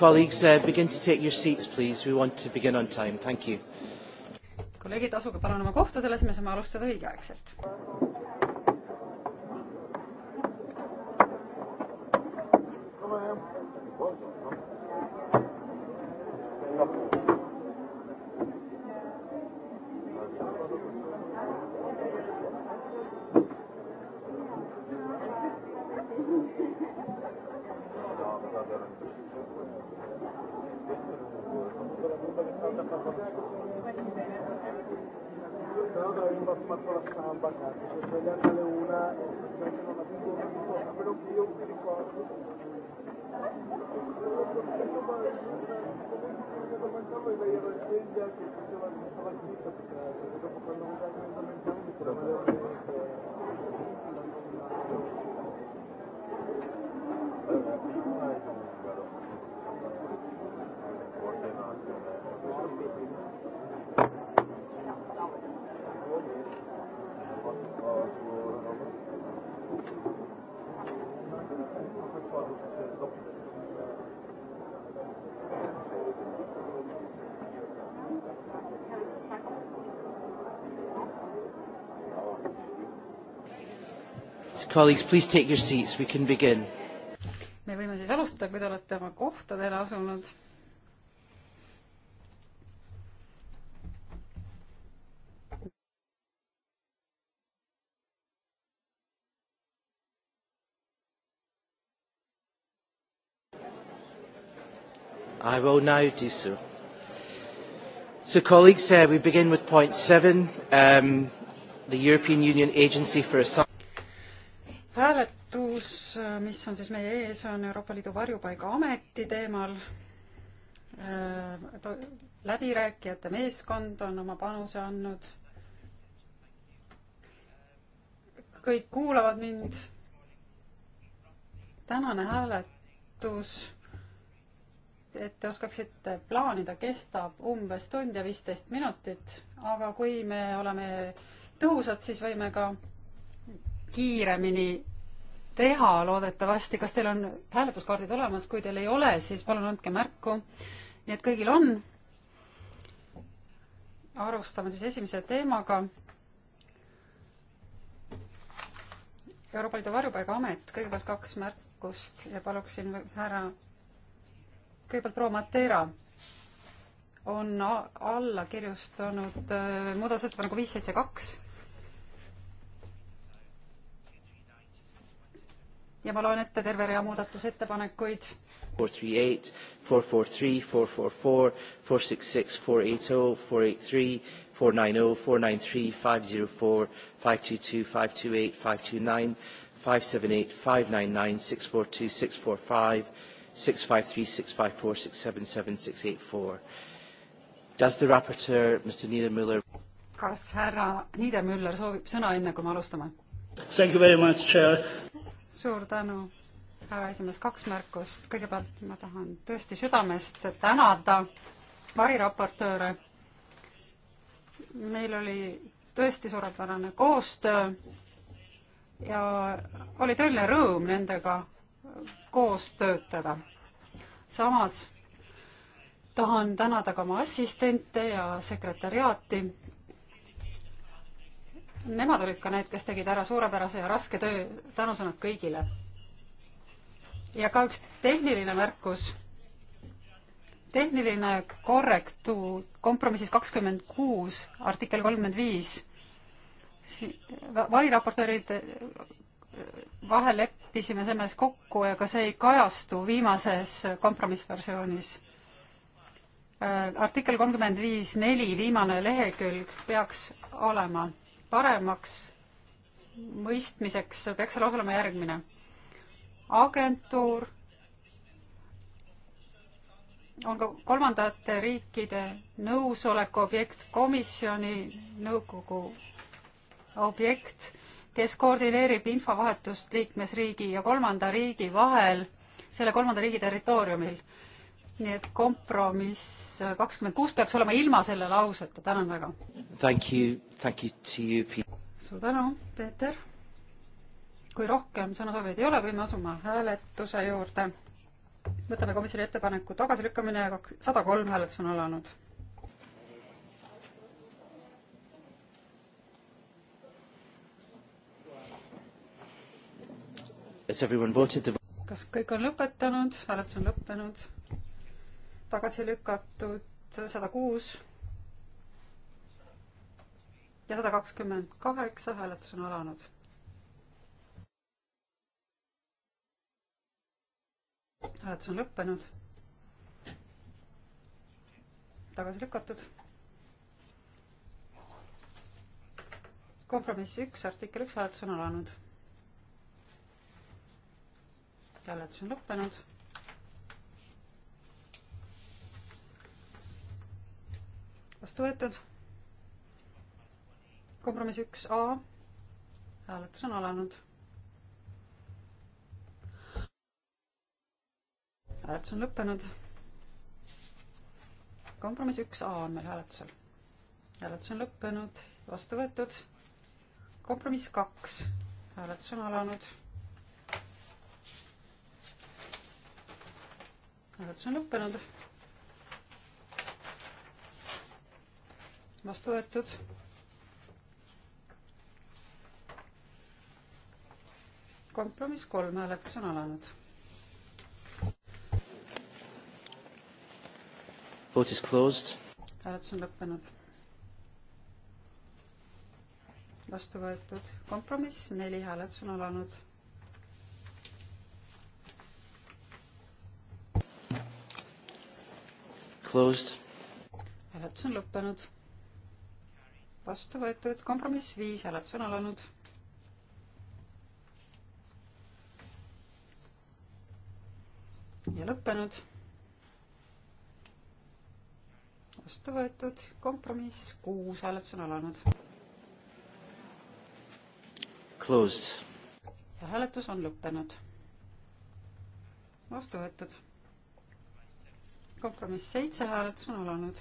Colleagues, uh, begin to take your seats, please. We want to begin on time. Thank you. kolleegid, asuge palun oma kohtadele, siis me saame alustada õigeaegselt. Colleagues, please take your seats, we can begin. me võime siis alustada, kui te olete oma kohtadele asunud. I will now do so. So colleagues, uh, we begin with point seven, um, the European Union Agency for Asylum mis on siis meie ees, on Euroopa Liidu varjupaigaameti teemal. Äh, läbirääkijate meeskond on oma panuse andnud. kõik kuulavad mind. tänane hääletus, et te oskaksite plaanida, kestab umbes tund ja viisteist minutit, aga kui me oleme tõhusad, siis võime ka kiiremini teha loodetavasti, kas teil on hääletuskaardid olemas, kui teil ei ole, siis palun andke märku. nii et kõigil on. alustame siis esimese teemaga. Euroopa Liidu Varjupaigaamet, kõigepealt kaks märkust ja paluksin härra, kõigepealt proua Matera on alla kirjustanud äh, muudatusettepaneku viis seitse kaks ja ma loen ette terve rea muudatusettepanekuid. Four three eight, four four three, four four four, four six six, four eight oh, four eight three, four nine oh, four nine three, five zero four, five two two, five two eight, five two nine, five seven eight, five nine nine, six four two, six four five, six five three, six five four, six seven seven, six eight four. Does the rapporteur, Mr Niedermüller kas härra Niedermüller soovib sõna, enne kui me alustame? Thank you very much, chair suur tänu, härra esimees, kaks märkust. kõigepealt ma tahan tõesti südamest tänada variraportööre. meil oli tõesti suurepärane koostöö ja oli tõeline rõõm nendega koos töötada. samas tahan tänada ka oma assistente ja sekretäriaati nemad olid ka need, kes tegid ära suurepärase ja raske töö, tänusõnad kõigile. ja ka üks tehniline märkus, tehniline korrektuur kompromissis kakskümmend kuus, artikkel kolmkümmend viis, valiraportöörid äh, vahel leppisime selles kokku ja ka see ei kajastu viimases kompromissversioonis äh, artikkel kolmkümmend viis neli viimane lehekülg peaks olema paremaks mõistmiseks peaks seal olema järgmine. agentuur on ka kolmandate riikide nõusoleku objekt, komisjoni nõukogu objekt, kes koordineerib infovahetust liikmesriigi ja kolmanda riigi vahel selle kolmanda riigi territooriumil nii et kompromiss kakskümmend kuus peaks olema ilma selle lauseta, tänan väga. suur tänu, Peeter. kui rohkem sõnasoovijaid ei ole, võime asuma hääletuse juurde. võtame komisjoni ettepaneku tagasilükkamine, sada kolm hääletus on alanud. kas kõik on lõpetanud, hääletus on lõppenud? tagasi lükatud sada kuus ja sada kakskümmend kaheksa, hääletus on alanud. hääletus on lõppenud. tagasi lükatud. kompromiss üks, artikkel üks, hääletus on alanud. hääletus on lõppenud vastu võetud. kompromiss üks A. hääletus on alanud. hääletus on lõppenud. kompromiss üks A on meil hääletusel. hääletus on lõppenud, vastu võetud. kompromiss kaks, hääletus on alanud. hääletus on lõppenud vastu võetud. kompromiss kolm, hääletus on alanud. Vote is closed. hääletus on lõppenud. vastu võetud kompromiss neli, hääletus on alanud. Closed. hääletus on lõppenud vastu võetud, kompromiss viis hääletus on alanud. ja lõppenud. vastu võetud, kompromiss kuus hääletus on alanud. Closed. ja hääletus on lõppenud. vastu võetud. kompromiss seitse hääletus on alanud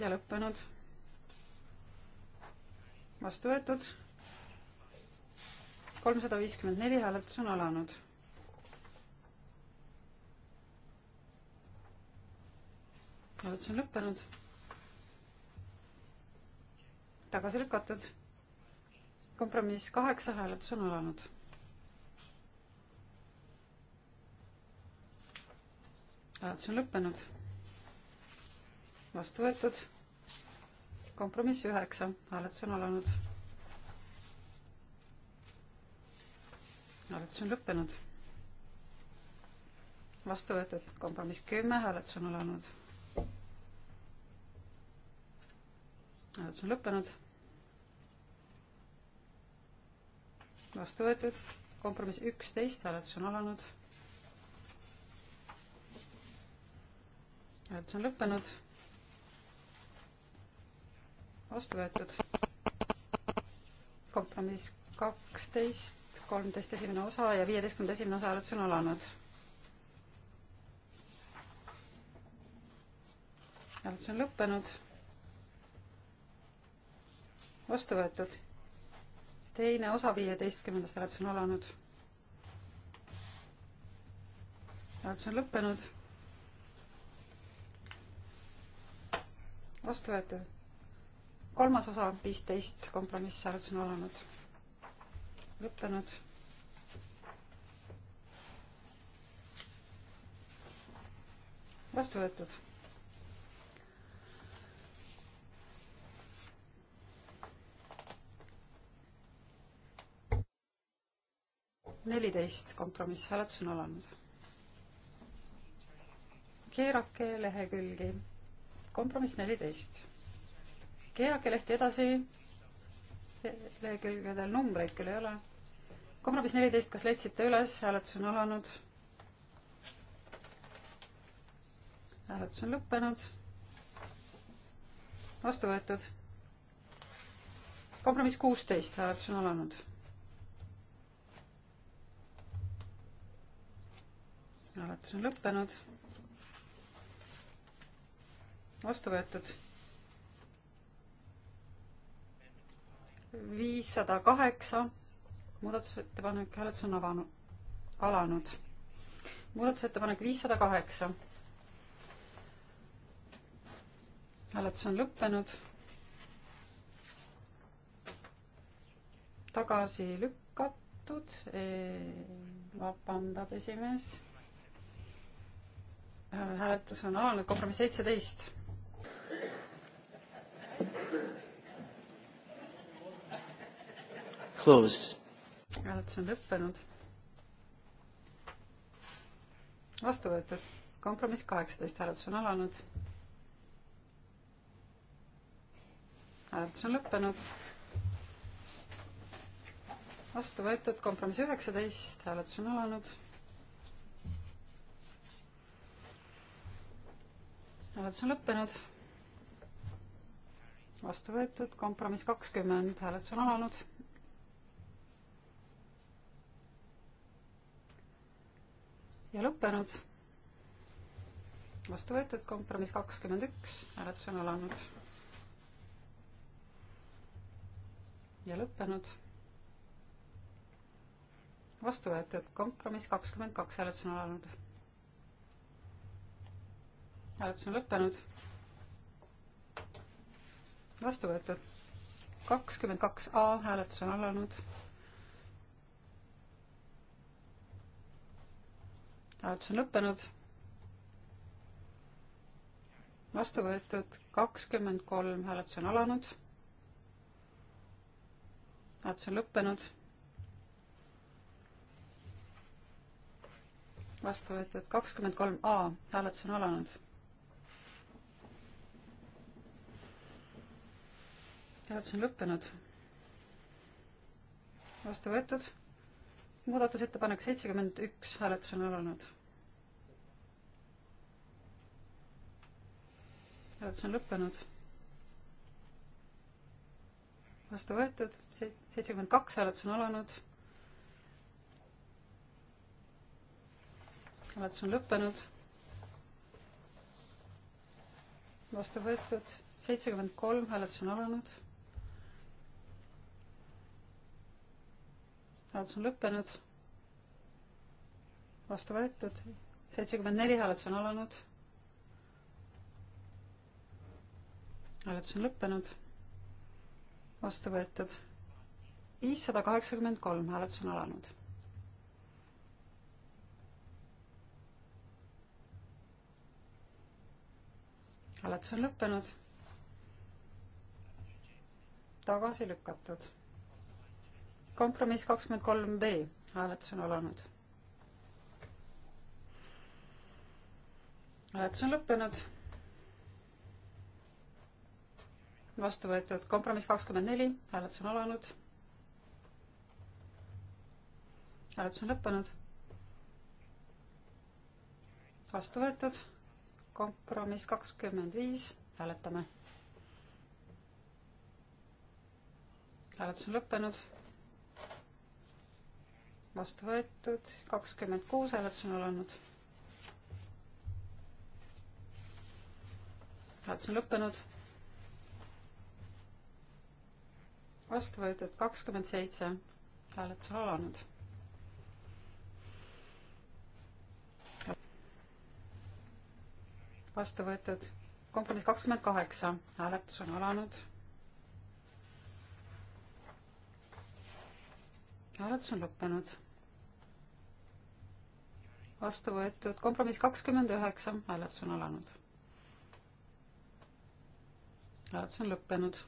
ja lõppenud. vastu võetud. kolmsada viiskümmend neli hääletus on alanud. hääletus on lõppenud. tagasi lükatud. kompromiss kaheksa hääletus on alanud. hääletus on lõppenud vastu võetud. kompromiss üheksa, hääletus on alanud. hääletus on lõppenud. vastu võetud kompromiss kümme, hääletus on alanud. hääletus on lõppenud. vastu võetud kompromiss üksteist, hääletus on alanud hääletus on lõppenud vastu võetud. kompromiss kaksteist, kolmteist esimene osa ja viieteistkümnenda esimene osa hääletus on alanud. hääletus on lõppenud. vastu võetud. teine osa viieteistkümnendast hääletus on alanud hääletus on lõppenud. vastu võetud kolmas osa, viisteist kompromisshääletus on alanud, lõppenud. vastu võetud. neliteist kompromisshääletus on alanud. keerake lehekülgi, kompromiss neliteist keerake lehti edasi, lehekülgedel numbreid küll ei ole. kompromiss neliteist, kas leidsite üles, hääletus on alanud? hääletus on lõppenud. vastu võetud. kompromiss kuusteist, hääletus on alanud. hääletus on lõppenud. vastu võetud viissada kaheksa muudatusettepanek, hääletus on avanud, alanud. muudatusettepanek viissada kaheksa. hääletus on lõppenud. tagasi lükatud, e, vabandab esimees. hääletus on alanud, kompromiss seitseteist. closed. hääletus on lõppenud. vastu võetud. kompromiss kaheksateist, hääletus on alanud. hääletus on lõppenud. vastu võetud, kompromiss üheksateist, hääletus on alanud hääletus on lõppenud. vastu võetud, kompromiss kakskümmend, hääletus on alanud. ja lõppenud. vastu võetud kompromiss kakskümmend üks, hääletus on alanud. ja lõppenud. vastu võetud kompromiss kakskümmend kaks, hääletus on alanud. hääletus on lõppenud. vastu võetud kakskümmend kaks A, hääletus on alanud hääletus on lõppenud. vastu võetud kakskümmend kolm, hääletus on alanud. hääletus on lõppenud. vastu võetud kakskümmend kolm A, hääletus on alanud. hääletus on lõppenud. vastu võetud muudatusettepanek seitsekümmend üks, hääletus on alanud. hääletus on lõppenud. vastu võetud, seitsekümmend kaks, hääletus on alanud. hääletus on lõppenud. vastu võetud, seitsekümmend kolm, hääletus on alanud hääletus on lõppenud. vastu võetud. seitsekümmend neli hääletus on alanud. hääletus on lõppenud. vastu võetud. viissada kaheksakümmend kolm hääletus on alanud hääletus on lõppenud. tagasi lükatud kompromiss kakskümmend kolm B, hääletus on alanud. hääletus on lõppenud. vastu võetud kompromiss kakskümmend neli, hääletus on alanud. hääletus on lõppenud. vastu võetud kompromiss kakskümmend viis, hääletame. hääletus on lõppenud vastu võetud, kakskümmend kuus hääletus on alanud. hääletus on lõppenud. vastu võetud kakskümmend seitse, hääletus on alanud. vastu võetud kompromiss kakskümmend kaheksa, hääletus on alanud hääletus on lõppenud vastu võetud, kompromiss kakskümmend üheksa, hääletus on alanud. hääletus on lõppenud.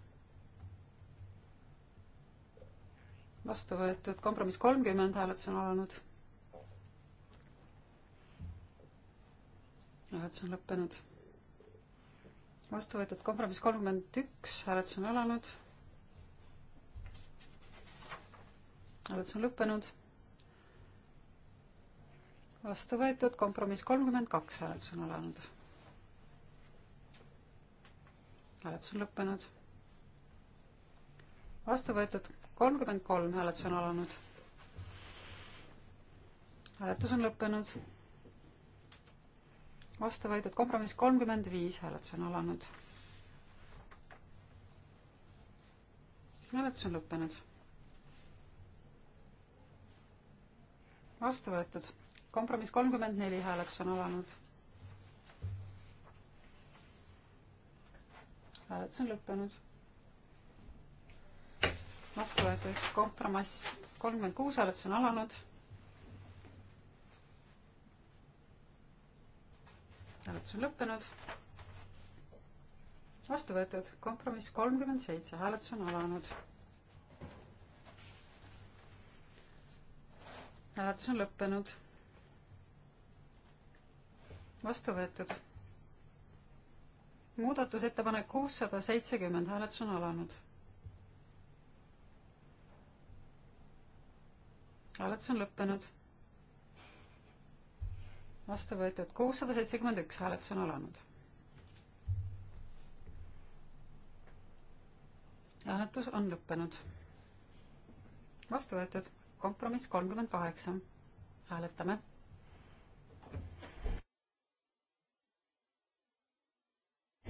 vastu võetud, kompromiss kolmkümmend, hääletus on alanud. hääletus on lõppenud. vastu võetud, kompromiss kolmkümmend üks, hääletus on alanud. hääletus on lõppenud vastu võetud, kompromiss kolmkümmend kaks, hääletus on alanud. hääletus on lõppenud. vastu võetud kolmkümmend kolm, hääletus on alanud. hääletus on lõppenud. vastu võetud kompromiss kolmkümmend viis, hääletus on alanud. hääletus on lõppenud. vastu võetud kompromiss kolmkümmend neli hääletus on alanud. hääletus on lõppenud. vastu võetud kompromiss kolmkümmend kuus hääletus on alanud. hääletus on lõppenud. vastu võetud kompromiss kolmkümmend seitse hääletus on alanud hääletus on lõppenud vastu võetud. muudatusettepanek kuussada seitsekümmend, hääletus on alanud. hääletus on lõppenud. vastu võetud kuussada seitsekümmend üks, hääletus on alanud. hääletus on lõppenud. vastu võetud kompromiss kolmkümmend kaheksa. hääletame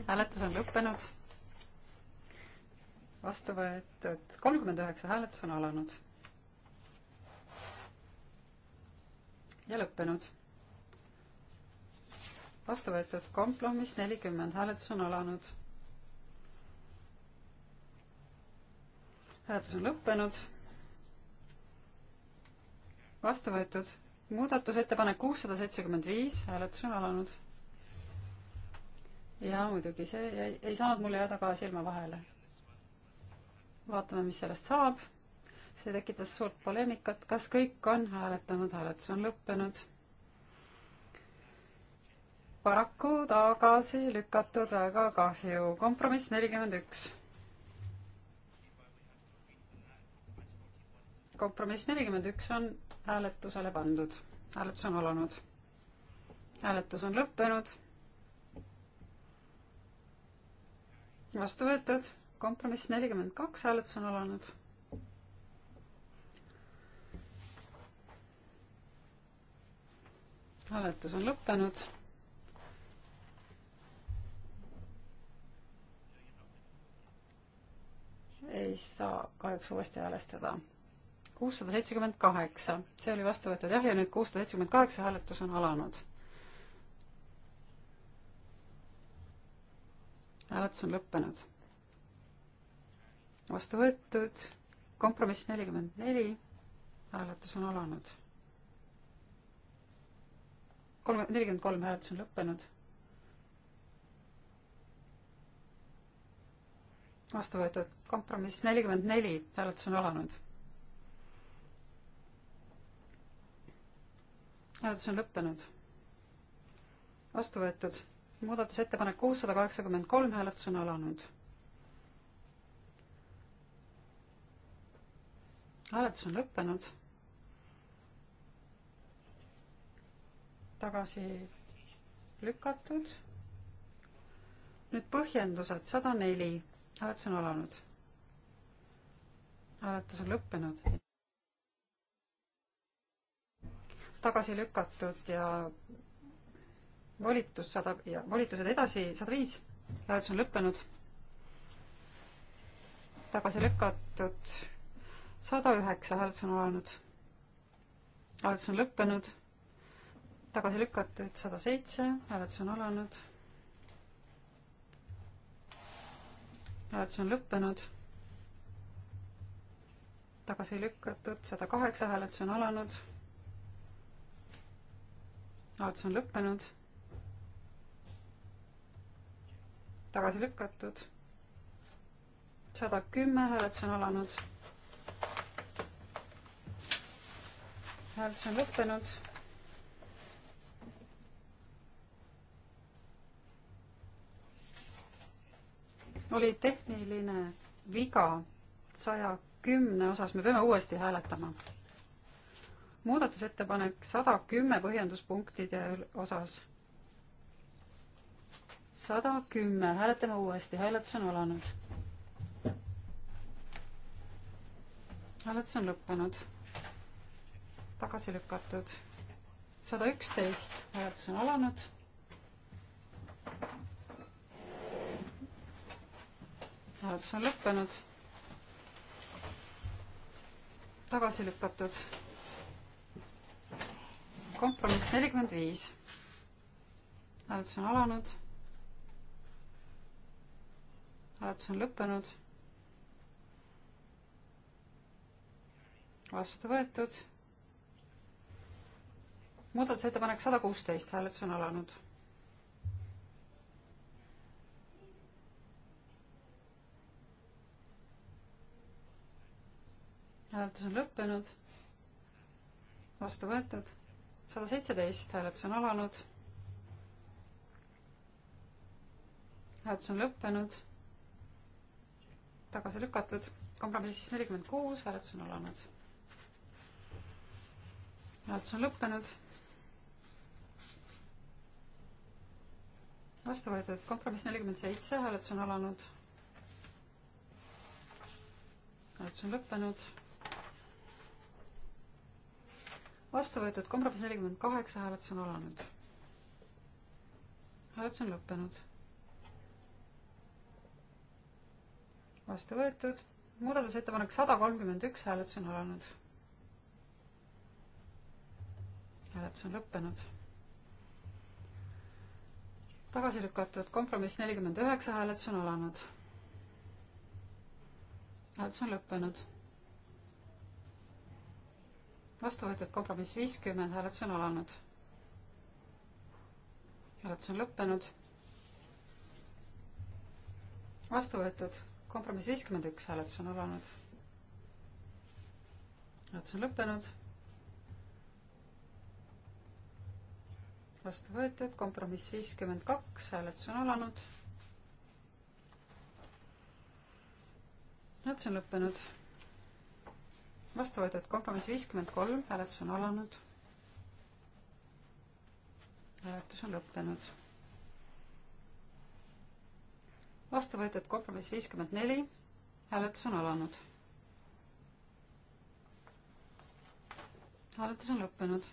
hääletus on lõppenud. vastu võetud kolmkümmend üheksa, hääletus on alanud. ja lõppenud. vastu võetud kompromiss nelikümmend, hääletus on alanud. hääletus on lõppenud. vastu võetud muudatusettepanek kuussada seitsekümmend viis, hääletus on alanud ja muidugi see ei, ei saanud mulle jääda ka silma vahele. vaatame, mis sellest saab. see tekitas suurt poleemikat, kas kõik on hääletanud, hääletus on lõppenud. paraku tagasi lükatud, väga kahju. kompromiss nelikümmend üks. kompromiss nelikümmend üks on hääletusele pandud, hääletus on alanud. hääletus on lõppenud vastu võetud, kompromiss nelikümmend kaks, hääletus on alanud. hääletus on lõppenud. ei saa kahjuks uuesti häälestada. kuussada seitsekümmend kaheksa, see oli vastu võetud jah, ja nüüd kuussada seitsekümmend kaheksa hääletus on alanud hääletus on lõppenud. vastu võetud, kompromiss nelikümmend neli, hääletus on alanud. kolm, nelikümmend kolm hääletus on lõppenud. vastu võetud, kompromiss nelikümmend neli, hääletus on alanud hääletus on lõppenud. vastu võetud muudatusettepanek kuussada kaheksakümmend kolm, hääletus on alanud. hääletus on lõppenud. tagasi lükatud. nüüd põhjendused, sada neli, hääletus on alanud. hääletus on lõppenud. tagasi lükatud ja volitus sada ja volitused edasi, sada viis, hääletus on lõppenud, tagasi lükatud, sada üheksa hääletus on alanud, hääletus on lõppenud, tagasi lükatud sada seitse, hääletus on alanud, hääletus on lõppenud, tagasi lükatud sada kaheksa, hääletus on alanud, hääletus on lõppenud tagasi lükatud. sada kümme, hääletus on alanud. hääletus on lõppenud. oli tehniline viga saja kümne osas, me peame uuesti hääletama. muudatusettepanek sada kümme põhjenduspunktide osas sada kümme, hääletame uuesti, hääletus on alanud. hääletus on lõppenud. tagasi lükatud. sada üksteist, hääletus on alanud. hääletus on lõppenud. tagasi lükatud. kompromiss nelikümmend viis. hääletus on alanud hääletus on lõppenud. vastu võetud. muudatusettepanek sada kuusteist, hääletus on alanud. hääletus on lõppenud. vastu võetud. sada seitseteist, hääletus on alanud. hääletus on lõppenud tagasi lükatud. kompromiss nelikümmend kuus, hääletus on alanud. hääletus on lõppenud. vastu võetud kompromiss nelikümmend seitse, hääletus on alanud. hääletus on lõppenud. vastu võetud kompromiss nelikümmend kaheksa, hääletus on alanud. hääletus on lõppenud vastu võetud. muudatusettepanek sada kolmkümmend üks, hääletus on alanud. hääletus on lõppenud. tagasi lükatud kompromiss nelikümmend üheksa, hääletus on alanud. hääletus on lõppenud. vastu võetud kompromiss viiskümmend, hääletus on alanud. hääletus on lõppenud vastu võetud kompromiss viiskümmend üks hääletus on alanud. hääletus on lõppenud. vastu võetud, kompromiss viiskümmend kaks, hääletus on alanud. hääletus on lõppenud. vastu võetud, kompromiss viiskümmend kolm, hääletus on alanud. hääletus on lõppenud vastu võetud kompromiss viiskümmend neli, hääletus on alanud. hääletus on lõppenud.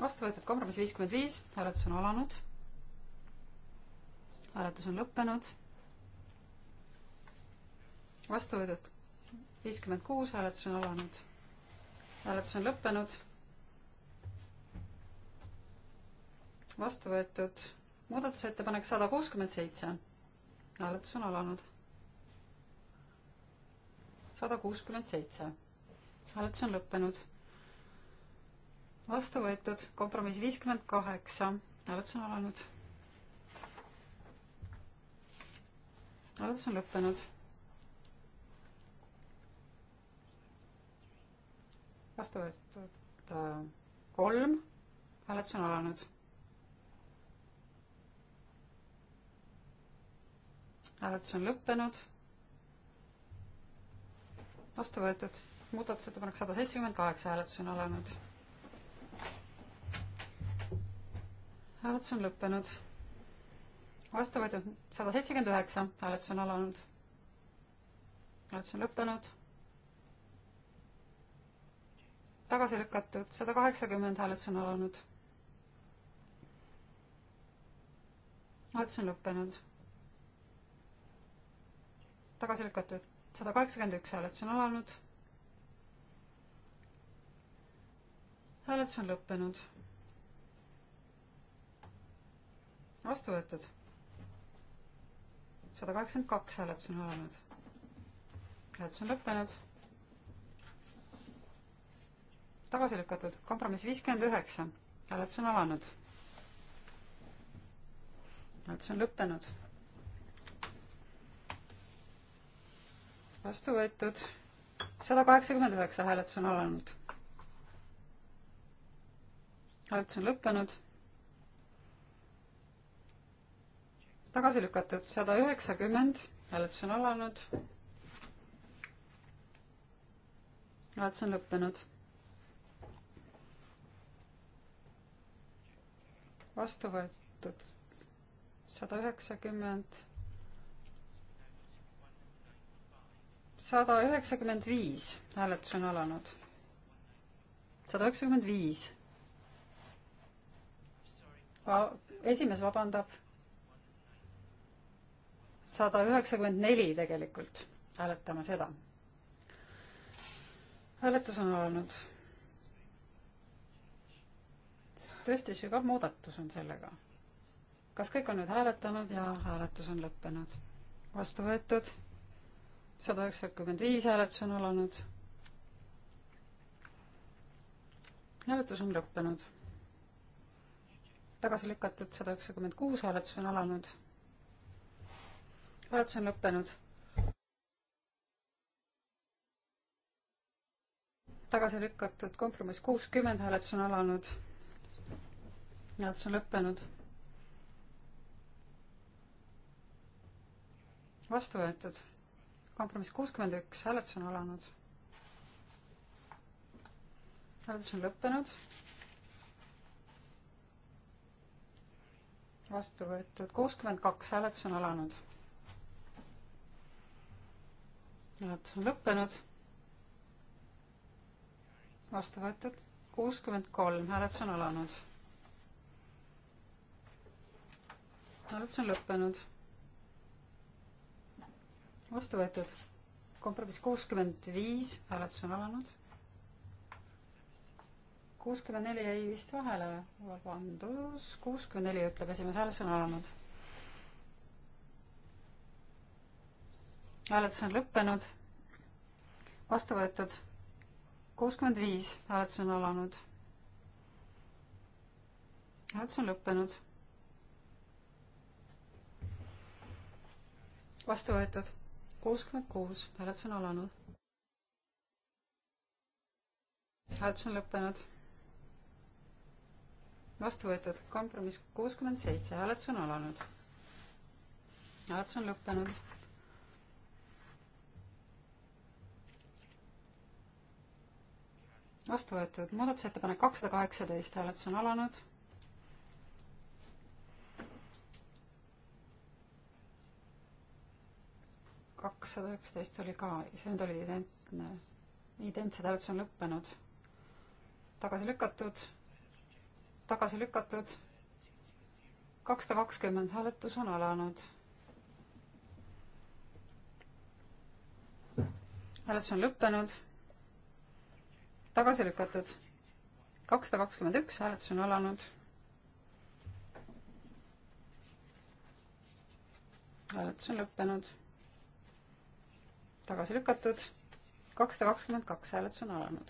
vastu võetud kompromiss viiskümmend viis, hääletus on alanud. hääletus on lõppenud. vastu võetud viiskümmend kuus, hääletus on alanud. hääletus on lõppenud. vastu võetud muudatusettepanek sada kuuskümmend seitse. hääletus on alanud. sada kuuskümmend seitse. hääletus on lõppenud. vastu võetud kompromiss viiskümmend kaheksa. hääletus on alanud. hääletus on lõppenud. vastu võetud äh, kolm. hääletus on alanud hääletus on lõppenud. vastu võetud. muudatusettepanek sada seitsekümmend kaheksa, hääletus on alanud. hääletus on lõppenud. vastu võetud sada seitsekümmend üheksa, hääletus on alanud. hääletus on lõppenud. tagasi lükatud sada kaheksakümmend, hääletus on alanud. hääletus on lõppenud tagasi lükatud. sada kaheksakümmend üks hääletus on alanud. hääletus on lõppenud. vastu võetud. sada kaheksakümmend kaks hääletus on alanud. hääletus on lõppenud. tagasi lükatud. kompromiss viiskümmend üheksa. hääletus on alanud. hääletus on lõppenud vastu võetud. sada kaheksakümmend üheksa hääletus on alanud. hääletus on lõppenud. tagasi lükatud sada üheksakümmend, hääletus on alanud. hääletus on lõppenud. vastu võetud sada üheksakümmend sada üheksakümmend viis hääletus on alanud. sada üheksakümmend viis. esimees vabandab. sada üheksakümmend neli tegelikult, hääletame seda. hääletus on alanud. tõesti sügav muudatus on sellega. kas kõik on nüüd hääletanud ja hääletus on lõppenud? vastu võetud sada üheksakümmend viis hääletus on alanud. hääletus on lõppenud. tagasi lükatud sada üheksakümmend kuus hääletus on alanud. hääletus on lõppenud. tagasi lükatud kompromiss kuuskümmend hääletus on alanud. hääletus on lõppenud. vastu võetud kompromiss kuuskümmend üks, hääletus on alanud. hääletus on lõppenud. vastu võetud kuuskümmend kaks, hääletus on alanud. hääletus on lõppenud. vastu võetud kuuskümmend kolm, hääletus on alanud. hääletus on lõppenud vastu võetud. kompromiss kuuskümmend viis, hääletus on alanud. kuuskümmend neli jäi vist vahele, vabandust, kuuskümmend neli ütleb esimees, hääletus on alanud. hääletus on lõppenud, vastu võetud kuuskümmend viis, hääletus on alanud. hääletus on lõppenud. vastu võetud kuuskümmend kuus, hääletus on alanud. hääletus on lõppenud. vastu võetud kompromiss kuuskümmend seitse, hääletus on alanud. hääletus on lõppenud. vastu võetud muudatusettepanek kakssada kaheksateist, hääletus on alanud kakssada üksteist oli ka, see nüüd oli identne, identsed hääletused on lõppenud. tagasi lükatud, tagasi lükatud, kakssada kakskümmend hääletus on alanud. hääletus on lõppenud, tagasi lükatud, kakssada kakskümmend üks hääletus on alanud hääletus on lõppenud tagasi lükatud, kakssada kakskümmend kaks hääletus on alanud.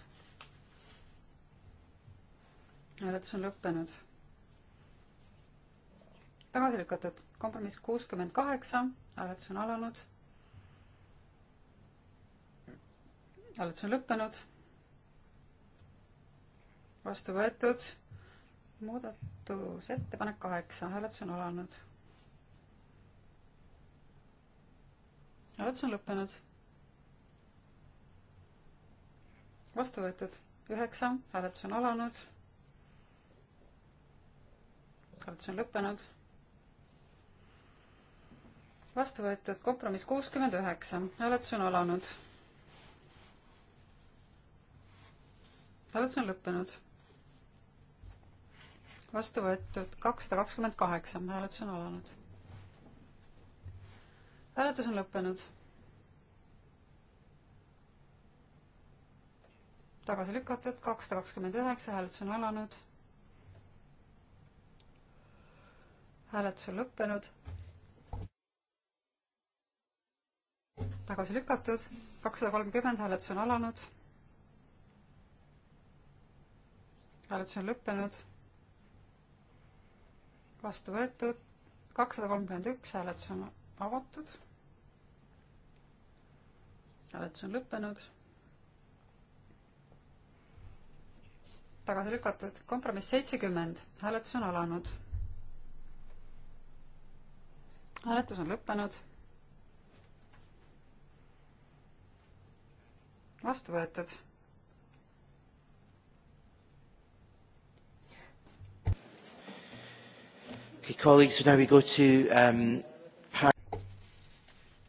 hääletus on lõppenud. tagasi lükatud, kompromiss kuuskümmend kaheksa, hääletus on alanud. hääletus on lõppenud. vastu võetud, muudatusettepanek kaheksa, hääletus on alanud oled sa lõppenud? vastu võetud üheksa, hääletus on alanud. hääletus on lõppenud. vastu võetud kompromiss kuuskümmend üheksa, hääletus on alanud. hääletus on lõppenud. vastu võetud kakssada kakskümmend kaheksa, hääletus on alanud. hääletus on lõppenud tagasi lükatud, kakssada kakskümmend üheksa, hääletus on alanud. hääletus on lõppenud. tagasi lükatud, kakssada kolmkümmend, hääletus on alanud. hääletus on lõppenud. vastu võetud, kakssada kolmkümmend üks, hääletus on avatud. hääletus on lõppenud tagasi lükatud. kompromiss seitsekümmend, hääletus on alanud. hääletus on lõppenud. vastu võetud Okay, colleagues, so now we go to um,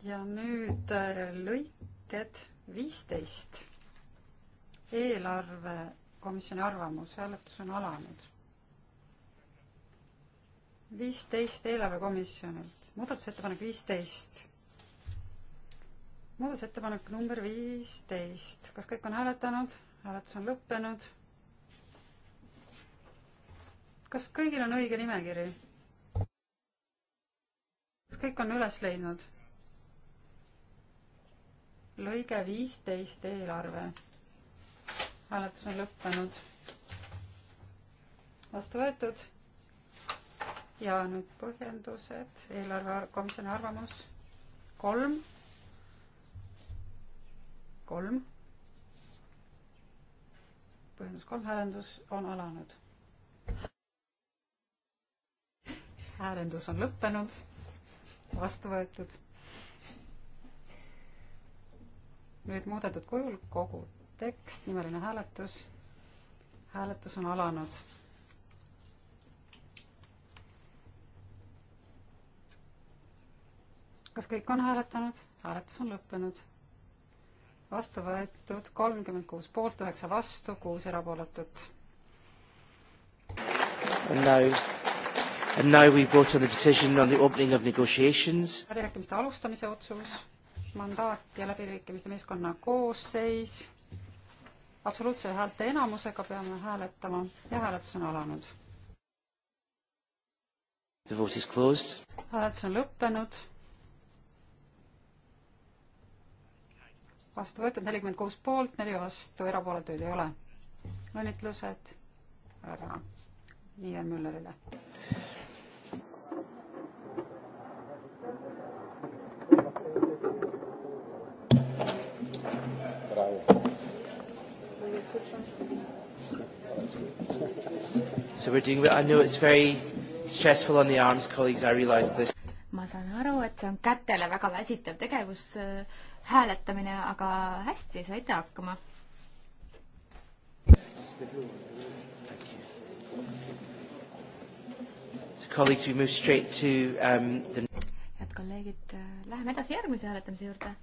ja nüüd äh, lõiked viisteist, eelarve komisjoni arvamus, hääletus on alanud. viisteist eelarvekomisjonilt, muudatusettepanek viisteist. muudatusettepanek number viisteist, kas kõik on hääletanud? hääletus on lõppenud. kas kõigil on õige nimekiri? kas kõik on üles leidnud? lõige viisteist eelarve hääletus on lõppenud. vastu võetud. ja nüüd põhjendused, eelarvekomisjoni arvamus kolm, kolm. põhjendus kolm, hääldus on alanud. hääldus on lõppenud, vastu võetud. nüüd muudetud kujul kogu tekst, nimeline hääletus. hääletus on alanud. kas kõik on hääletanud? hääletus on lõppenud. vastu võetud kolmkümmend kuus poolt, üheksa vastu, kuus erapooletut. no And now we vote on the decision on the opening of negotiations. läbirääkimiste alustamise otsus, mandaat ja läbirääkimiste meeskonna koosseis absoluutse häälte enamusega peame hääletama ja hääletus on alanud. hääletus on lõppenud. vastu võetud nelikümmend kuus poolt, neli vastu, erapooletuid ei ole. õnnitlused härra Niier Müllerile. So we're doing, I know it's very stressful on the arms, colleagues, I realise this. ma saan aru, et see on kätele väga väsitav tegevus äh,, hääletamine, aga hästi, saite hakkama. Colleagues, we move straight to um, the head kolleegid, äh, läheme edasi järgmise hääletamise juurde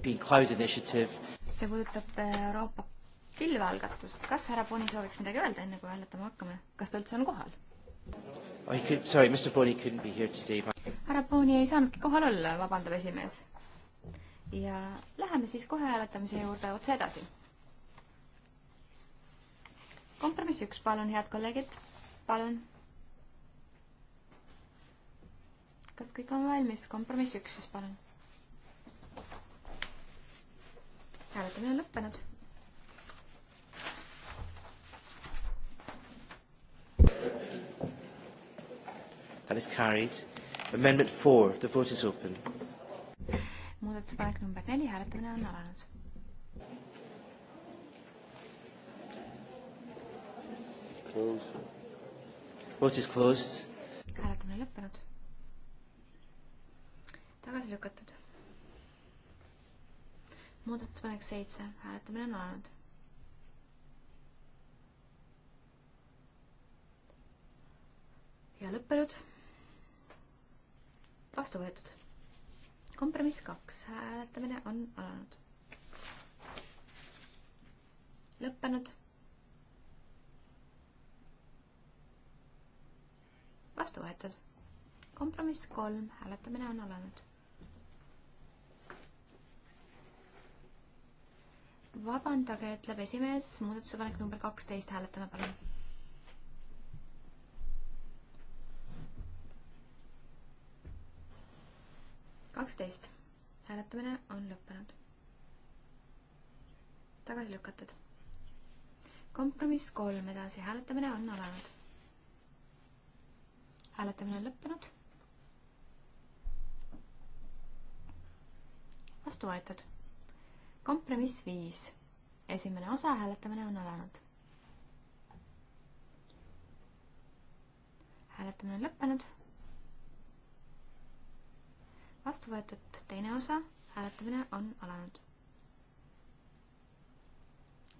see puudutab äh, Euroopa pilvealgatust. kas härra Boni sooviks midagi öelda, enne kui hääletama hakkame? kas ta üldse on kohal? härra Boni ei saanudki kohal olla, vabandab esimees. ja läheme siis kohe hääletamise juurde otse edasi. kompromiss üks, palun, head kolleegid, palun. kas kõik on valmis? kompromiss üks siis, palun hääletamine on lõppenud. That is carried. Amendment four, the vote is open. muudatusepanek number neli, hääletamine on alanud. Close. Vote is closed. hääletamine lõppenud. tagasi lükatud muudatusettepanek seitse, hääletamine on alanud. ja lõppenud. vastu võetud. kompromiss kaks, hääletamine on alanud. lõppenud. vastu võetud. kompromiss kolm, hääletamine on alanud vabandage, ütleb esimees, muudatusepanek number kaksteist, hääletame palun. kaksteist, hääletamine on lõppenud. tagasi lükatud. kompromiss kolm edasi, hääletamine on alanud. hääletamine on lõppenud. vastu võetud kompromiss viis. esimene osa, hääletamine on alanud. hääletamine on lõppenud. vastu võetud teine osa, hääletamine on alanud.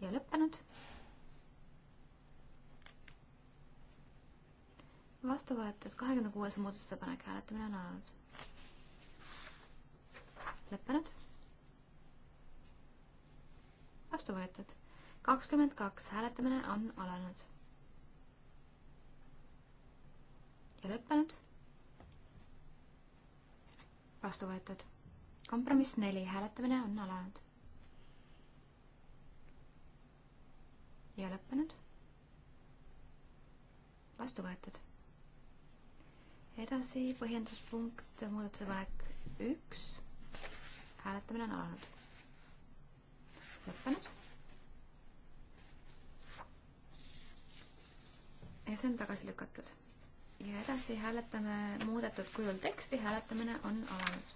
ja lõppenud. vastu võetud kahekümne kuues muudatusettepanek, hääletamine on alanud. lõppenud vastu võetud. kakskümmend kaks, hääletamine on alanud. ja lõppenud. vastu võetud. kompromiss neli, hääletamine on alanud. ja lõppenud. vastu võetud. edasi põhjenduspunkt, muudatusepanek üks. hääletamine on alanud lõppenud. ja see on tagasi lükatud. ja edasi hääletame muudetud kujul teksti, hääletamine on alanud.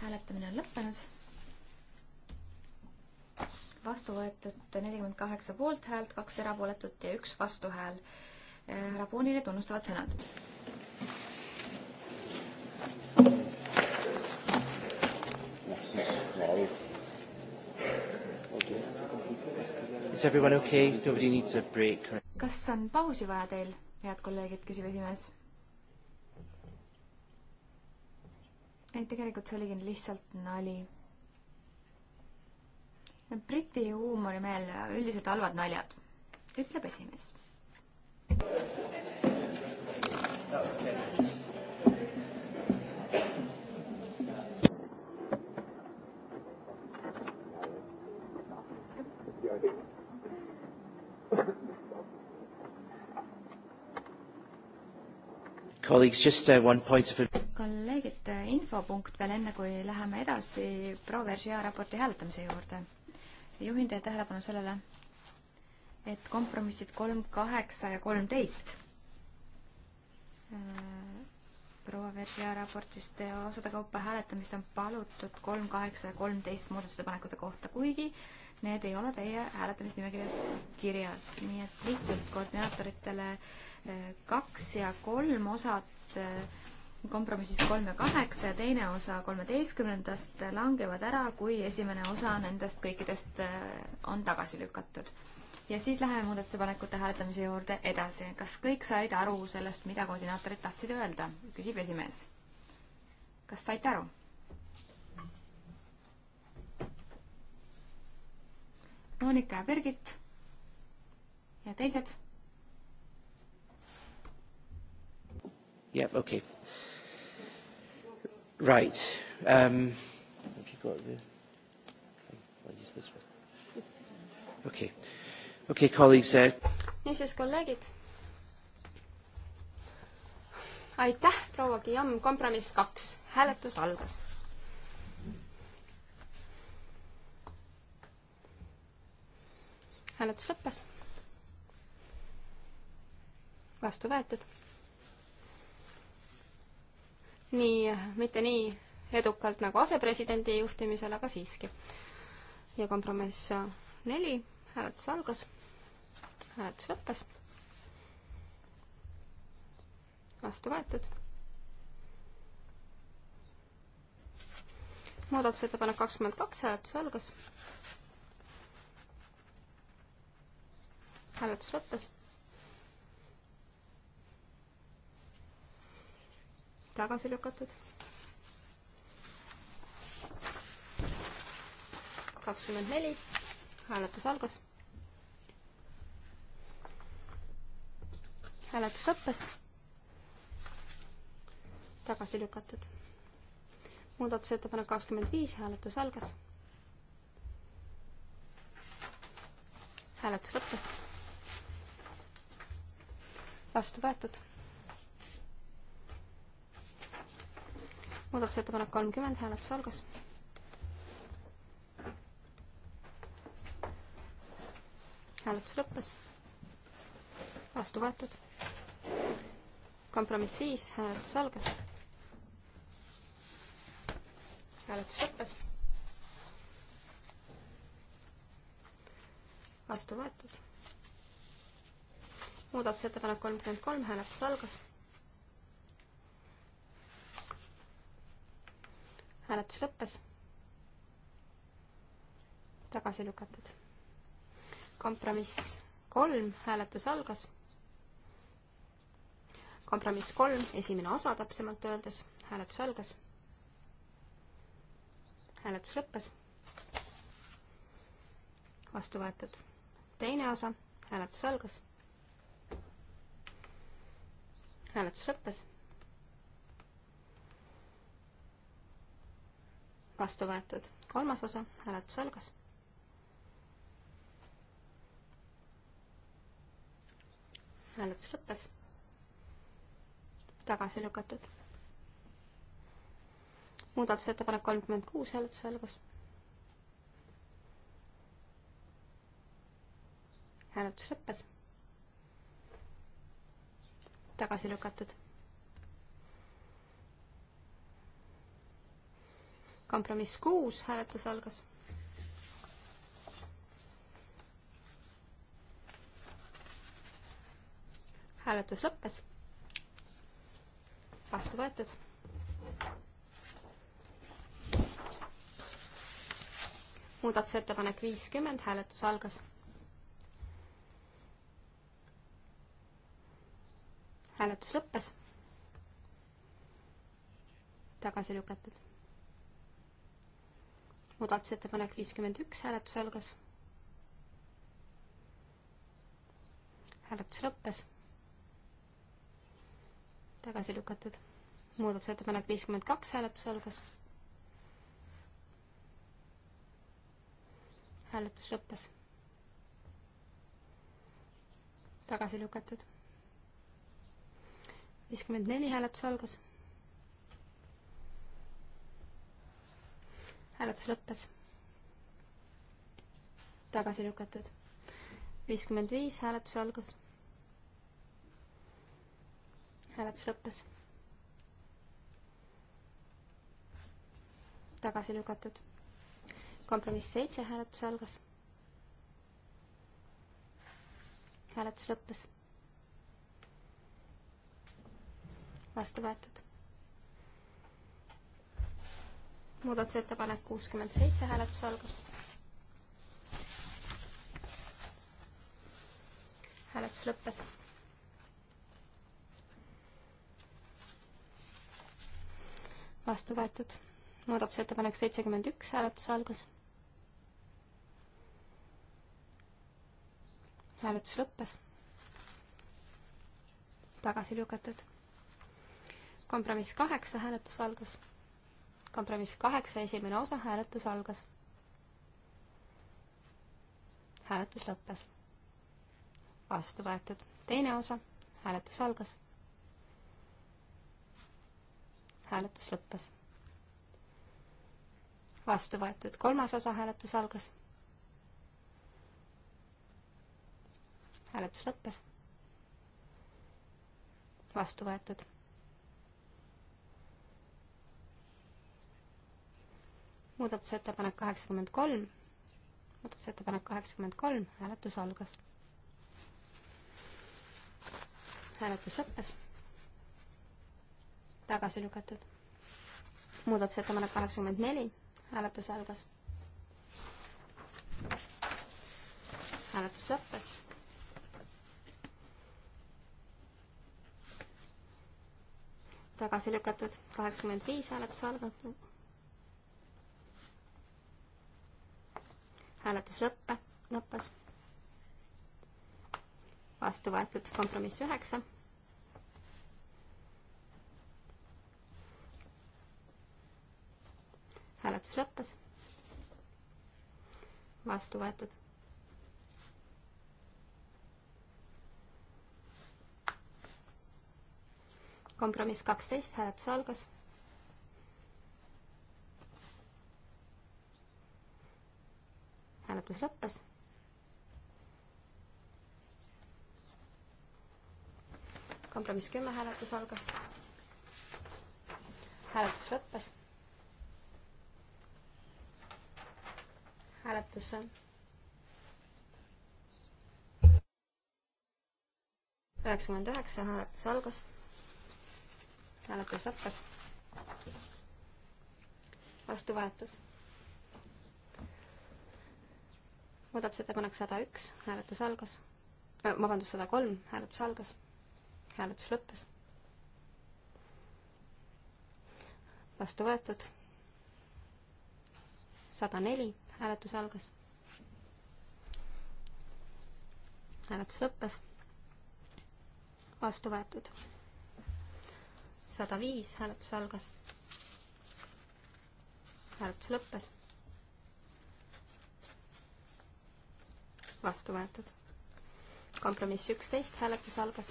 hääletamine on lõppenud. vastu võetud nelikümmend kaheksa poolthäält, kaks erapooletut ja üks vastuhääl. Raboonile tunnustavad sõnad Is everyone okay? Nobody needs a break or...? kas on pausi vaja teil, head kolleegid, küsib esimees. ei, tegelikult see oligi lihtsalt nali. Briti huumorimeel, üldiselt halvad naljad, ütleb esimees. That was crazy. Uh, kolleegid, äh, infopunkt veel enne, kui läheme edasi Provergia raporti hääletamise juurde. juhin teie tähelepanu sellele, et kompromissid kolm, kaheksa ja kolmteist äh, proua Veržia raportist osade kaupa hääletamist on palutud kolm, kaheksa ja kolmteist muudatusettepanekute kohta, kuigi need ei ole teie hääletamisnimekirjas kirjas, nii et lihtsalt koordinaatoritele eh, kaks ja kolm osad eh, kompromissis kolm ja kaheksa ja teine osa kolmeteistkümnendast langevad ära, kui esimene osa nendest kõikidest eh, on tagasi lükatud. ja siis läheme muudatusepanekute hääletamise juurde edasi. kas kõik said aru sellest, mida koordinaatorid tahtsid öelda? küsib esimees. kas saite aru? Monika ja Birgit ja teised. jah yeah,, okei okay.. Right um,. Have you got the thing? I'll use this one. Okay. Okay, colleagues uh.... niisiis, kolleegid. aitäh, proua Guillaume, kompromiss kaks, hääletus algas hääletus lõppes. vastu võetud. nii, mitte nii edukalt nagu asepresidendi juhtimisel, aga siiski. ja kompromiss neli, hääletus algas, hääletus lõppes. vastu võetud. muudatusettepanek kakskümmend kaks, hääletus algas, hääletus lõppes. tagasi lükatud. kakskümmend neli, hääletus algas. hääletus lõppes. tagasi lükatud. muudatusettepanek kakskümmend viis, hääletus algas. hääletus lõppes vastu võetud. muudatusettepanek kolmkümmend, hääletus algas. hääletus lõppes. vastu võetud. kompromiss viis, hääletus algas. hääletus lõppes. vastu võetud muudatusettepanek kolmkümmend kolm, hääletus algas. hääletus lõppes. tagasi lükatud. kompromiss kolm, hääletus algas. kompromiss kolm, esimene osa täpsemalt öeldes, hääletus algas. hääletus lõppes. vastu võetud. teine osa, hääletus algas hääletus lõppes. vastu võetud kolmas osa, hääletus algas. hääletus lõppes. tagasi lükatud. muudatusettepanek kolmkümmend kuus, hääletus algas. hääletus lõppes tagasi lükatud. kompromiss kuus, hääletus algas. hääletus lõppes. vastu võetud. muudatusettepanek viiskümmend, hääletus algas hääletus lõppes. tagasi lükatud. muudatusettepanek viiskümmend üks, hääletus algas. hääletus lõppes. tagasi lükatud. muudatusettepanek viiskümmend kaks, hääletus algas. hääletus lõppes. tagasi lükatud viiskümmend neli hääletus algas. hääletus lõppes. tagasi lükatud. viiskümmend viis hääletus algas. hääletus lõppes. tagasi lükatud. kompromiss seitse hääletus algas. hääletus lõppes vastu võetud. muudatusettepanek kuuskümmend seitse, hääletus algas. hääletus lõppes. vastu võetud. muudatusettepanek seitsekümmend üks, hääletus algas. hääletus lõppes. tagasi lükatud kompromiss kaheksa, hääletus algas. kompromiss kaheksa, esimene osa, hääletus algas. hääletus lõppes. vastu võetud. teine osa, hääletus algas. hääletus lõppes. vastu võetud. kolmas osa, hääletus algas. hääletus lõppes. vastu võetud muudatusettepanek kaheksakümmend kolm, muudatusettepanek kaheksakümmend kolm, hääletus algas. hääletus lõppes. tagasi lükatud. muudatusettepanek kaheksakümmend neli, hääletus algas. hääletus lõppes tagasi lükatud, kaheksakümmend viis hääletus algatud, hääletus lõppe, lõppes. vastu võetud kompromiss üheksa. hääletus lõppes. vastu võetud. kompromiss kaksteist, hääletus algas hääletus lõppes. kompromiss kümme hääletus algas. hääletus lõppes. hääletus üheksakümmend üheksa, hääletus algas. hääletus lõppes. vastu võetud muudatusettepanek sada üks, hääletus algas äh,. vabandust, sada kolm, hääletus algas. hääletus lõppes. vastu võetud. sada neli, hääletus algas. hääletus lõppes. vastu võetud. sada viis, hääletus algas. hääletus lõppes vastu võetud. kompromiss üksteist, hääletus algas.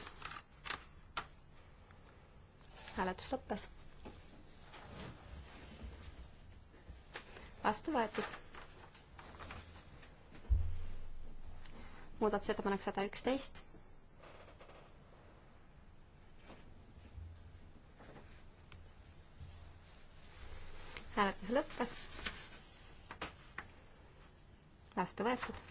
hääletus lõppes. vastu võetud. muudatusettepanek sada üksteist hääletus lõppes. vastu võetud.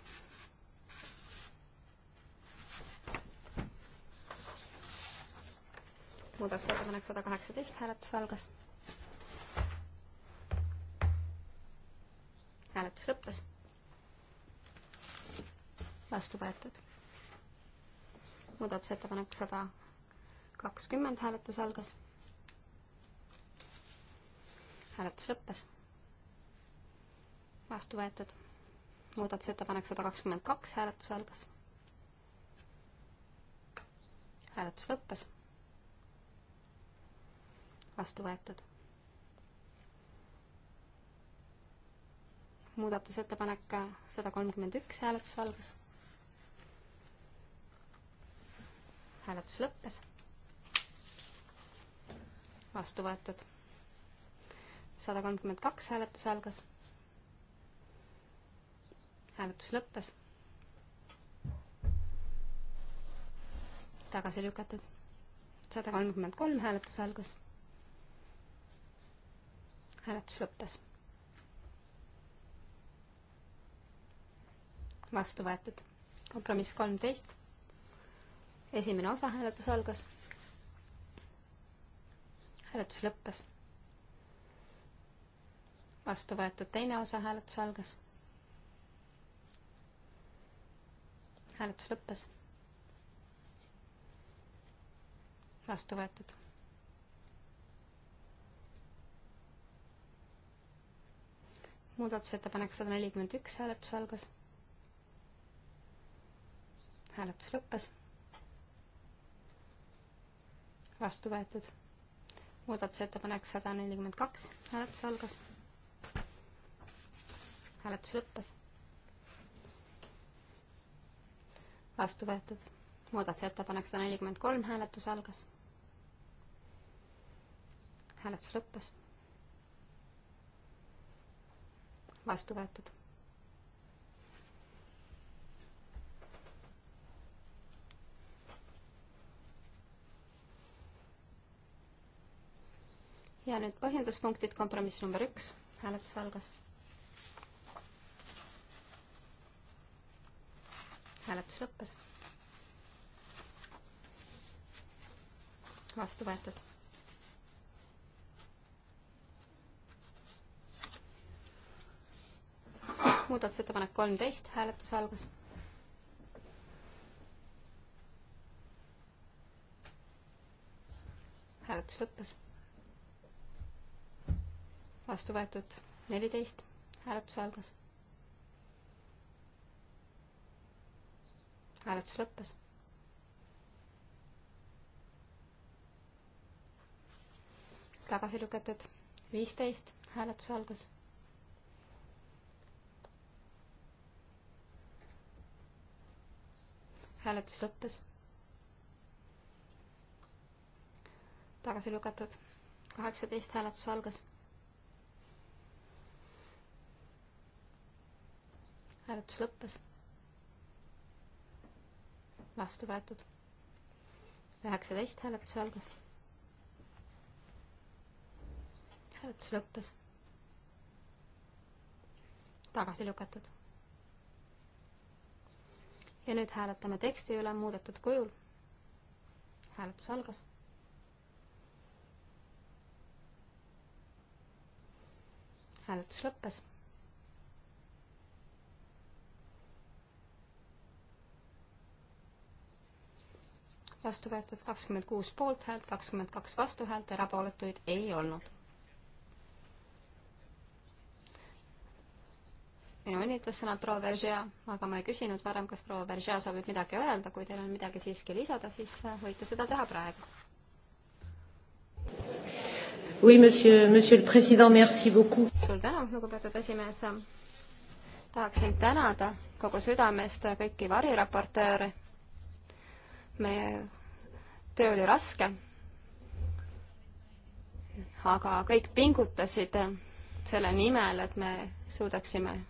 muudatusettepanek sada kaheksateist, hääletus algas. hääletus lõppes. vastu võetud. muudatusettepanek sada kakskümmend, hääletus algas. hääletus lõppes. vastu võetud. muudatusettepanek sada kakskümmend kaks, hääletus algas. hääletus lõppes vastu võetud. muudatusettepanek sada kolmkümmend üks, hääletus algas. hääletus lõppes. vastu võetud. sada kolmkümmend kaks, hääletus algas. hääletus lõppes. tagasi lükatud. sada kolmkümmend kolm, hääletus algas hääletus lõppes. vastu võetud. kompromiss kolmteist. esimene osa hääletus algas. hääletus lõppes. vastu võetud teine osa hääletus algas. hääletus lõppes. vastu võetud muudatusettepanek sada nelikümmend üks, hääletus algas. hääletus lõppes. vastu võetud. muudatusettepanek sada nelikümmend kaks, hääletus algas. hääletus lõppes. vastu võetud. muudatusettepanek sada nelikümmend kolm, hääletus algas. hääletus lõppes vastu võetud. ja nüüd põhjenduspunktid, kompromiss number üks, hääletus algas. hääletus lõppes. vastu võetud muudatusettepanek kolmteist, hääletus algas. hääletus lõppes. vastu võetud neliteist, hääletus algas. hääletus lõppes. tagasi lükatud viisteist, hääletus algas hääletus lõppes. tagasi lükatud. kaheksateist hääletus algas. hääletus lõppes. vastu võetud. üheksateist hääletus algas. hääletus lõppes. tagasi lükatud ja nüüd hääletame teksti üle muudetud kujul. hääletus algas. hääletus lõppes. vastu võetud kakskümmend kuus poolthäält, kakskümmend kaks vastuhäält, erapooletuid ei olnud minu õnnitlussõnad proua Veržea, aga ma ei küsinud varem, kas proua Veržea soovib midagi öelda, kui teil on midagi siiski lisada, siis äh, võite seda teha praegu. Oui, monsieur, monsieur le président, merci beaucoup. suur tänu, lugupeetud esimees. tahaksin tänada kogu südamest kõiki variraportööre. meie töö oli raske. aga kõik pingutasid selle nimel, et me suudaksime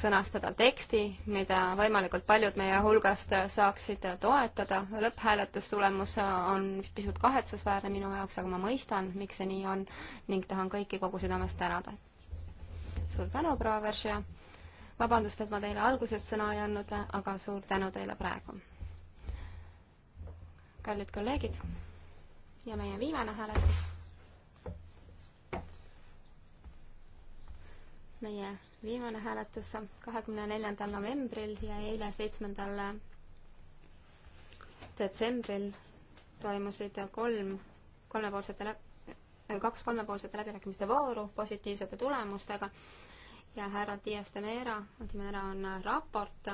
sõnastada teksti, mida võimalikult paljud meie hulgast saaksid toetada. lõpphääletustulemus on pisut kahetsusväärne minu jaoks, aga ma mõistan, miks see nii on ning tahan kõiki kogu südamest tänada. suur tänu, proua Veržia. vabandust, et ma teile alguses sõna ei andnud, aga suur tänu teile praegu. kallid kolleegid ja meie viimane hääletus meie viimane hääletus kahekümne neljandal novembril ja eile, seitsmendal detsembril toimusid kolm kolmepoolsete läb-, äh, kaks kolmepoolsete läbirääkimiste vooru positiivsete tulemustega ja härra Dias de Mera, de Mera on raport,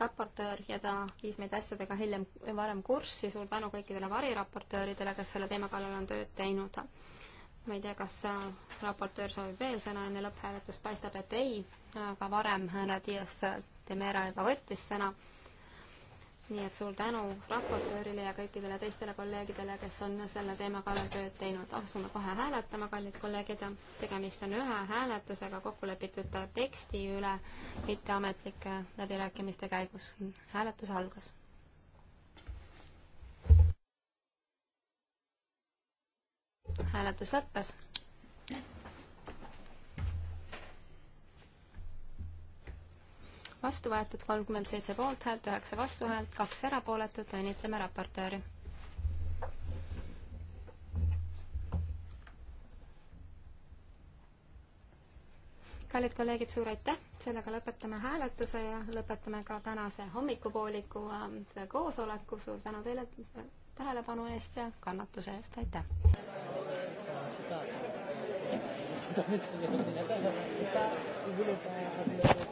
raportöör ja ta viis meid asjadega hiljem, varem kurssi, suur tänu kõikidele variraportööridele, kes selle teema kallal on tööd teinud ma ei tea, kas äh, raportöör soovib veel sõna enne lõpphääletust, paistab, et ei, aga varem härra Dias Demera äh, juba võttis sõna. nii et suur tänu raportöörile ja kõikidele teistele kolleegidele, kes on selle teema kallal tööd teinud. asume kohe hääletama, kallid kolleegid. tegemist on ühe hääletusega kokku lepitud teksti üle mitteametlike läbirääkimiste käigus. hääletus algas hääletus lõppes. vastu võetud kolmkümmend seitse poolthäält, üheksa vastuhäält, kaks erapooletut, õnnitleme raportööri. kallid kolleegid, suur aitäh, sellega lõpetame hääletuse ja lõpetame ka tänase hommikupooliku ähm, koosoleku, suur tänu teile tähelepanu eest ja kannatuse eest, aitäh! Gracias.